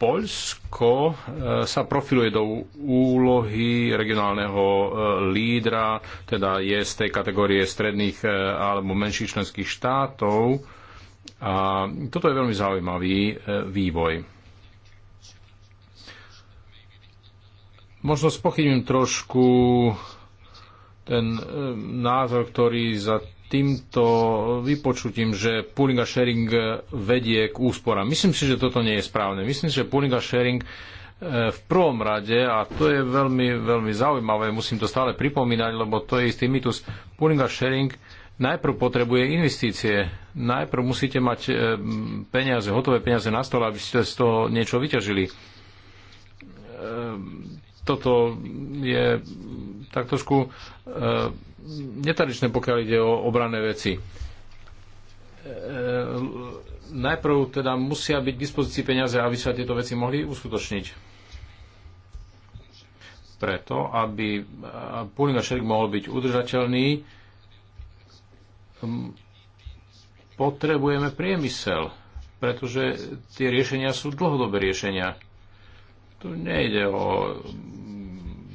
Poľsko e, sa profiluje do úlohy regionálneho e, lídra, teda je z tej kategórie stredných e, alebo menších členských štátov. A toto je veľmi zaujímavý vývoj. Možno spochybním trošku ten názor, ktorý za týmto vypočutím, že pooling a sharing e, vedie k úsporám. Myslím si, že toto nie je správne. Myslím si, že pooling a sharing e, v prvom rade, a to je veľmi, veľmi zaujímavé, musím to stále pripomínať, lebo to je istý mytus, pooling a sharing najprv potrebuje investície. Najprv musíte mať e, peniaze, hotové peniaze na stole, aby ste z toho niečo vyťažili. Toto je tak trošku netradičné, pokiaľ ide o obrané veci. E, najprv teda musia byť k dispozícii peniaze, aby sa tieto veci mohli uskutočniť. Preto, aby e, pooling a mohol byť udržateľný, potrebujeme priemysel, pretože tie riešenia sú dlhodobé riešenia. Tu nejde o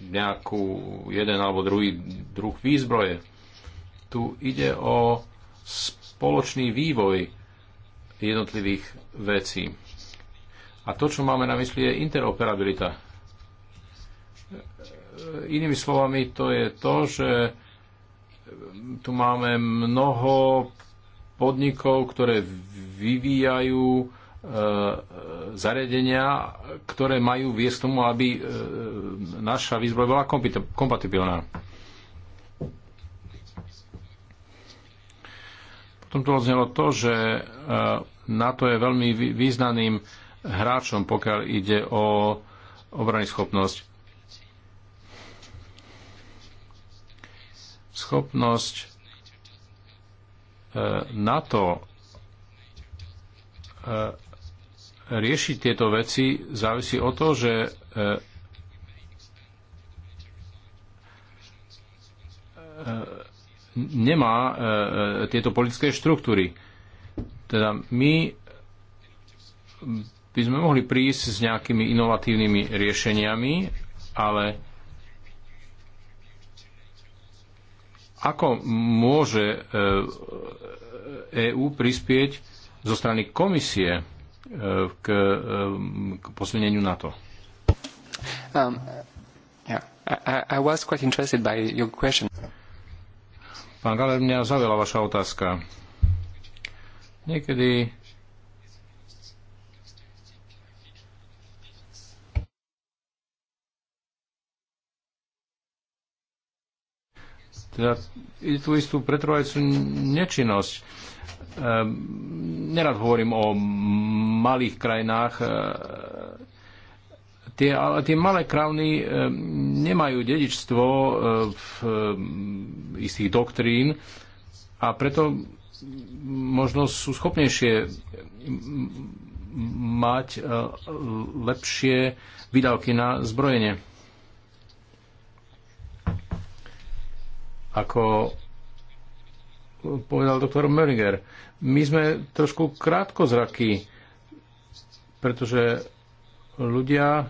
nejakú jeden alebo druhý druh výzbroje. Tu ide o spoločný vývoj jednotlivých vecí. A to, čo máme na mysli, je interoperabilita. Inými slovami, to je to, že tu máme mnoho podnikov, ktoré vyvíjajú e, zariadenia, ktoré majú viesť tomu, aby e, naša výzbroj bola kompatibilná. Potom tu odznelo to, že e, NATO je veľmi významným hráčom, pokiaľ ide o obrany schopnosť. Schopnosť e, NATO e, riešiť tieto veci závisí od toho, že e, nemá e, e, tieto politické štruktúry. Teda my by sme mohli prísť s nejakými inovatívnymi riešeniami, ale ako môže EÚ e prispieť zo strany komisie k, k posilneniu NATO? Um, yeah. I, I was quite interested by your question. Pán Galer, mňa zaujala vaša otázka. Niekedy teda je tu istú pretrvajúcu nečinnosť. Ehm, nerad hovorím o malých krajinách, ehm, Tie, ale tie malé krávny e, nemajú dedičstvo e, v e, istých doktrín a preto možno sú schopnejšie mať lepšie výdavky na zbrojenie. Ako povedal doktor Möringer, my sme trošku krátkozraky. pretože ľudia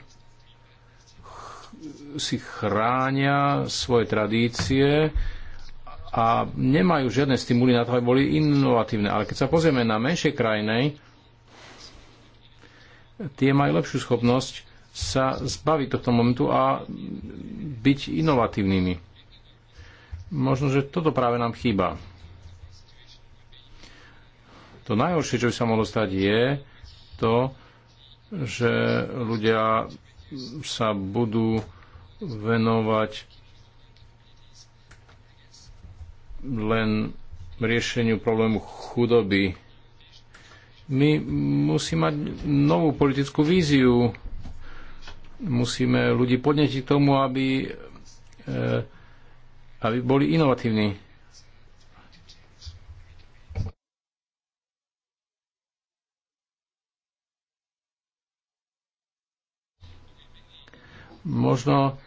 si chránia svoje tradície a nemajú žiadne stimuly na to, aby boli inovatívne. Ale keď sa pozrieme na menšie krajiny, tie majú lepšiu schopnosť sa zbaviť tohto momentu a byť inovatívnymi. Možno, že toto práve nám chýba. To najhoršie, čo by sa mohlo stať, je to, že ľudia sa budú venovať len riešeniu problému chudoby. My musíme mať novú politickú víziu. Musíme ľudí podnetiť k tomu, aby, e, aby boli inovatívni. Možno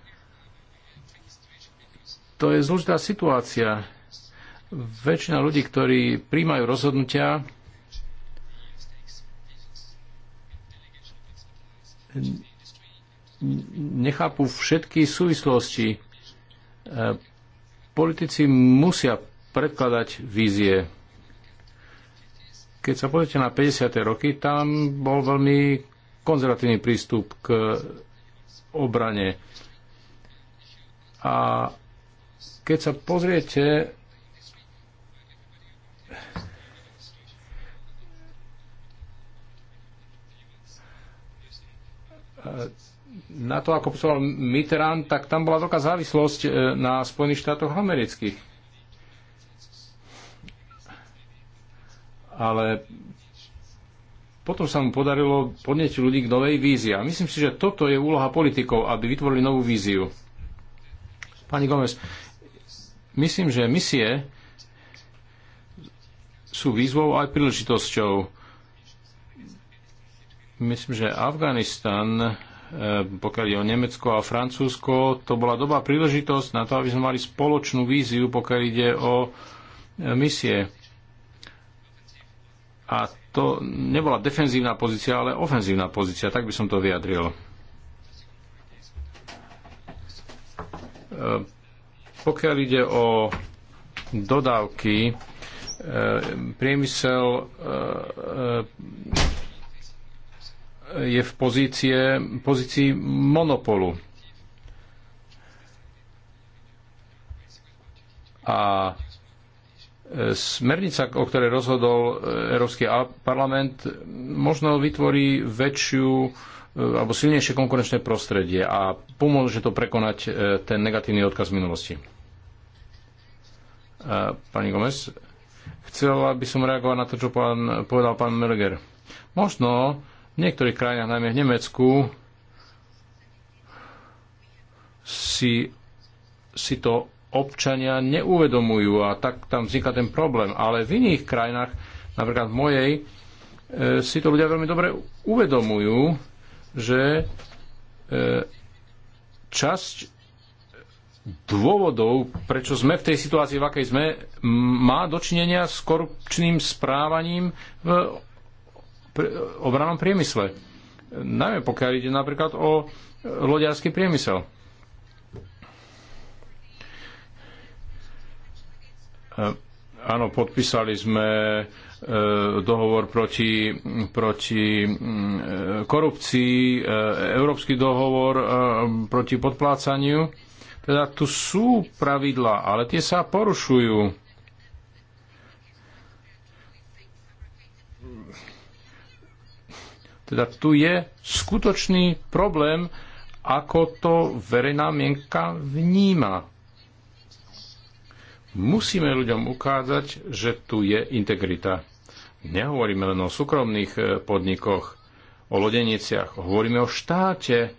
to je zložitá situácia. Väčšina ľudí, ktorí príjmajú rozhodnutia, nechápu všetky súvislosti. E, politici musia predkladať vízie. Keď sa pozrite na 50. roky, tam bol veľmi konzervatívny prístup k obrane. A keď sa pozriete na to, ako poslal Mitterrand, tak tam bola veľká závislosť e, na Spojených štátoch amerických. Ale potom sa mu podarilo podnieť ľudí k novej vízii. A myslím si, že toto je úloha politikov, aby vytvorili novú víziu. Pani Gomez, myslím, že misie sú výzvou aj príležitosťou. Myslím, že Afganistan, e, pokiaľ je o Nemecko a Francúzsko, to bola dobrá príležitosť na to, aby sme mali spoločnú víziu, pokiaľ ide o e, misie. A to nebola defenzívna pozícia, ale ofenzívna pozícia, tak by som to vyjadril. E, pokiaľ ide o dodávky, e, priemysel e, je v pozície, pozícii monopolu. A Smernica, o ktorej rozhodol e, Európsky parlament, možno vytvorí väčšiu e, alebo silnejšie konkurenčné prostredie a pomôže to prekonať e, ten negatívny odkaz minulosti. Pani Gomez, chcela by som reagovať na to, čo pán, povedal pán Melger. Možno v niektorých krajinách, najmä v Nemecku, si, si to občania neuvedomujú a tak tam vzniká ten problém. Ale v iných krajinách, napríklad v mojej, e, si to ľudia veľmi dobre uvedomujú, že e, časť dôvodov, prečo sme v tej situácii, v akej sme, má dočinenia s korupčným správaním v obranom priemysle. Najmä pokiaľ ide napríklad o e, loďarský priemysel. Áno, podpísali sme e, dohovor proti, proti mm, e, korupcii, e, európsky dohovor proti podplácaniu. Teda tu sú pravidla, ale tie sa porušujú. Teda tu je skutočný problém, ako to verejná mienka vníma. Musíme ľuďom ukázať, že tu je integrita. Nehovoríme len o súkromných e, podnikoch, o lodeniciach, hovoríme o štáte,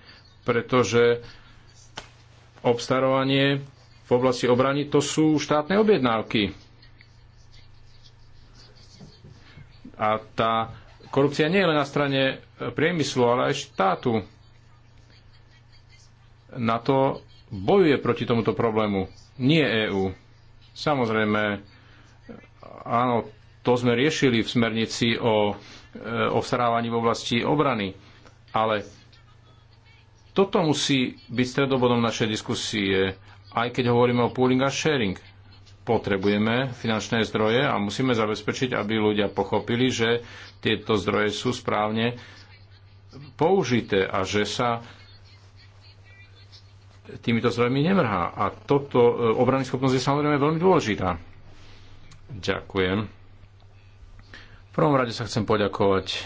pretože obstarovanie v oblasti obrany to sú štátne objednávky. A tá korupcia nie je len na strane e, priemyslu, ale aj štátu. Na to bojuje proti tomuto problému, nie EÚ. Samozrejme, áno, to sme riešili v smernici o e, obstarávaní v oblasti obrany, ale toto musí byť stredobodom našej diskusie, aj keď hovoríme o pooling a sharing. Potrebujeme finančné zdroje a musíme zabezpečiť, aby ľudia pochopili, že tieto zdroje sú správne použité a že sa týmito zdrojmi nemrhá. A toto e, obranná schopnosť je samozrejme veľmi dôležitá. Ďakujem. V prvom rade sa chcem poďakovať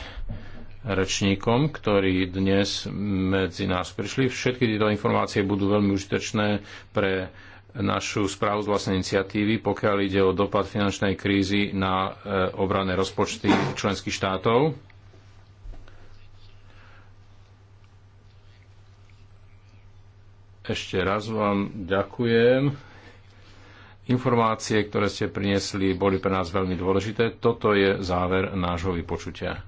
rečníkom, ktorí dnes medzi nás prišli. Všetky tieto informácie budú veľmi užitečné pre našu správu z vlastnej iniciatívy, pokiaľ ide o dopad finančnej krízy na e, obranné rozpočty členských štátov Ešte raz vám ďakujem. Informácie, ktoré ste priniesli, boli pre nás veľmi dôležité. Toto je záver nášho vypočutia.